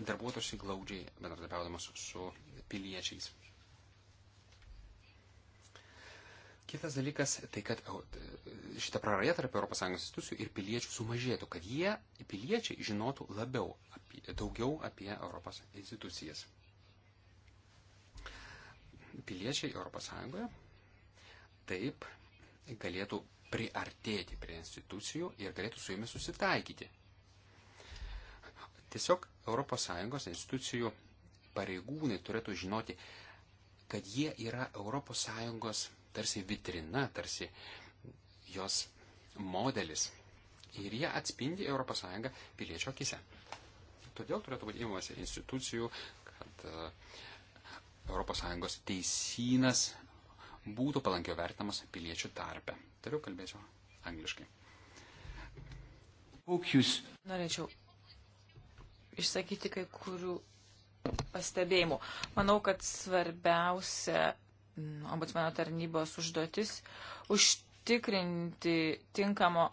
darbuotųsi glaudžiai bendradarbiaudamas su piliečiais. Kitas dalykas tai, kad e, šita praraja tarp ES institucijų ir piliečių sumažėtų, kad jie, piliečiai, žinotų labiau, apie, daugiau apie Europos institucijas piliečiai ES taip galėtų priartėti prie institucijų ir galėtų su jomis susitaikyti. Tiesiog ES institucijų pareigūnai turėtų žinoti, kad jie yra ES tarsi vitrina, tarsi jos modelis. Ir jie atspindi ES piliečio akise. Todėl turėtų būti įmamasi institucijų, kad uh, ES teisynas būtų palankiau vertinamas piliečių tarpe. Toliau kalbėsiu angliškai. Kokius? Norėčiau išsakyti kai kurių pastebėjimų. Manau, kad svarbiausia mm, ombudsmeno tarnybos užduotis užtikrinti tinkamo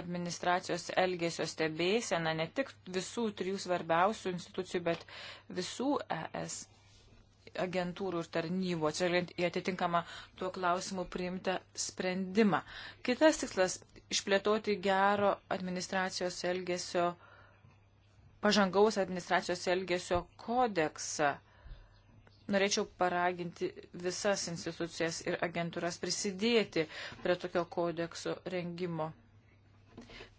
administracijos elgesio stebėseną ne tik visų trijų svarbiausių institucijų, bet visų ES agentūrų ir tarnybų, atsižvelgiant į atitinkamą tuo klausimu priimtą sprendimą. Kitas tikslas - išplėtoti gero administracijos elgesio, pažangaus administracijos elgesio kodeksą. Norėčiau paraginti visas institucijas ir agentūras prisidėti prie tokio kodekso rengimo.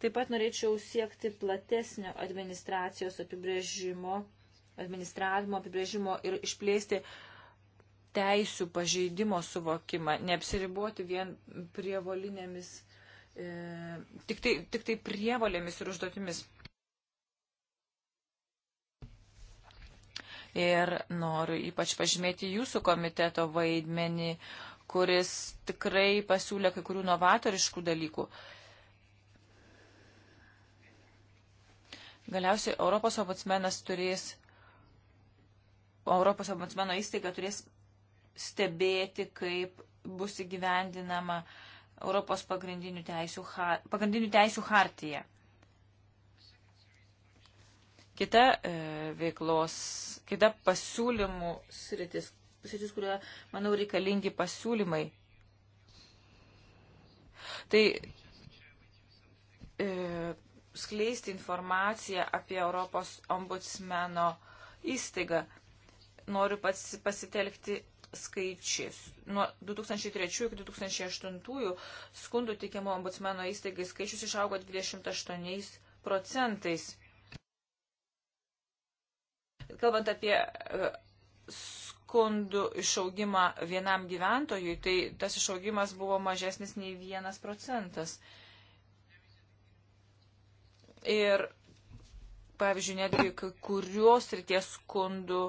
Taip pat norėčiau siekti platesnio administracijos apibrėžimo administravimo apibrėžimo ir išplėsti teisų pažeidimo suvokimą, neapsiriboti vien prievolinėmis, e, tik, tai, tik tai prievolėmis ir užduotimis. Ir noriu ypač pažymėti jūsų komiteto vaidmenį, kuris tikrai pasiūlė kai kurių novatoriškų dalykų. Galiausiai Europos obudsmenas turės Europos ombudsmeno įstaiga turės stebėti, kaip bus įgyvendinama Europos pagrindinių teisių, har, pagrindinių teisių hartija. Kita e, veiklos, kita pasiūlymų sritis, sritis, kurioje, manau, reikalingi pasiūlymai. Tai e, skleisti informaciją apie Europos ombudsmeno įstaigą noriu pats pasitelkti skaičiais. Nuo 2003 iki 2008 skundų teikiamo ombudsmeno įstaigai skaičius išaugo 28 procentais. Kalbant apie e, skundų išaugimą vienam gyventojui, tai tas išaugimas buvo mažesnis nei vienas procentas. Ir, pavyzdžiui, netgi kai kurios ryties skundų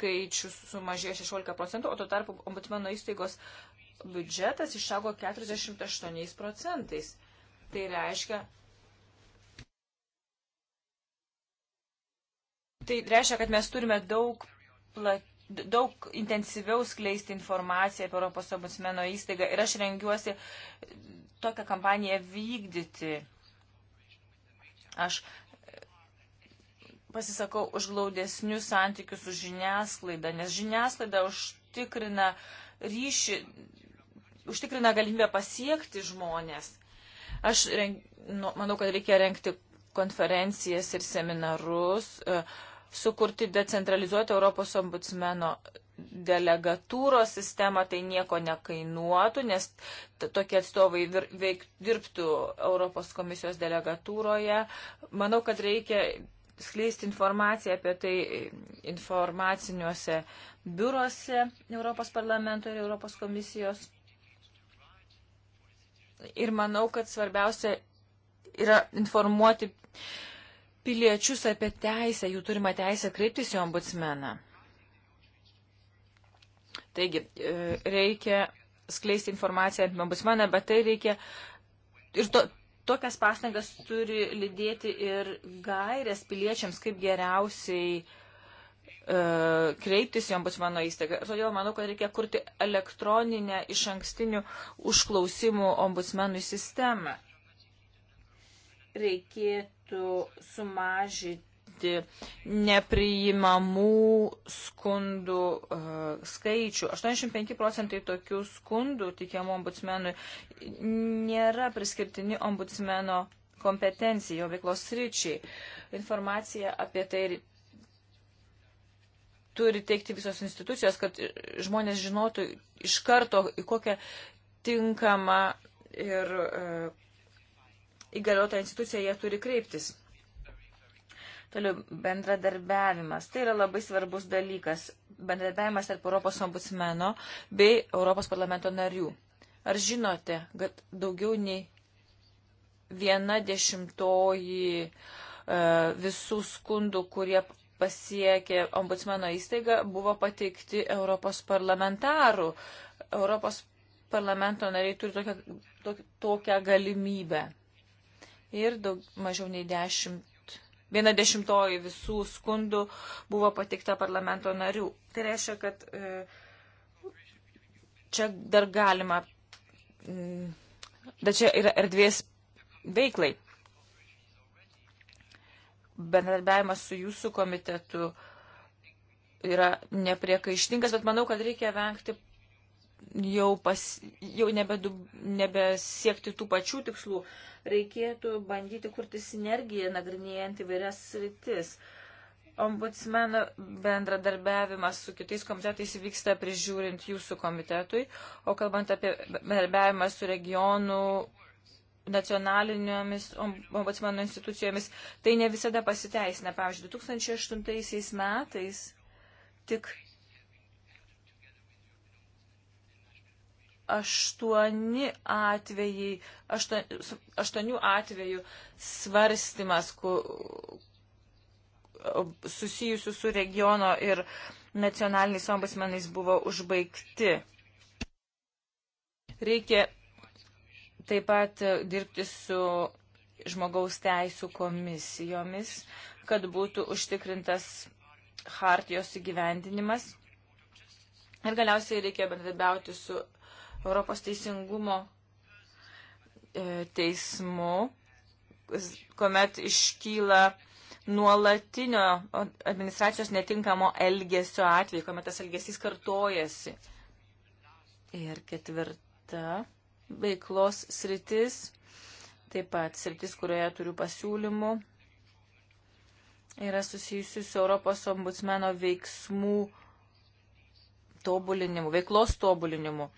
skaičius sumažėjo 16 procentų, o tuo tarpu ombudsmeno įstaigos biudžetas išaugo 48 procentais. Tai reiškia, tai reiškia, kad mes turime daug, plat, daug intensyviau skleisti informaciją apie Europos ombudsmeno įstaigą ir aš rengiuosi tokią kampaniją vykdyti. Aš pasisakau už glaudesnius santykius su žiniasklaida, nes žiniasklaida užtikrina ryšį, užtikrina galimybę pasiekti žmonės. Aš renk, nu, manau, kad reikia renkti konferencijas ir seminarus, e, sukurti decentralizuotą Europos ombudsmeno delegatūros sistemą, tai nieko nekainuotų, nes tokie atstovai vir, veik, dirbtų Europos komisijos delegatūroje. Manau, kad reikia skleisti informaciją apie tai informaciniuose biuruose Europos parlamento ir Europos komisijos. Ir manau, kad svarbiausia yra informuoti piliečius apie teisę, jų turimą teisę kreiptis į ombudsmeną. Taigi, e, reikia skleisti informaciją apie ombudsmeną, bet tai reikia ir to, tokias pastangas turi lydėti ir gairės piliečiams, kaip geriausiai e, kreiptis į ombudsmano įstaigą. Todėl manau, kad reikia kurti elektroninę iš ankstinių užklausimų ombudsmenui sistemą. Reikėtų sumažinti mažinti nepriimamų skundų uh, skaičių. 85 procentai tokių skundų, tikiamų ombudsmenui, nėra priskirtini ombudsmeno kompetencijai, jo veiklos ryčiai. Informacija apie tai turi teikti visos institucijos, kad žmonės žinotų iš karto, į kokią tinkamą ir e, įgaliotą instituciją jie turi kreiptis. Toliau bendradarbiavimas. Tai yra labai svarbus dalykas. Bendradarbiavimas tarp Europos ombudsmeno bei Europos parlamento narių. Ar žinote, kad daugiau nei viena dešimtoji e, visų skundų, kurie pasiekė ombudsmeno įstaigą, buvo pateikti Europos parlamentarų. Europos parlamento nariai turi tokią, tokią galimybę. Ir daug, mažiau nei 10 viena dešimtoji visų skundų buvo patikta parlamento narių. Tai reiškia, kad e, čia dar galima, bet mm, čia yra erdvės veiklai. Bendradarbiavimas su jūsų komitetu yra nepriekaištingas, bet manau, kad reikia vengti jau, pas, jau nebedu, nebesiekti tų pačių tikslų, reikėtų bandyti kurti sinergiją, nagrinėjant įvairias sritis. Ombudsmeno bendradarbiavimas su kitais komitetais vyksta prižiūrint jūsų komitetui, o kalbant apie bendradarbiavimą su regionų nacionaliniomis ombudsmeno institucijomis, tai ne visada pasiteisina. Pavyzdžiui, 2008 metais tik aštuoni atvejai, aštuon, aštuonių atvejų svarstymas ku, susijusių su regiono ir nacionaliniais ombudsmenais buvo užbaigti. Reikia taip pat dirbti su žmogaus teisų komisijomis, kad būtų užtikrintas hartijos įgyvendinimas. Ir galiausiai reikia bendradarbiauti su Europos teisingumo e, teismu, kuomet iškyla nuolatinio administracijos netinkamo elgesio atveju, kuomet tas elgesys kartojasi. Ir ketvirta veiklos sritis, taip pat sritis, kurioje turiu pasiūlymų, yra susijusi su Europos ombudsmeno veiksmų tobulinimu, veiklos tobulinimu.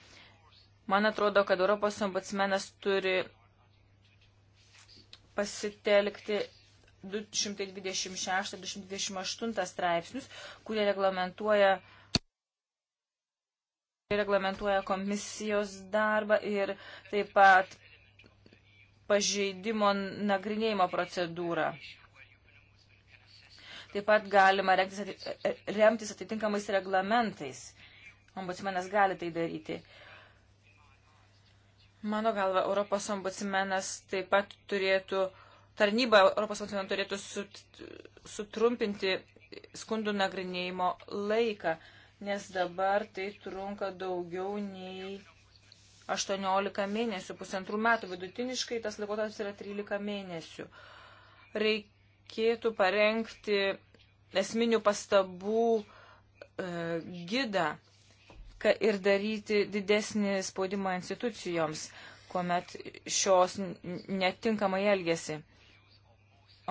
Man atrodo, kad Europos ombudsmenas turi pasitelkti 226-228 straipsnius, kurie reglamentuoja, reglamentuoja komisijos darbą ir taip pat pažeidimo nagrinėjimo procedūrą. Taip pat galima remtis atitinkamais reglamentais. Ombudsmenas gali tai daryti. Mano galva, Europos ombudsmenas taip pat turėtų, tarnyba Europos ombudsmenas turėtų sut, sutrumpinti skundų nagrinėjimo laiką, nes dabar tai trunka daugiau nei 18 mėnesių, pusantrų metų. Vidutiniškai tas laikotarpis yra 13 mėnesių. Reikėtų parengti esminių pastabų e, gydą ir daryti didesnį spaudimą institucijoms, kuomet šios netinkamai elgesi.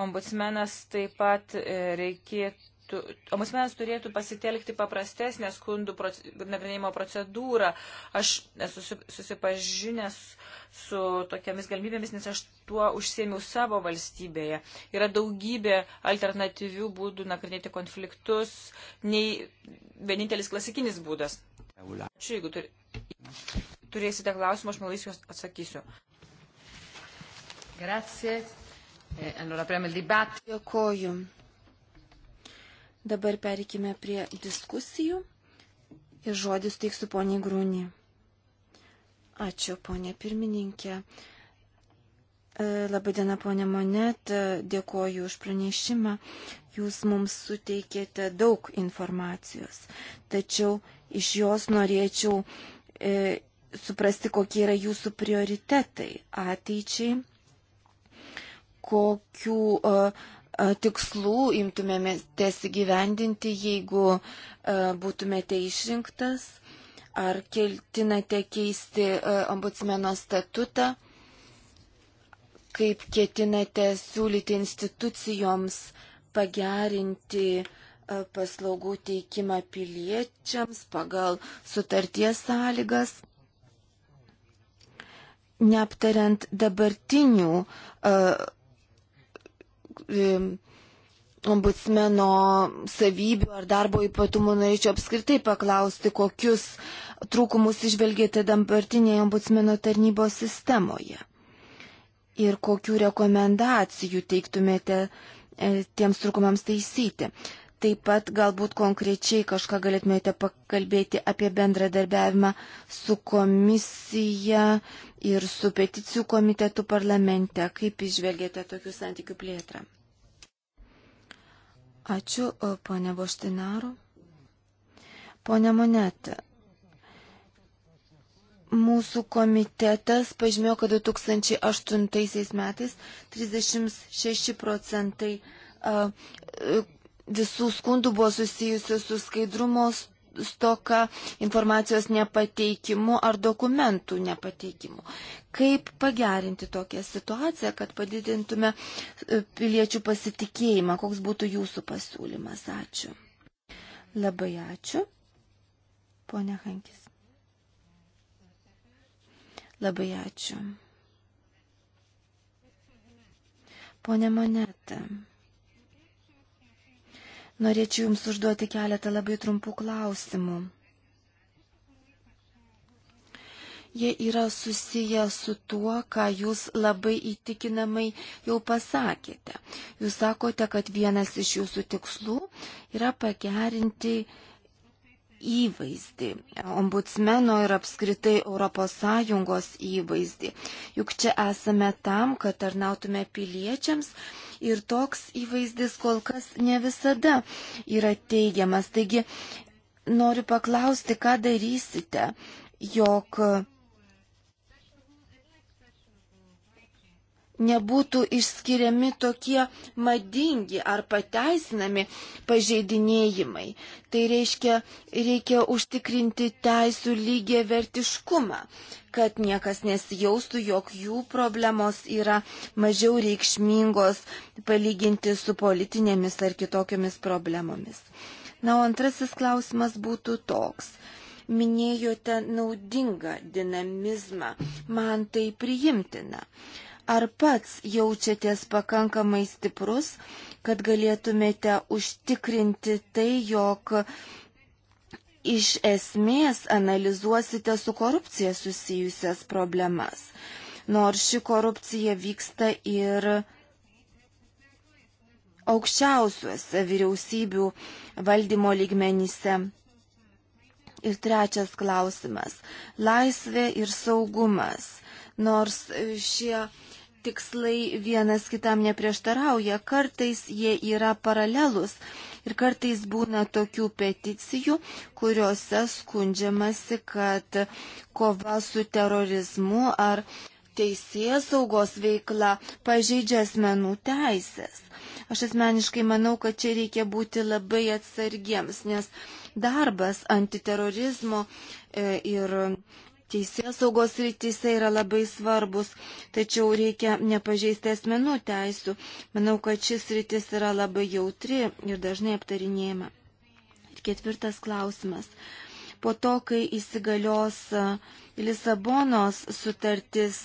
Ombudsmenas taip pat e, reikėtų turėtų, ombudsmenas turėtų pasitelkti paprastesnę skundų proce, nagrinėjimo procedūrą. Aš esu susipažinęs su tokiamis galimybėmis, nes aš tuo užsėmiau savo valstybėje. Yra daugybė alternatyvių būdų nagrinėti konfliktus, nei vienintelis klasikinis būdas. Ačiū, jeigu turi, turėsite klausimą, aš malais juos atsakysiu. Grazie. Eh, allora, Dėkoju. Dabar perikime prie diskusijų ir žodis teiksiu poniai Grūnį. Ačiū, ponė pirmininkė. E, Labadiena, ponė Monet, e, dėkoju už pranešimą. Jūs mums suteikėte daug informacijos, tačiau iš jos norėčiau e, suprasti, kokie yra jūsų prioritetai ateičiai, kokių e, tikslų imtumėtės įgyvendinti, jeigu būtumėte išrinktas? Ar keltinate keisti ombudsmeno statutą? Kaip ketinate siūlyti institucijoms pagerinti paslaugų teikimą piliečiams pagal sutarties sąlygas? Neaptariant dabartinių uh, ombudsmeno savybių ar darbo ypatumų norėčiau apskritai paklausti, kokius trūkumus išvelgėte dabartinėje ombudsmeno tarnybos sistemoje ir kokių rekomendacijų teiktumėte e, tiems trūkumams taisyti. Taip pat galbūt konkrečiai kažką galėtumėte pakalbėti apie bendradarbiavimą su komisija ir su peticijų komitetu parlamente. Kaip išvelgėte tokių santykių plėtrą? Ačiū, ponė Boštinaru. Pone Monetė, mūsų komitetas pažymėjo, kad 2008 metais 36 procentai visų skundų buvo susijusių su skaidrumo stoka, informacijos nepateikimu ar dokumentų nepateikimu. Kaip pagerinti tokią situaciją, kad padidintume e, piliečių pasitikėjimą? Koks būtų jūsų pasiūlymas? Ačiū. Labai ačiū. Pone Hankis. Labai ačiū. Pone Moneta. Norėčiau Jums užduoti keletą labai trumpų klausimų. Jie yra susiję su tuo, ką Jūs labai įtikinamai jau pasakėte. Jūs sakote, kad vienas iš Jūsų tikslų yra pagerinti įvaizdį, ombudsmeno ir apskritai ES įvaizdį. Juk čia esame tam, kad tarnautume piliečiams ir toks įvaizdis kol kas ne visada yra teigiamas. Taigi noriu paklausti, ką darysite, jog nebūtų išskiriami tokie madingi ar pateisinami pažeidinėjimai. Tai reiškia, reikia užtikrinti teisų lygiai vertiškumą, kad niekas nesijaustų, jog jų problemos yra mažiau reikšmingos palyginti su politinėmis ar kitokiamis problemomis. Na, o antrasis klausimas būtų toks minėjote naudingą dinamizmą, man tai priimtina. Ar pats jaučiatės pakankamai stiprus, kad galėtumėte užtikrinti tai, jog iš esmės analizuosite su korupcija susijusias problemas? Nors ši korupcija vyksta ir aukščiausiuose vyriausybių valdymo lygmenyse. Ir trečias klausimas - laisvė ir saugumas nors šie tikslai vienas kitam neprieštarauja, kartais jie yra paralelus ir kartais būna tokių peticijų, kuriuose skundžiamasi, kad kova su terorizmu ar teisėjas saugos veikla pažeidžia asmenų teisės. Aš asmeniškai manau, kad čia reikia būti labai atsargiems, nes darbas antiterorizmo e, ir teisės saugos rytise yra labai svarbus, tačiau reikia nepažeisti asmenų teisų. Manau, kad šis rytis yra labai jautri ir dažnai aptarinėjama. Ir ketvirtas klausimas. Po to, kai įsigalios e, Lisabonos sutartis,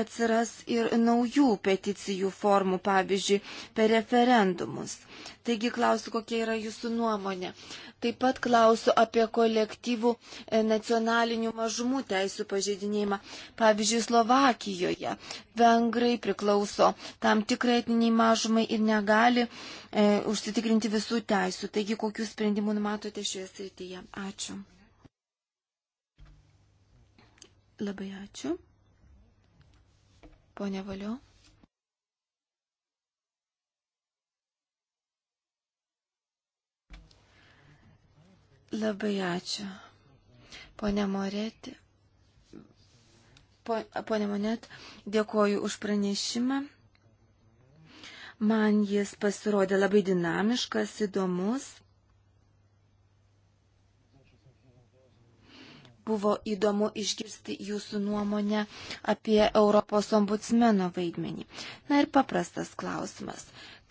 atsiras ir naujų peticijų formų, pavyzdžiui, per referendumus. Taigi klausiu, kokia yra jūsų nuomonė. Taip pat klausiu apie kolektyvų e, nacionalinių mažumų teisų pažeidinėjimą. Pavyzdžiui, Slovakijoje vengrai priklauso tam tikrai etniniai mažumai ir negali e, užsitikrinti visų teisų. Taigi, kokius sprendimus numatote šioje srityje? Ačiū. Labai ačiū. Pone Valiu. Labai ačiū. Pone Moreti. Pone Monet, dėkoju už pranešimą. Man jis pasirodė labai dinamiškas, įdomus. Buvo įdomu išgirsti jūsų nuomonę apie Europos ombudsmeno vaidmenį. Na ir paprastas klausimas.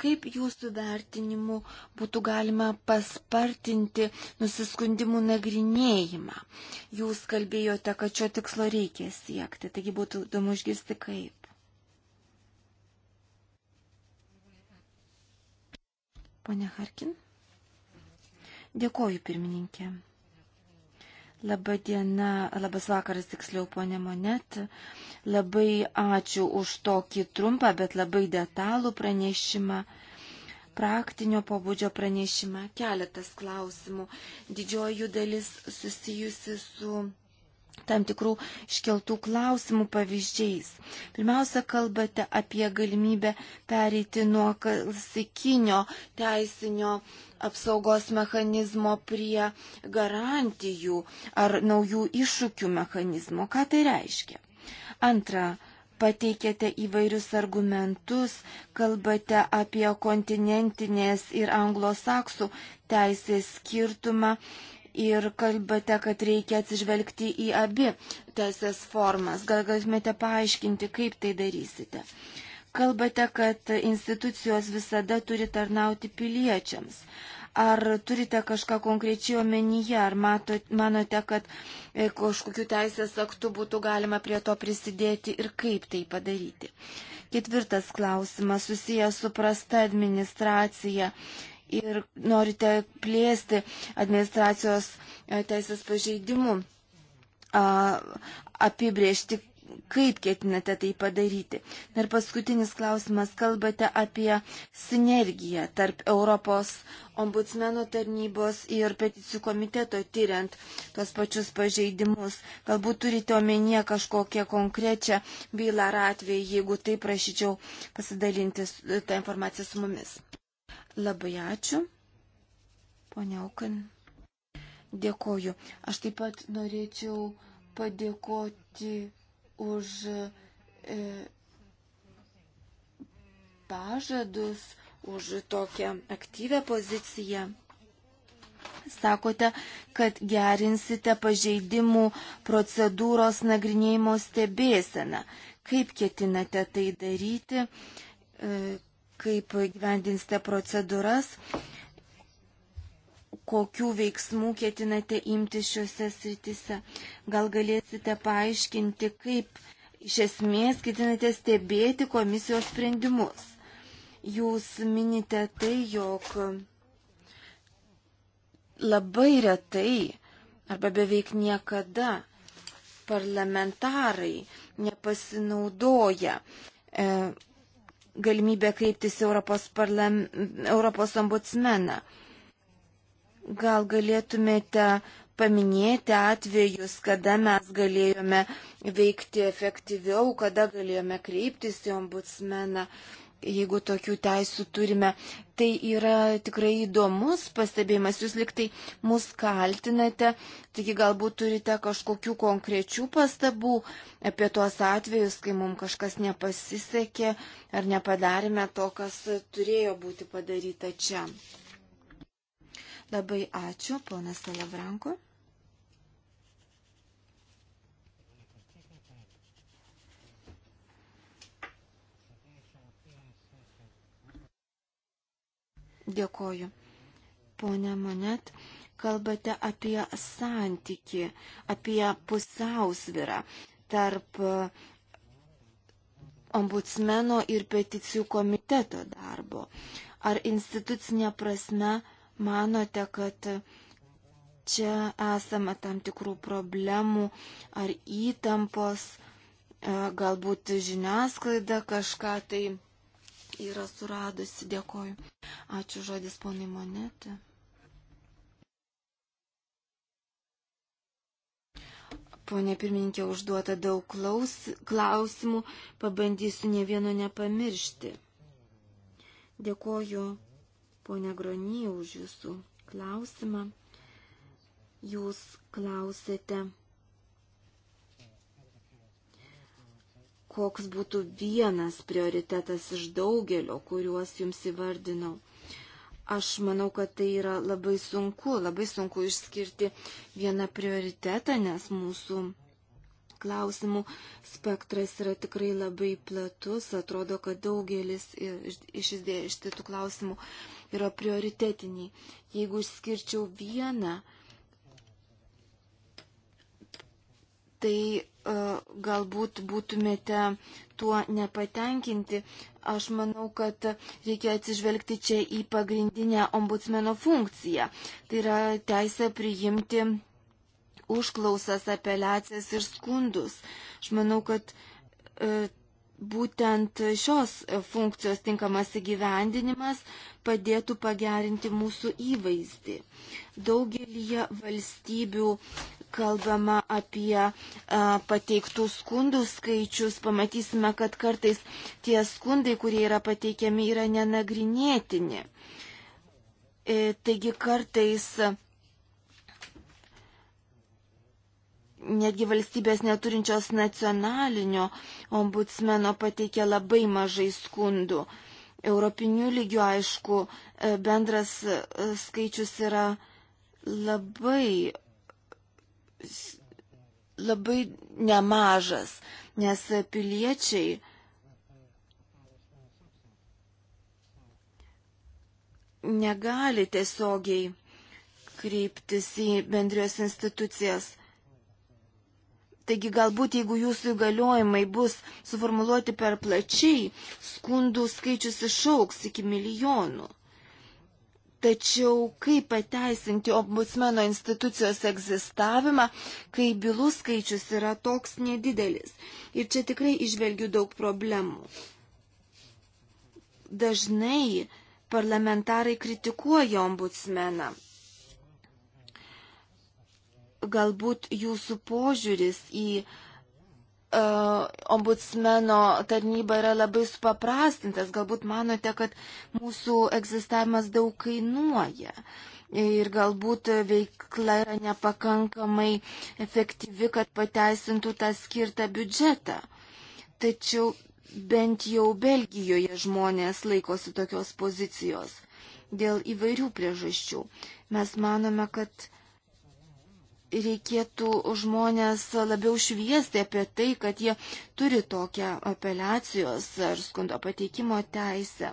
Kaip jūsų vertinimu būtų galima paspartinti nusiskundimų nagrinėjimą? Jūs kalbėjote, kad šio tikslo reikia siekti, taigi būtų įdomu išgirsti kaip. Pone Harkin? Dėkoju, pirmininkė. Labą dieną, labas vakaras tiksliau, ponė Monet. Labai ačiū už tokį trumpą, bet labai detalų pranešimą, praktinio pobūdžio pranešimą. Keletas klausimų. Didžioji dalis susijusi su tam tikrų iškeltų klausimų pavyzdžiais. Pirmiausia, kalbate apie galimybę pereiti nuo klasikinio teisinio apsaugos mechanizmo prie garantijų ar naujų iššūkių mechanizmo. Ką tai reiškia? Antra, pateikėte įvairius argumentus, kalbate apie kontinentinės ir anglosaksų teisės skirtumą ir kalbate, kad reikia atsižvelgti į abi teisės formas. Gal galėtumėte paaiškinti, kaip tai darysite? Kalbate, kad institucijos visada turi tarnauti piliečiams. Ar turite kažką konkrečiai omenyje, ar mato, manote, kad e, kažkokiu teisės aktu būtų galima prie to prisidėti ir kaip tai padaryti? Ketvirtas klausimas susijęs su prasta administracija ir norite plėsti administracijos e, teisės pažeidimų apibriežti, kaip ketinate tai padaryti. Ir paskutinis klausimas, kalbate apie sinergiją tarp Europos ombudsmeno tarnybos ir peticijų komiteto tyriant tos pačius pažeidimus. Galbūt turite omenyje kažkokią konkrečią bylą ar atvejį, jeigu tai prašyčiau pasidalinti tą informaciją su mumis. Labai ačiū. Pone Aukan, dėkoju. Aš taip pat norėčiau padėkoti už e, pažadus, už tokią aktyvę poziciją. Sakote, kad gerinsite pažeidimų procedūros nagrinėjimo stebėseną. Kaip ketinate tai daryti? E, kaip gyvendinsite procedūras, kokių veiksmų ketinate imti šiuose sritise. Gal galėsite paaiškinti, kaip iš esmės ketinate stebėti komisijos sprendimus. Jūs minite tai, jog labai retai arba beveik niekada parlamentarai nepasinaudoja e, galimybę kreiptis Europos, parlam, Europos ombudsmeną. Gal galėtumėte paminėti atvejus, kada mes galėjome veikti efektyviau, kada galėjome kreiptis į ombudsmeną. Uh, jeigu tokių teisų turime. Tai yra tikrai įdomus pastebėjimas, jūs liktai mus kaltinate, taigi galbūt turite kažkokių konkrečių pastabų apie tuos atvejus, kai mums kažkas nepasisekė ar nepadarėme to, kas turėjo būti padaryta čia. Labai ačiū, ponas Salavranko. Dėkoju. Pone Monet, kalbate apie santyki, apie pusiausvirą tarp e, ombudsmeno ir peticijų komiteto darbo. Ar institucinė prasme manote, kad čia esame tam tikrų problemų ar įtampos, e, galbūt žiniasklaida kažką tai yra suradusi. Dėkoju. Ačiū žodis ponai monetė. Pone pirmininkė, užduota daug klaus, klausimų, pabandysiu ne vieno nepamiršti. Dėkoju, ponė Gronijai, už jūsų klausimą. Jūs klausėte koks būtų vienas prioritetas iš daugelio, kuriuos jums įvardinau. Aš manau, kad tai yra labai sunku, labai sunku išskirti vieną prioritetą, nes mūsų klausimų spektras yra tikrai labai platus. Atrodo, kad daugelis iš išdėstytų klausimų yra prioritetiniai. Jeigu išskirčiau vieną, uh, tai e, galbūt būtumėte tuo nepatenkinti. Aš manau, kad reikia atsižvelgti čia į pagrindinę ombudsmeno funkciją. Tai yra teisė priimti užklausas, apeliacijas ir skundus. Aš manau, kad e, būtent šios funkcijos tinkamas įgyvendinimas padėtų pagerinti mūsų įvaizdį. Daugelį valstybių kalbama apie a, pateiktų skundų skaičius, pamatysime, kad kartais tie skundai, kurie yra pateikiami, yra nenagrinėtini. E, taigi kartais netgi valstybės neturinčios nacionalinio ombudsmeno pateikia labai mažai skundų. Europinių lygių, aišku, e, bendras e, skaičius yra labai labai nemažas, nes piliečiai negali tiesiogiai kreiptis į bendrijos institucijas. Taigi galbūt, jeigu jūsų įgaliojimai bus suformuluoti per plačiai, skundų skaičius išauks iki milijonų. Tačiau kaip pateisinti ombudsmeno institucijos egzistavimą, kai bylų skaičius yra toks nedidelis. Ir čia tikrai išvelgiu daug problemų. Dažnai parlamentarai kritikuoja ombudsmeną. Galbūt jūsų požiūris į uh, Uh, ombudsmeno tarnyba yra labai supaprastintas. Galbūt manote, kad mūsų egzistavimas daug kainuoja. Ir galbūt veikla yra nepakankamai efektyvi, kad pateisintų tą skirtą biudžetą. Tačiau bent jau Belgijoje žmonės laikosi tokios pozicijos dėl įvairių priežasčių. Mes manome, kad reikėtų žmonės labiau šviesti apie tai, kad jie turi tokią apeliacijos ar skundo pateikimo teisę.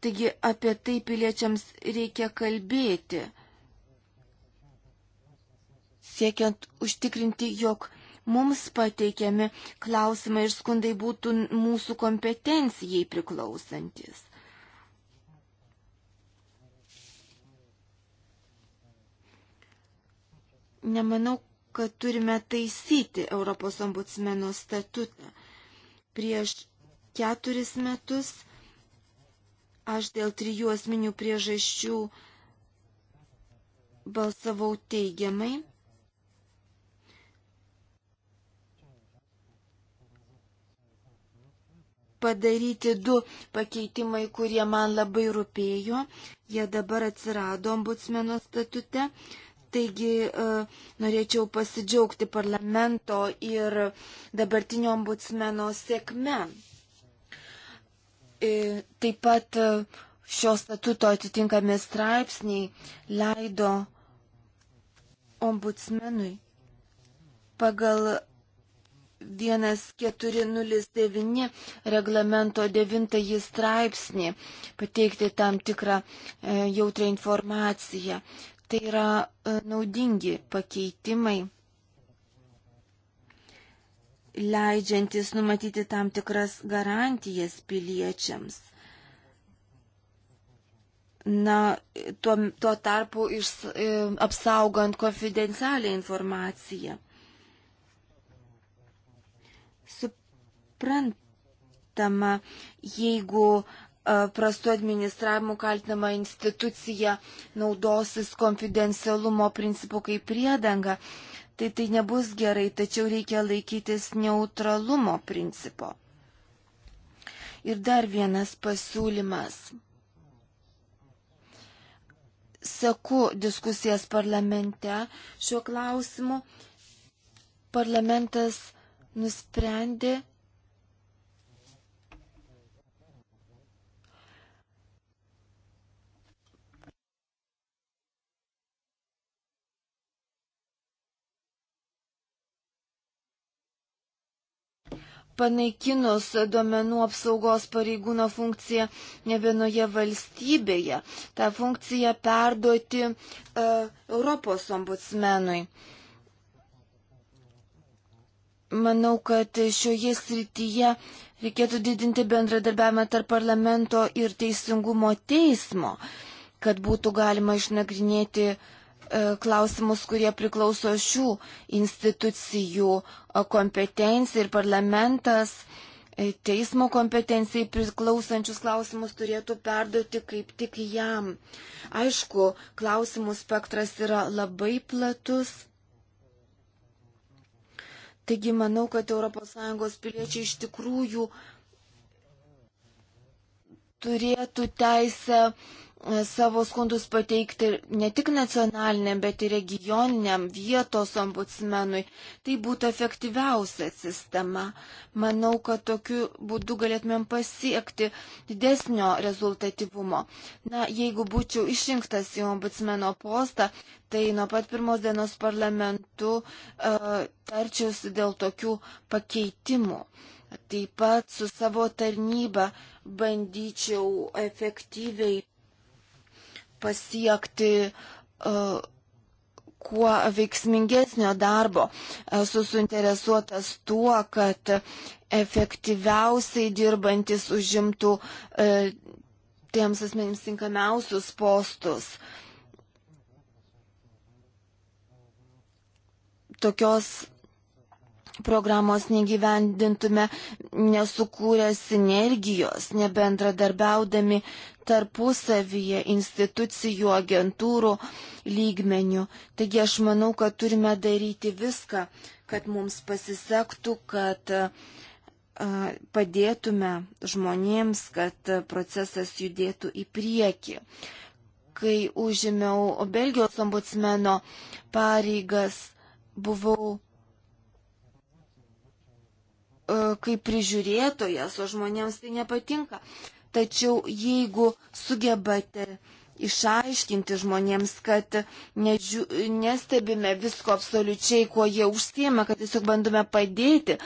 Taigi apie tai piliečiams reikia kalbėti, siekiant užtikrinti, jog mums pateikiami klausimai ir skundai būtų mūsų kompetencijai priklausantis. nemanau, kad turime taisyti Europos ombudsmeno statutą. Prieš keturis metus aš dėl trijų asmenių priežasčių balsavau teigiamai. Padaryti du pakeitimai, kurie man labai rūpėjo, jie dabar atsirado ombudsmeno statute. Taigi e, norėčiau pasidžiaugti parlamento ir dabartinio ombudsmeno sėkme. E, taip pat e, šio statuto atitinkami straipsniai leido ombudsmenui pagal 1409 reglamento 9 straipsnį pateikti tam tikrą e, jautrę informaciją. Tai yra e, naudingi pakeitimai, leidžiantis numatyti tam tikras garantijas piliečiams. Na, tuo, tuo tarpu iš, e, apsaugant konfidencialią informaciją. Suprantama, jeigu prastu administravimu kaltinama institucija naudosis konfidencialumo principu kaip priedanga, tai tai nebus gerai, tačiau reikia laikytis neutralumo principo. Ir dar vienas pasiūlymas. Seku diskusijas parlamente šiuo klausimu. Parlamentas nusprendė panaikinus duomenų apsaugos pareigūno funkciją ne vienoje valstybėje, tą funkciją perduoti uh, Europos ombudsmenui. Manau, kad šioje srityje reikėtų didinti bendradarbiavimą tarp parlamento ir teisingumo teismo, kad būtų galima išnagrinėti uh, E, klausimus, kurie priklauso šių institucijų e, kompetencijai ir parlamentas e, teismo kompetencijai priklausančius klausimus turėtų perduoti kaip tik jam. Aišku, klausimų spektras yra labai platus. Taigi manau, kad ES piliečiai iš tikrųjų turėtų teisę savo skundus pateikti ne tik nacionaliniam, bet ir regioniniam vietos ombudsmenui. Tai būtų efektyviausia sistema. Manau, kad tokiu būdu galėtumėm pasiekti didesnio rezultatyvumo. Na, jeigu būčiau išrinktas į ombudsmeno postą, tai nuo pat pirmos dienos parlamentu uh, tarčiausi dėl tokių pakeitimų. Taip pat su savo tarnyba bandyčiau efektyviai pasiekti uh, kuo veiksmingesnio darbo. Esu suinteresuotas tuo, kad efektyviausiai dirbantis užimtų e, tiems asmenims tinkamiausius postus. Tokios programos negyvendintume, nesukūrę sinergijos, nebendradarbiaudami tarpusavyje institucijų, agentūrų lygmenių. Taigi aš manau, kad turime daryti viską, kad mums pasisektų, kad padėtume žmonėms, kad procesas judėtų į priekį. Kai užėmiau Belgijos ombudsmeno pareigas, buvau E, kaip prižiūrėtojas, o žmonėms tai nepatinka. Tačiau jeigu sugebate išaiškinti žmonėms, kad nežiū, nestebime visko absoliučiai, kuo jie užsiema, kad tiesiog bandome padėti,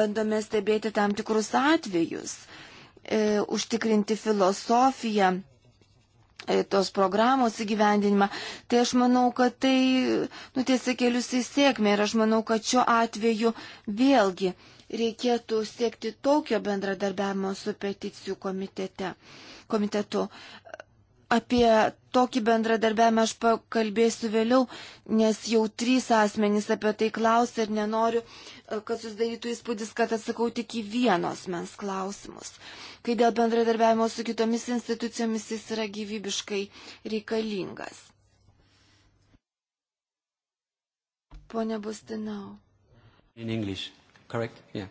bandome stebėti tam tikrus atvejus, e, užtikrinti filosofiją e, tos programos įgyvendinimą, tai aš manau, kad tai nutiesia kelius į sėkmę ir aš manau, kad šiuo atveju vėlgi reikėtų siekti tokio bendradarbiavimo su peticijų komitete, komitetu. Apie tokį bendradarbiavimą aš pakalbėsiu vėliau, nes jau trys asmenys apie tai klausė ir nenoriu, e, kad susidarytų įspūdis, kad atsakau tik į vienos mens klausimus. Kai dėl bendradarbiavimo su kitomis institucijomis jis yra gyvybiškai reikalingas. Pone Bustinau. In English correct? Yeah.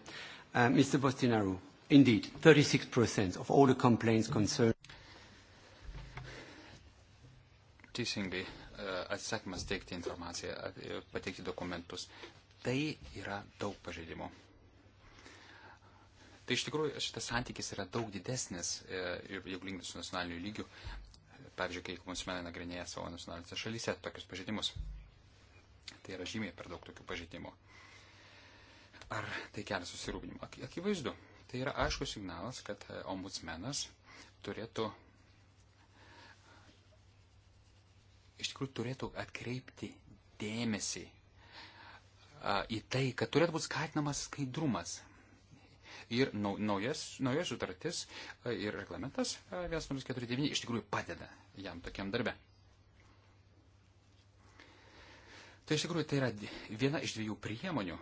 Uh, Mr. Bostinaru, indeed, 36% of all the complaints concern. Teisingai uh, atsakymas teikti informaciją, uh, pateikti dokumentus. Tai yra daug pažeidimų. Tai iš tikrųjų šitas santykis yra daug didesnis, uh, jeigu lyginti su nacionaliniu lygiu. Pavyzdžiui, kai konsumenai nagrinėja savo nacionalinėse šalyse tokius pažeidimus, tai yra žymiai per daug tokių pažeidimų. Ar tai kelia susirūpinimą? Akivaizdu. Tai yra aiškus signalas, kad e, ombudsmenas turėtų iš tikrųjų turėtų atkreipti dėmesį a, į tai, kad turėtų būti skatinamas skaidrumas. Ir nau, naujas, naujas sutartis a, ir reglamentas 1049 iš tikrųjų padeda jam tokiam darbe. Tai iš tikrųjų tai yra viena iš dviejų priemonių,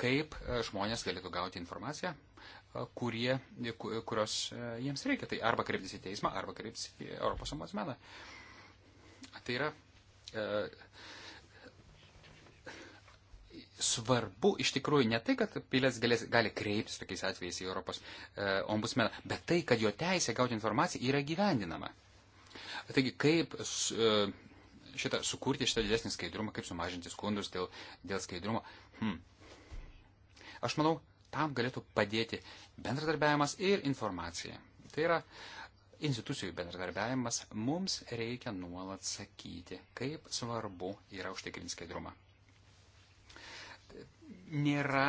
kaip e, žmonės galėtų gauti informaciją, e, kurie, e, kurios jiems reikia. Tai arba kreiptis į teismą, arba kreiptis į Europos ombudsmeną. Tai yra svarbu iš tikrųjų ne tai, kad pilietis galės, gali kreiptis tokiais atvejais į Europos e, ombudsmeną, bet tai, kad jo teisė gauti informaciją yra gyvendinama. Taigi, kaip su, e, šitą, sukurti šitą didesnį skaidrumą, kaip sumažinti skundus dėl, dėl skaidrumo. Hmm. Aš manau, tam galėtų padėti bendradarbiavimas ir informacija. Tai yra institucijų bendradarbiavimas. Mums reikia nuolat sakyti, kaip svarbu yra užtikrinti skaidrumą. Nėra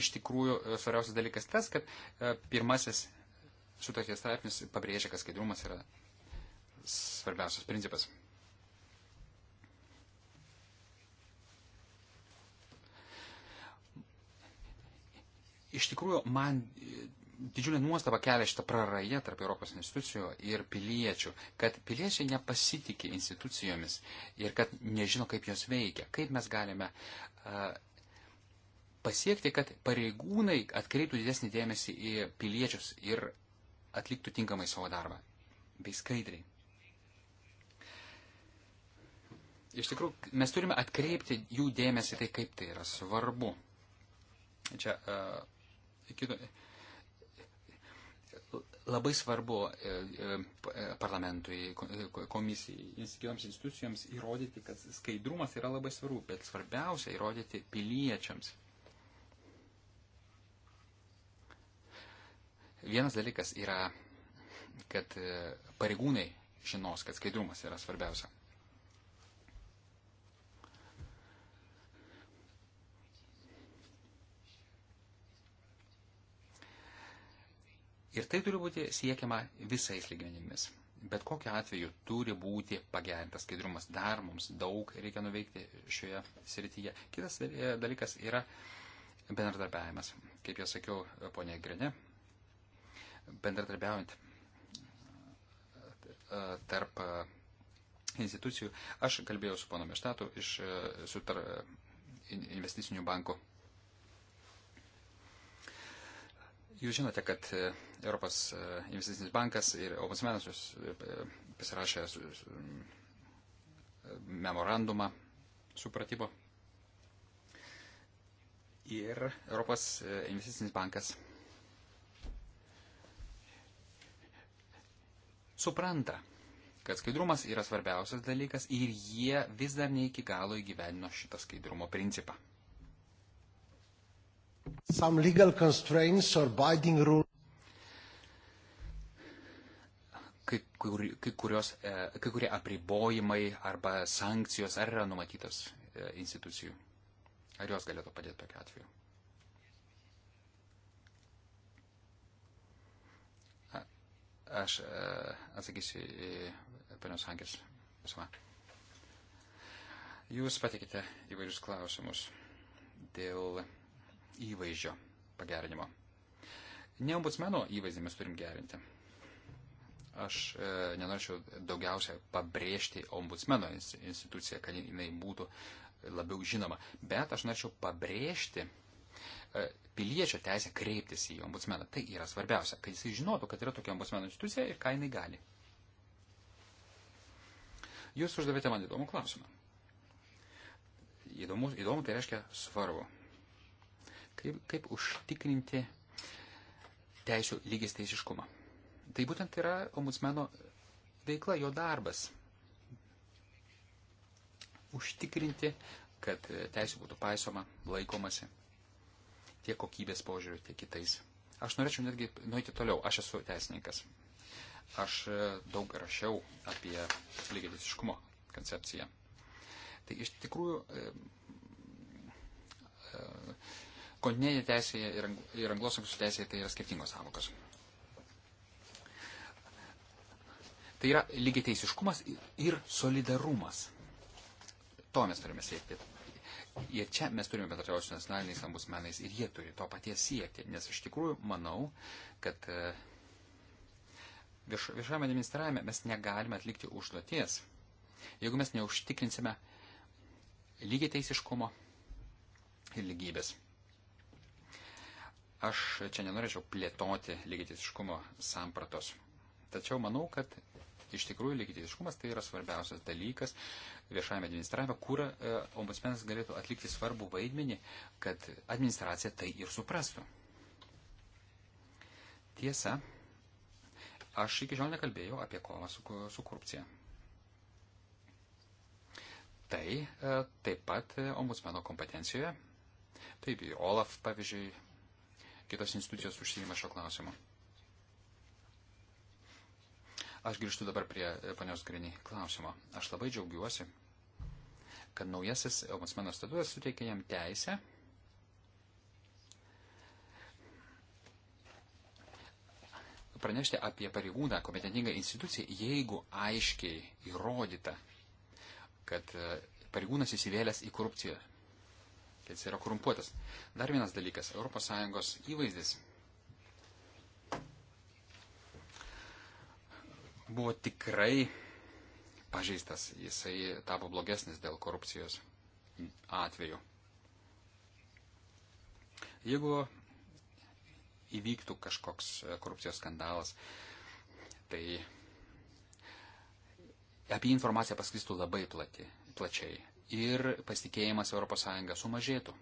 iš tikrųjų e, svarbiausias dalykas tas, kad e, pirmasis sutarties straipsnis pabrėžia, kad skaidrumas yra svarbiausias principas. iš tikrųjų man e, didžiulę nuostabą kelia šitą prarają tarp Europos institucijų ir piliečių, kad piliečiai nepasitikė institucijomis ir kad nežino, kaip jos veikia, kaip mes galime uh, pasiekti, kad pareigūnai atkreiptų didesnį dėmesį į piliečius ir atliktų tinkamai savo darbą bei skaidriai. Iš tikrųjų, mes turime atkreipti jų dėmesį tai, kaip tai yra svarbu. Čia uh, kito, labai svarbu e, e, e, parlamentui, komisijai, kitoms institucijoms įrodyti, kad skaidrumas yra labai svarbu, bet svarbiausia įrodyti piliečiams. Vienas dalykas yra, kad pareigūnai žinos, kad skaidrumas yra svarbiausia. Ir tai turi būti siekiama visais lygmenimis. Bet kokiu atveju turi būti pagerintas skaidrumas. Dar mums daug reikia nuveikti šioje srityje. Kitas e, dalykas yra bendradarbiavimas. Kaip jau sakiau, ponė Grinė, bendradarbiaujant e, tarp e, institucijų, aš kalbėjau su ponu Meštatu iš su tar, investicinių bankų Jūs žinote, kad e, Europos e, investicinis bankas ir Ombudsmenas e, pasirašė memorandumą supratimo. Ir Europos investicinis bankas supranta, kad skaidrumas yra svarbiausias dalykas ir jie vis dar ne iki galo įgyvenino šitą skaidrumo principą some legal constraints or binding rules. Kai, kur, kai, kurios, e, kai kurie apribojimai arba sankcijos ar yra numatytos e, institucijų? Ar jos galėtų padėti tokiu atveju? A, aš e, atsakysiu į panios Hankės klausimą. Jūs patikite įvairius klausimus dėl įvaizdžio pagerinimo. Ne ombudsmeno įvaizdį mes turim gerinti. Aš e, nenorėčiau daugiausia pabrėžti ombudsmeno instituciją, kad jinai būtų labiau žinoma, bet aš norėčiau pabrėžti e, piliečio teisę kreiptis į ombudsmeną. Tai yra svarbiausia, kad jisai žinotų, kad yra tokia ombudsmeno institucija ir ką jinai gali. Jūs uždavėte man įdomų klausimą. Įdomu, įdomu tai reiškia svarbu kaip, kaip užtikrinti teisų lygis teisiškumą. Tai būtent yra ombudsmeno veikla, jo darbas. Užtikrinti, kad teisų būtų paisoma, laikomasi tiek kokybės požiūriu, tiek kitais. Aš norėčiau netgi nueiti toliau. Aš esu teisininkas. Aš e, daug rašiau apie lygiateisiškumo koncepciją. Tai iš tikrųjų e, e, Konėje teisėje ir anglosaksų teisėje tai yra skirtingos savokos. Tai yra lygiateisiškumas ir solidarumas. To mes turime siekti. Ir čia mes turime bendradarbiauti su nacionaliniais ambusmenais ir jie turi to paties siekti. Nes iš tikrųjų manau, kad vieš, viešame administravime mes negalime atlikti užduoties, jeigu mes neužtikrinsime lygiateisiškumo ir lygybės. Aš čia nenorėčiau plėtoti lygitiškumo sampratos. Tačiau manau, kad iš tikrųjų lygitiškumas tai yra svarbiausias dalykas viešajame administravime, kur e, ombudsmenas galėtų atlikti svarbų vaidmenį, kad administracija tai ir suprastų. Tiesa, aš iki šiol nekalbėjau apie kovą su, su korupcija. Tai e, taip pat e, ombudsmeno kompetencijoje. Taip, Olaf, pavyzdžiui, kitos institucijos užsijima šio klausimo. Aš grįžtu dabar prie ponios Grinį klausimo. Aš labai džiaugiuosi, kad naujasis ombudsmeno statutas suteikia jam teisę pranešti apie pareigūną kompetentingą instituciją, jeigu aiškiai įrodyta, kad e, pareigūnas įsivėlęs į korupciją kad jis yra korumpuotas. Dar vienas dalykas - ES įvaizdis. Buvo tikrai pažeistas, jisai tapo blogesnis dėl korupcijos atveju. Jeigu įvyktų kažkoks e, korupcijos skandalas, tai apie informaciją pasklistų labai plati, plačiai ir pasitikėjimas ES sumažėtų.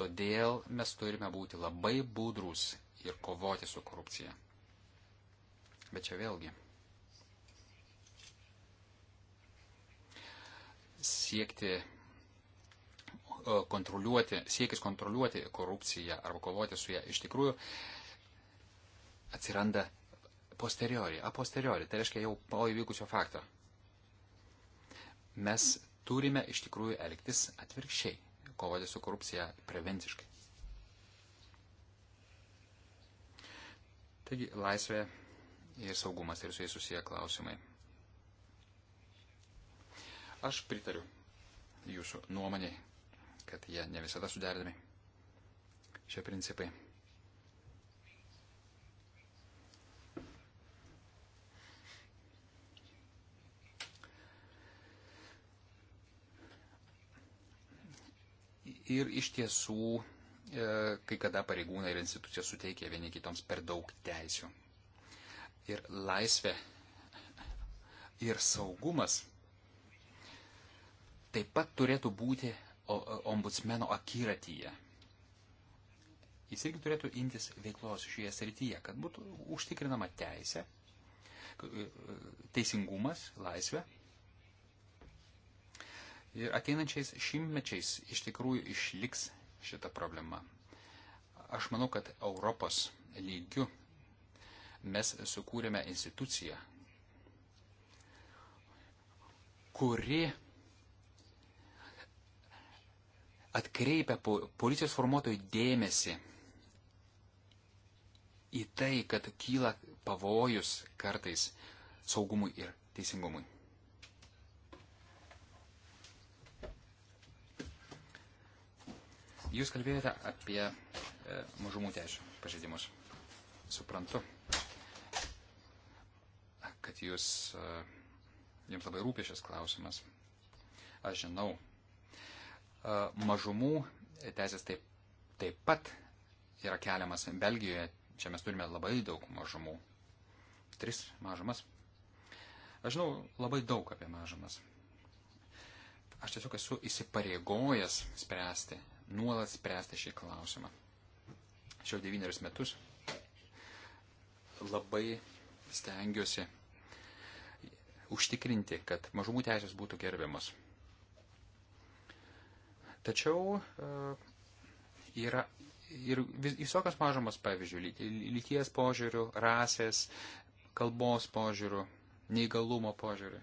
Todėl mes turime būti labai būdrus ir kovoti su korupcija. Bet čia vėlgi. Siekti kontroliuoti, siekis kontroliuoti korupciją arba kovoti su ją iš tikrųjų atsiranda posteriori, a posteriori, tai reiškia jau po įvykusio fakto. Mes turime iš tikrųjų elgtis atvirkščiai, kovoti su korupcija prevenciškai. Taigi, laisvė ir saugumas ir su jais susiję klausimai. Aš pritariu jūsų nuomonėj, kad jie ne visada suderinami. Šie principai. ir iš tiesų e, kai kada pareigūnai ir institucijos suteikia vieni kitoms per daug teisių. Ir laisvė ir saugumas taip pat turėtų būti ombudsmeno akiratyje. Jis irgi turėtų imtis veiklos šioje srityje, kad būtų užtikrinama teisė, e, e, teisingumas, laisvė Ir ateinančiais šimtmečiais iš tikrųjų išliks šita problema. Aš manau, kad Europos lygių mes sukūrėme instituciją, kuri atkreipia policijos formuotojų dėmesį į tai, kad kyla pavojus kartais saugumui ir teisingumui. Jūs kalbėjote apie e, mažumų teisų pažeidimus. Suprantu, kad jūs, e, jums labai rūpi šis klausimas. Aš žinau, e, mažumų teisės taip, taip pat yra keliamas Belgijoje. Čia mes turime labai daug mažumų. Tris mažumas. Aš žinau labai daug apie mažumas. Aš tiesiog esu įsipareigojęs spręsti nuolat spręsti šį klausimą. Šiau devynerius metus labai stengiuosi užtikrinti, kad mažumų teisės būtų gerbiamas. Tačiau e, yra ir visokios mažumas, pavyzdžiui, lyties požiūrių, rasės, kalbos požiūrių, neįgalumo požiūrių.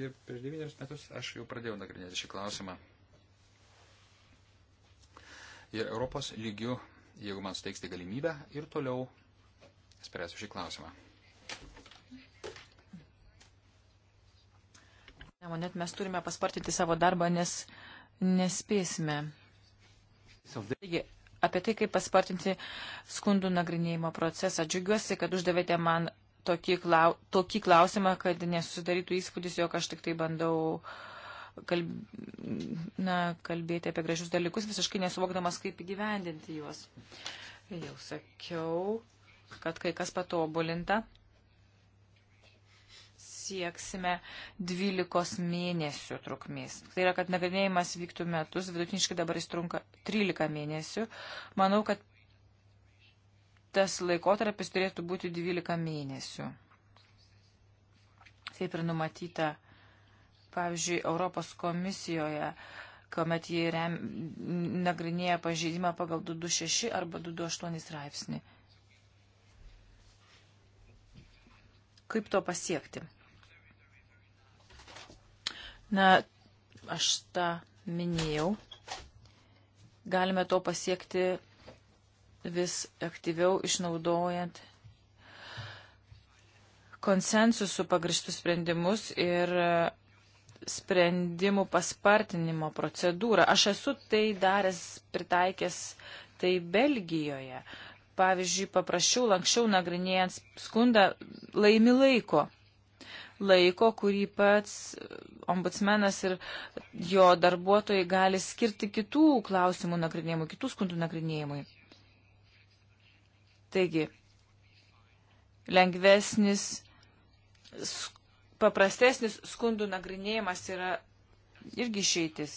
Ir prieš devynerius metus aš jau pradėjau nagrinėti šį klausimą. Ir Europos lygių, jeigu man suteiksite galimybę, ir toliau spręsiu šį klausimą. Manet mes turime paspartinti savo darbą, nes nespėsime. Taigi, apie tai, kaip paspartinti skundų nagrinėjimo procesą. Džiugiuosi, kad uždavėte man tokį, klau, tokį klausimą, kad nesusidarytų įspūdis, jog aš tik tai bandau uh, kalb, na, kalbėti apie gražius dalykus, visiškai nesuvokdamas, kaip įgyvendinti juos. Jau sakiau, kad kai kas patobulinta. Sieksime 12 mėnesių trukmės. Tai yra, kad nagrinėjimas vyktų metus, vidutiniškai dabar jis trunka 13 mėnesių. Manau, kad tas laikotarpis turėtų būti 12 mėnesių. Taip ir numatyta pavyzdžiui, Europos komisijoje, kuomet jie rem, nagrinėja pažeidimą pagal 226 arba 228 straipsnį. Kaip to pasiekti? Na, aš tą minėjau. Galime to pasiekti vis aktyviau išnaudojant konsensusų pagristus sprendimus ir sprendimų paspartinimo procedūrą. Aš esu tai daręs, pritaikęs tai Belgijoje. Pavyzdžiui, paprašiau lankščiau nagrinėjant skundą laimi laiko. Laiko, kurį pats ombudsmenas ir jo darbuotojai gali skirti kitų klausimų nagrinėjimui, kitų skundų nagrinėjimui. Taigi, lengvesnis paprastesnis skundų nagrinėjimas yra irgi išeitis.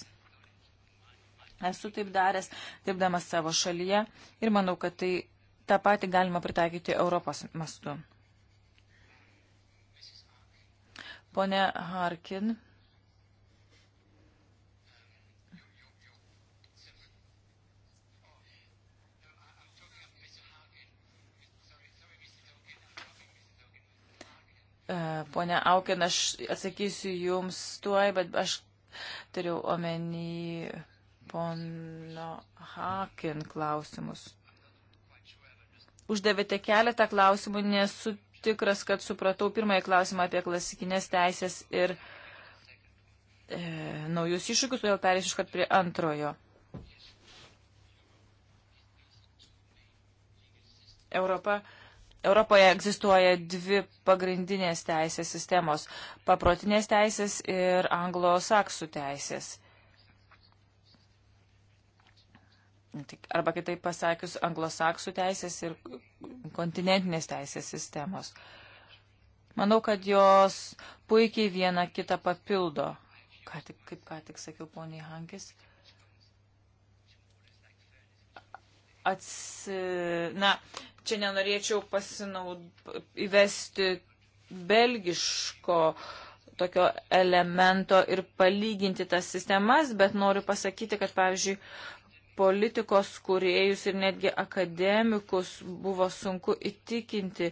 Esu taip daręs, dirbdamas savo šalyje ir manau, kad tai tą patį galima pritaikyti Europos mastu. Pone Harkin. Pone Aukin, aš atsakysiu jums tuoj, bet aš turiu omeny pono Hakin klausimus. Uždavėte keletą klausimų, nesu tikras, kad supratau pirmąjį klausimą apie klasikinės teisės ir e, naujus iššūkius, todėl perėsiu iškart prie antrojo. Europa Europoje egzistuoja dvi pagrindinės teisės sistemos - paprotinės teisės ir anglosaksų teisės. Arba kitaip pasakius, anglosaksų teisės ir kontinentinės teisės sistemos. Manau, kad jos puikiai viena kitą papildo. Ką tik, kaip ką tik sakiau, poniai Hankis. Ats, na, Čia nenorėčiau pasinaud... įvesti belgiško tokio elemento ir palyginti tas sistemas, bet noriu pasakyti, kad, pavyzdžiui, politikos kuriejus ir netgi akademikus buvo sunku įtikinti,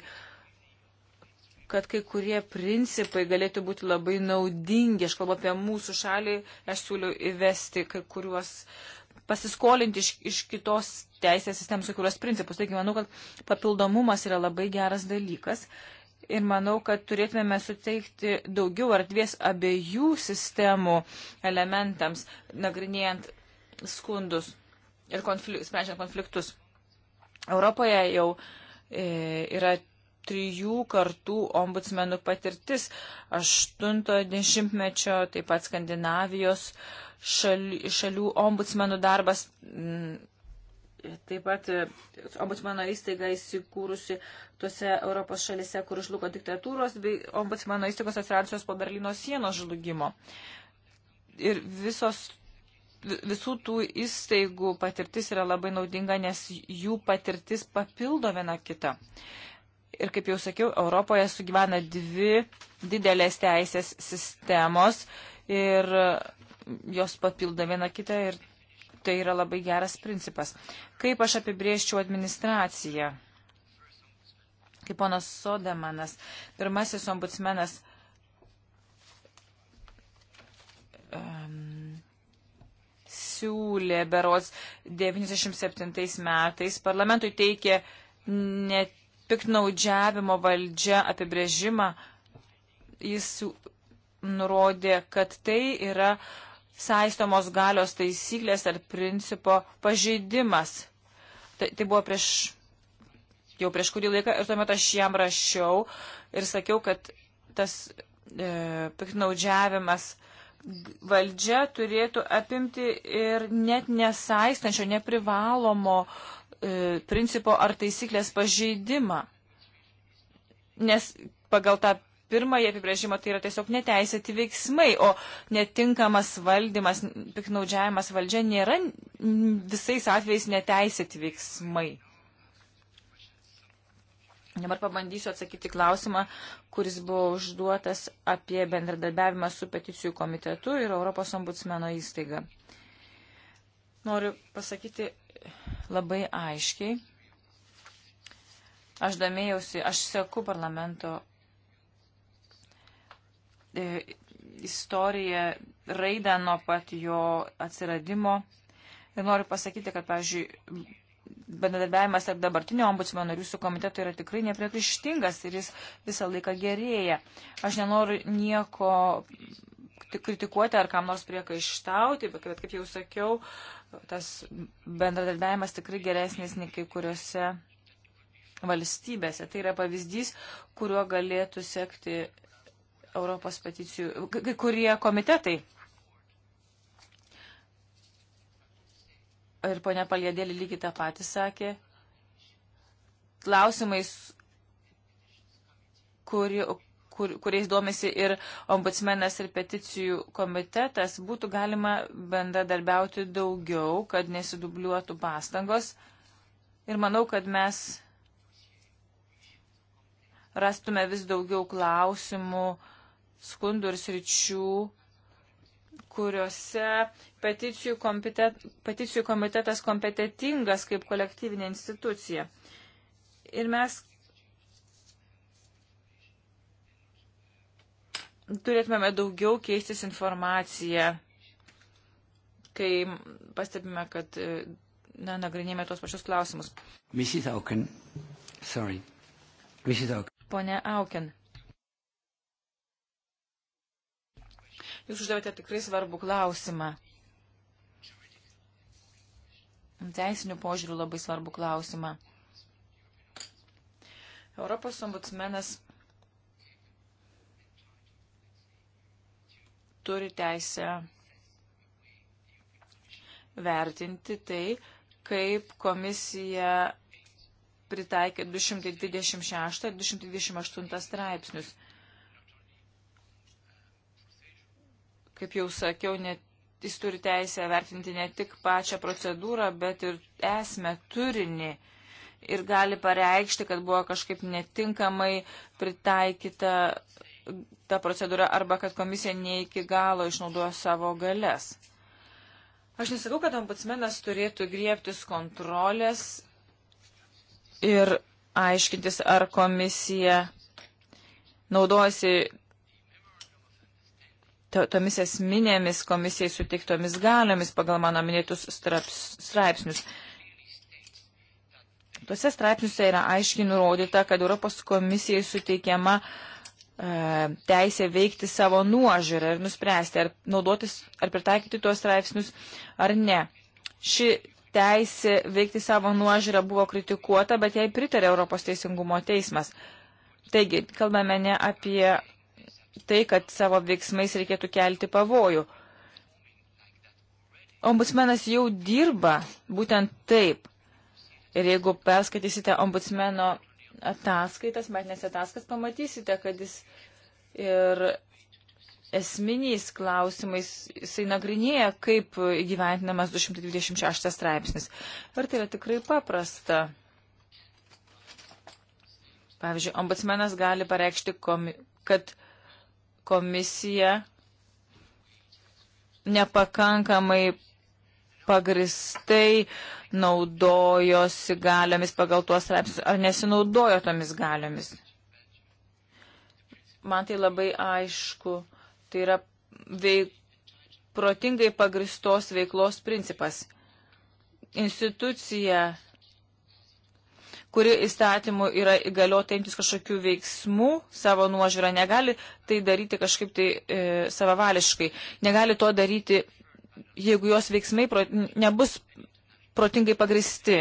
kad kai kurie principai galėtų būti labai naudingi. Aš kalbu apie mūsų šalį, aš siūliu įvesti kai kuriuos uh, pasiskolinti iš, iš kitos teisės sistemos kai kurios principus. Taigi manau, kad papildomumas yra labai geras dalykas. Ir manau, kad turėtume suteikti daugiau erdvės abiejų sistemų elementams, nagrinėjant skundus ir konflik, sprendžiant konfliktus. Europoje jau e, yra trijų kartų ombudsmenų patirtis - 80-mečio, taip pat Skandinavijos šalių, šalių ombudsmenų darbas. Mm, taip pat e, ombudsmeno įstaiga įsikūrusi tuose Europos šalise, kur žlugo diktatūros, bei ombudsmeno įstaigos atsiradusios po Berlyno sienos žlugimo. Ir visos visų tų įstaigų patirtis yra labai naudinga, nes jų patirtis papildo viena kitą. Ir kaip jau sakiau, Europoje sugyvena dvi didelės teisės sistemos ir jos papildo viena kitą ir tai yra labai geras principas. Kaip aš apibrėžčiau administraciją? Kaip ponas Sodemanas, pirmasis ombudsmenas um, siūlė berods 97 metais parlamentui teikė nepiknaudžiavimo valdžia apibrėžimą. Jis nurodė, kad tai yra uh, saistomos galios taisyklės ar principo pažeidimas. Tai, tai buvo prieš, jau prieš kurį laiką ir tuomet aš jam rašiau ir sakiau, kad tas e, piknaudžiavimas valdžia turėtų apimti ir net nesaistančio, neprivalomo e, principo ar taisyklės pažeidimą. Nes pagal tą pirmąjį apibrėžimą tai yra tiesiog neteisėti veiksmai, o netinkamas valdymas, piknaudžiavimas valdžia nėra visais atvejais neteisėti veiksmai. Dabar pabandysiu atsakyti klausimą, kuris buvo užduotas apie bendradarbiavimą su peticijų komitetu ir Europos ombudsmeno įstaiga. Noriu pasakyti labai aiškiai. Aš domėjausi, aš seku parlamento E, istoriją, raidą nuo pat jo atsiradimo. Ir noriu pasakyti, kad, pavyzdžiui, bendradarbiavimas tarp dabartinio ombudsmeno ir jūsų komiteto yra tikrai nepriekaištingas ir jis visą laiką gerėja. Aš nenoriu nieko kritikuoti ar kam nors priekaištauti, bet kaip jau sakiau, tas bendradarbiavimas tikrai geresnis nei kai kuriuose valstybėse. Tai yra pavyzdys, kuriuo galėtų sekti Europos peticijų, kai kurie komitetai. Ir ponia Paliedėlė lygiai tą patį sakė. Klausimais, kuri, kur, kuriais duomėsi ir ombudsmenas ir peticijų komitetas, būtų galima bendradarbiauti daugiau, kad nesidubliuotų pastangos. Ir manau, kad mes rastume vis daugiau klausimų, uh, skundų ir sričių, kuriuose peticijų, kompetet, peticijų komitetas kompetitingas kaip kolektyvinė institucija. Ir mes turėtumėme daugiau keistis informaciją, kai pastebime, kad na, nagrinėjame tuos pačius klausimus. Mrs. Auken, sorry. Mrs. Auken. Pone Auken. Jūs uždavėte tikrai svarbų klausimą. Teisinių požiūrių labai svarbų klausimą. Europos ombudsmenas turi teisę vertinti tai, kaip komisija pritaikė 226 ir 228 straipsnius. kaip jau sakiau, net, jis turi teisę vertinti ne tik pačią procedūrą, bet ir esmę turinį ir gali pareikšti, kad buvo kažkaip netinkamai pritaikyta ta procedūra arba kad komisija ne iki galo išnaudojo savo galės. Aš nesakau, kad ombudsmenas turėtų griebtis kontrolės ir aiškintis, ar komisija naudojasi to, tomis esminėmis komisijai sutiktomis galiomis pagal mano minėtus straps, straipsnius. Tuose straipsniuose yra aiškiai nurodyta, kad Europos komisijai suteikiama e, teisė veikti savo nuožiūrą ir nuspręsti, ar naudotis, ar pritaikyti tuos straipsnius, ar ne. Ši teisė veikti savo nuožiūrą buvo kritikuota, bet jai pritarė Europos teisingumo teismas. Taigi, kalbame ne apie tai, kad savo veiksmais reikėtų kelti pavojų. Ombudsmenas jau dirba būtent taip. Ir jeigu perskaitysite ombudsmeno ataskaitas, metinės ataskas, pamatysite, kad jis ir esminiais klausimais jisai nagrinėja, kaip įgyventinamas 226 straipsnis. Ir tai yra tikrai paprasta. Pavyzdžiui, ombudsmenas gali pareikšti, komi kad komisija nepakankamai pagristai naudojosi galiomis pagal tuos straipsnius, ar nesinaudojo tomis galiomis. Man tai labai aišku, tai yra veik, protingai pagristos veiklos principas. Institucija kuri įstatymu yra įgaliota imtis kažkokių veiksmų savo nuožiūrą, negali tai daryti kažkaip tai e, savavališkai, negali to daryti, jeigu jos veiksmai pro, nebus protingai pagristi.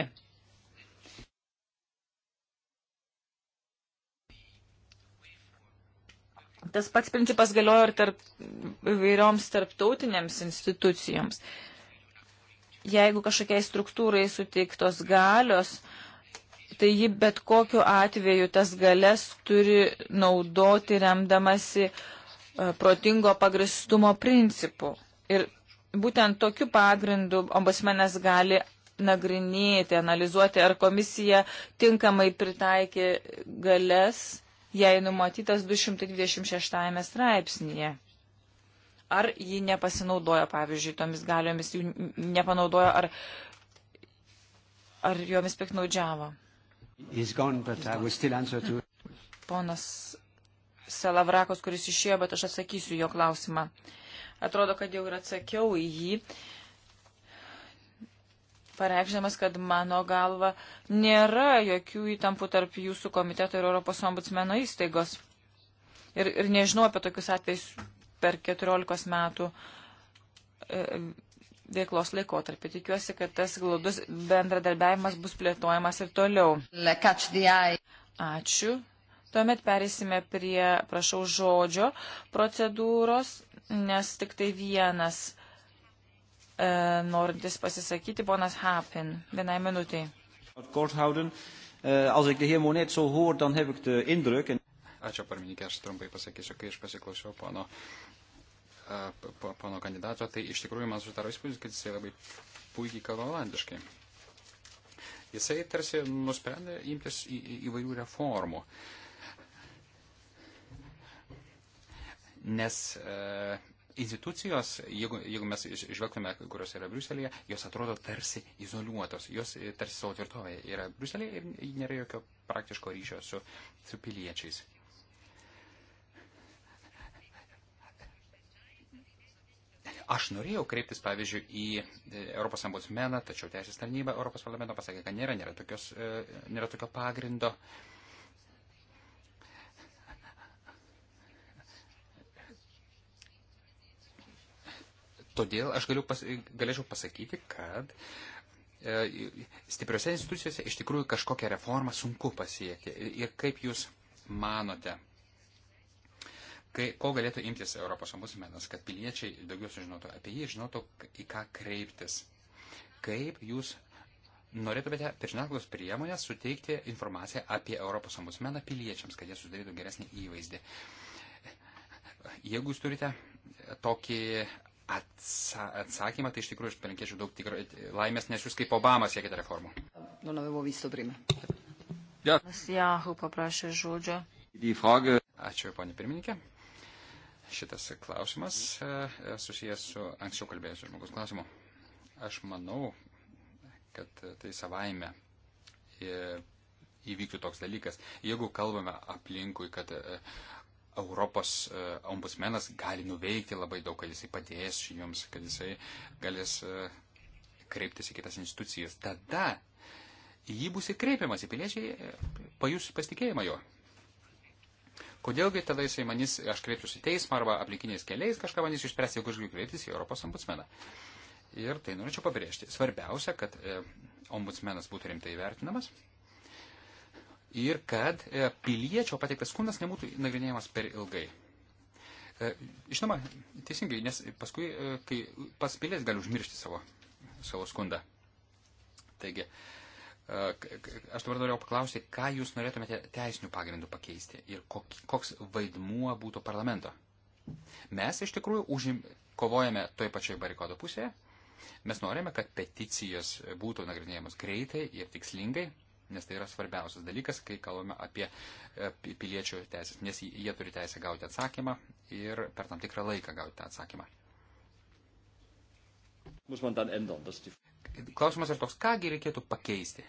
Tas pats principas galioja ir tarp vairioms tarptautinėms institucijoms. Jeigu kažkokiai struktūrai suteiktos galios, e, tai ji bet kokiu atveju tas galės turi naudoti remdamasi e, protingo pagristumo principu. Ir būtent tokiu pagrindu ombudsmenas gali nagrinėti, analizuoti, ar komisija tinkamai pritaikė galės, jei numatytas 226 straipsnėje. Ar ji nepasinaudojo, pavyzdžiui, tomis galiomis, jų nepanaudojo, ar, ar jomis piknaudžiavo. Gone, to... Ponas Salavrakos, kuris išėjo, bet aš atsakysiu jo klausimą. Atrodo, kad jau ir atsakiau į jį, pareikšdamas, kad mano galva nėra jokių įtampų tarp jūsų komiteto ir Europos ombudsmeno įstaigos. Ir, ir nežinau apie tokius atvejus per 14 metų. E, veiklos laikotarpį. Tikiuosi, kad tas glaudus bendradarbiavimas bus plėtojamas ir toliau. Ačiū. Tuomet perėsime prie, prašau, žodžio procedūros, nes tik tai vienas e, norintis pasisakyti, ponas Hapin. Vienai minutiai. E, Ačiū, parmininkė, aš trumpai pasakysiu, kai aš pasiklausiau pono pono kandidato, tai iš tikrųjų man susidaro įspūdis, kad jisai labai puikiai kalba olandiškai. Jisai tarsi nusprendė imtis į, į, įvairių reformų. Nes e, institucijos, jeigu, jeigu mes žvelgtume, kurios yra Bruselėje, jos atrodo tarsi izoliuotos, jos e, tarsi savo tvirtovėje yra Bruselėje ir nėra jokio praktiško ryšio su, su piliečiais. Aš norėjau kreiptis, pavyzdžiui, į e, Europos ambudsmeną, tačiau teisės tarnyba Europos parlamento pasakė, kad nėra, nėra, tokios, e, nėra tokio pagrindo. Todėl aš galiu pas, galėčiau pasakyti, kad e, stipriose institucijose iš tikrųjų kažkokią reformą sunku pasiekti. Ir kaip jūs manote, kai, ko galėtų imtis Europos ombudsmenas, kad piliečiai daugiau sužinotų apie jį, žinotų, į ką kreiptis. Kaip jūs norėtumėte per žiniasklaidos priemonę suteikti informaciją apie Europos ombudsmeną piliečiams, kad jie sudarytų geresnį įvaizdį. Jeigu jūs turite tokį atsa atsakymą, tai iš tikrųjų aš palinkėčiau daug tikrai laimės, nes jūs kaip Obama siekite reformų. Nu, nuo viso prima. Ja. Jahu paprašė žodžio. Ačiū, ponė pirmininkė šitas klausimas e, e, susijęs su anksčiau kalbėjusiu žmogus klausimu. Aš manau, kad tai savaime e, įvyktų toks dalykas. Jeigu kalbame aplinkui, kad Europos ombudsmenas gali nuveikti labai daug, kad jisai padės jums, kad jisai galės kreiptis į kitas institucijas, tada į jį bus įkreipiamas, į piliečiai pajus pasitikėjimą jo. Kodėlgi tada jisai manis, aš kreipsiuosi į teismą arba aplinkiniais keliais kažką manis išspręsti, jeigu aš galiu kreiptis į Europos ombudsmeną. Ir tai norėčiau pabrėžti. Svarbiausia, kad e, ombudsmenas būtų rimtai vertinamas ir kad e, piliečio pateiktas skundas nebūtų nagrinėjamas per ilgai. E, žinoma, teisingai, nes paskui, e, kai pas pilies gali užmiršti savo, savo skundą. Taigi, e, Aš dabar norėjau paklausti, ką jūs norėtumėte teisinių pagrindų pakeisti ir koks vaidmuo būtų parlamento. Mes iš tikrųjų užim, kovojame toj pačioj barikodo pusėje. Mes norime, kad peticijos būtų nagrinėjamos greitai ir tikslingai, nes tai yra svarbiausias dalykas, kai kalbame apie e, piliečių teisės, nes jie turi teisę gauti atsakymą ir per tam tikrą laiką gauti tą atsakymą. Klausimas yra toks, kągi reikėtų pakeisti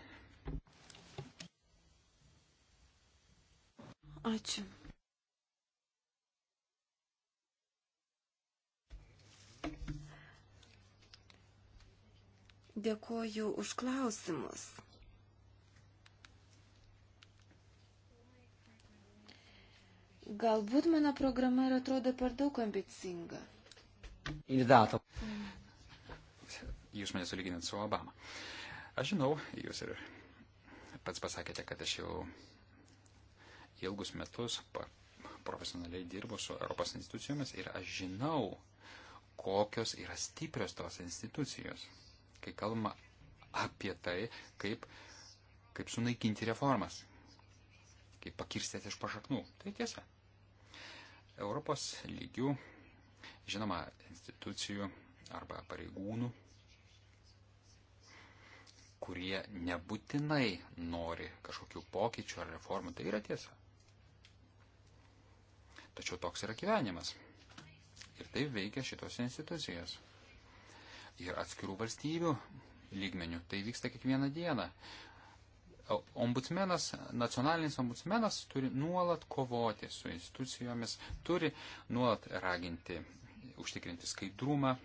Ačiū. Dėkoju už klausimus. Galbūt mano programa ir atrodo per daug ambicinga. Ir dato. Jūs mane sulyginat su Obama. Aš žinau, jūs ir pats pasakėte, kad aš jau ilgus metus profesionaliai dirbu su Europos institucijomis ir aš žinau, kokios yra stiprios tos institucijos, kai kalbama apie tai, kaip, kaip sunaikinti reformas, kaip pakirstėti iš pašaknų. Tai tiesa. Europos lygių, žinoma, institucijų arba pareigūnų, kurie nebūtinai nori kažkokių pokyčių ar reformų, tai yra tiesa. Tačiau toks yra gyvenimas. Ir tai veikia šitos institucijos. Ir atskirų valstybių lygmenių. Tai vyksta kiekvieną dieną. Ombudsmenas, nacionalinis ombudsmenas turi nuolat kovoti su institucijomis, turi nuolat raginti, užtikrinti skaidrumą.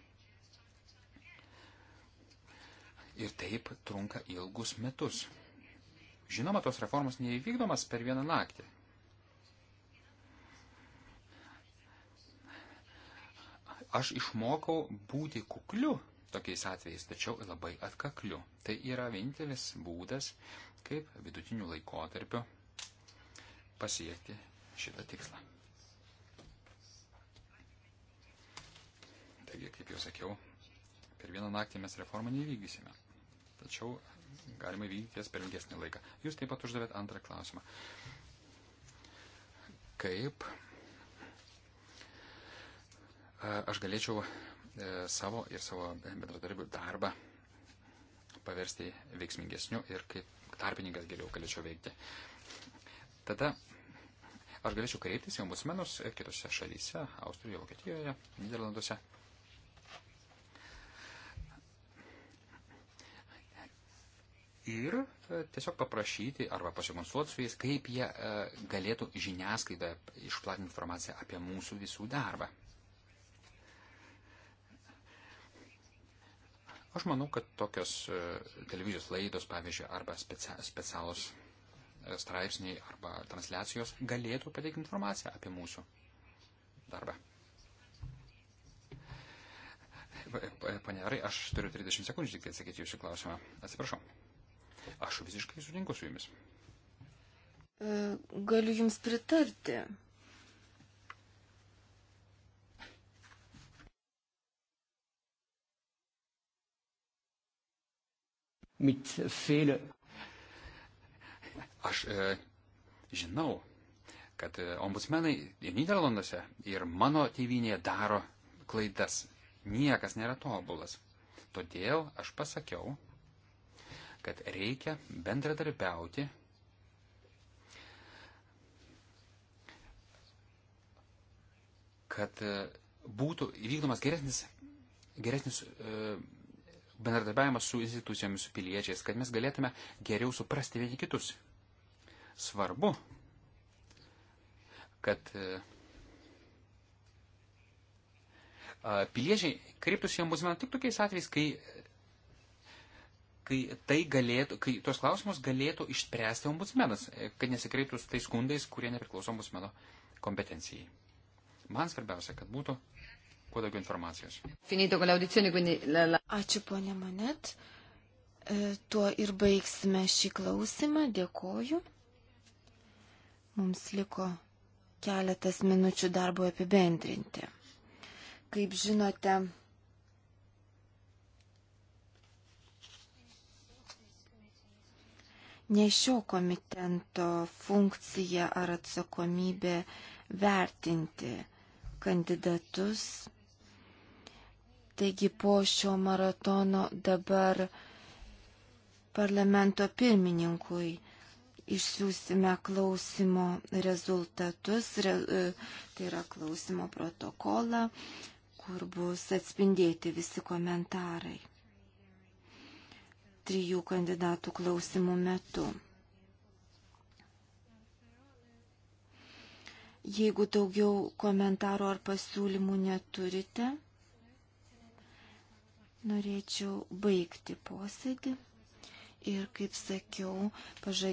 Ir taip trunka ilgus metus. Žinoma, tos reformos neįvykdomas per vieną naktį. Aš išmokau būti kukliu tokiais atvejais, tačiau labai atkakliu. Tai yra vienintelis būdas, kaip vidutiniu laikotarpiu pasiekti šitą tikslą. Taigi, kaip jau sakiau, per vieną naktį mes reformą nevykdysime. Tačiau galima vykdyti jas per ilgesnį laiką. Jūs taip pat uždavėt antrą klausimą. Kaip E, aš galėčiau e, savo ir savo bendradarbių darbą paversti veiksmingesniu ir kaip tarpininkas geriau galėčiau veikti. Tada aš galėčiau kreiptis į ombudsmenus kitose šalyse - Austrijoje, Vokietijoje, Niderlanduose. Ir e, tiesiog paprašyti arba pasikonsultuoti su jais, kaip jie galėtų žiniasklaidą išplatinti informaciją apie mūsų visų darbą. Aš manau, kad tokios e, televizijos laidos, pavyzdžiui, arba specialus e, straipsniai arba transliacijos galėtų pateikti informaciją apie mūsų darbą. Pane Arai, aš turiu 30 sekundžių tik atsakyti jūsų klausimą. Atsiprašau. Aš visiškai sutinku su jumis. E, galiu jums pritarti. mit Fehler. Aš e, žinau, kad e, ombudsmenai ir Niderlanduose, ir mano tėvynėje daro klaidas. Niekas nėra tobulas. Todėl aš pasakiau, kad reikia bendradarbiauti kad e, būtų įvykdomas geresnis, geresnis e, bendradarbiavimas su institucijomis, su piliečiais, kad mes galėtume geriau suprasti vieni kitus. Svarbu, kad e, piliečiai kreiptųsi į ombudsmeną tik tokiais atvejais, kai, kai, tai galėtų, kai tos klausimus galėtų išspręsti ombudsmenas, e, kad nesikreiptų su tais skundais, kurie nepriklauso ombudsmeno kompetencijai. Man svarbiausia, kad būtų kuo daugiau informacijos. Ačiū, ponė Manet. E, tuo ir baigsime šį klausimą. Dėkoju. Mums liko keletas minučių darbo apibendrinti. Kaip žinote, ne šio komitento funkcija ar atsakomybė vertinti kandidatus Taigi po šio maratono dabar parlamento pirmininkui išsiųsime klausimo rezultatus, re, e, tai yra klausimo protokolą, kur bus atspindėti visi komentarai trijų kandidatų klausimų metu. Jeigu daugiau komentarų ar pasiūlymų neturite, norėčiau baigti posėdį ir, kaip sakiau, pažadėjau.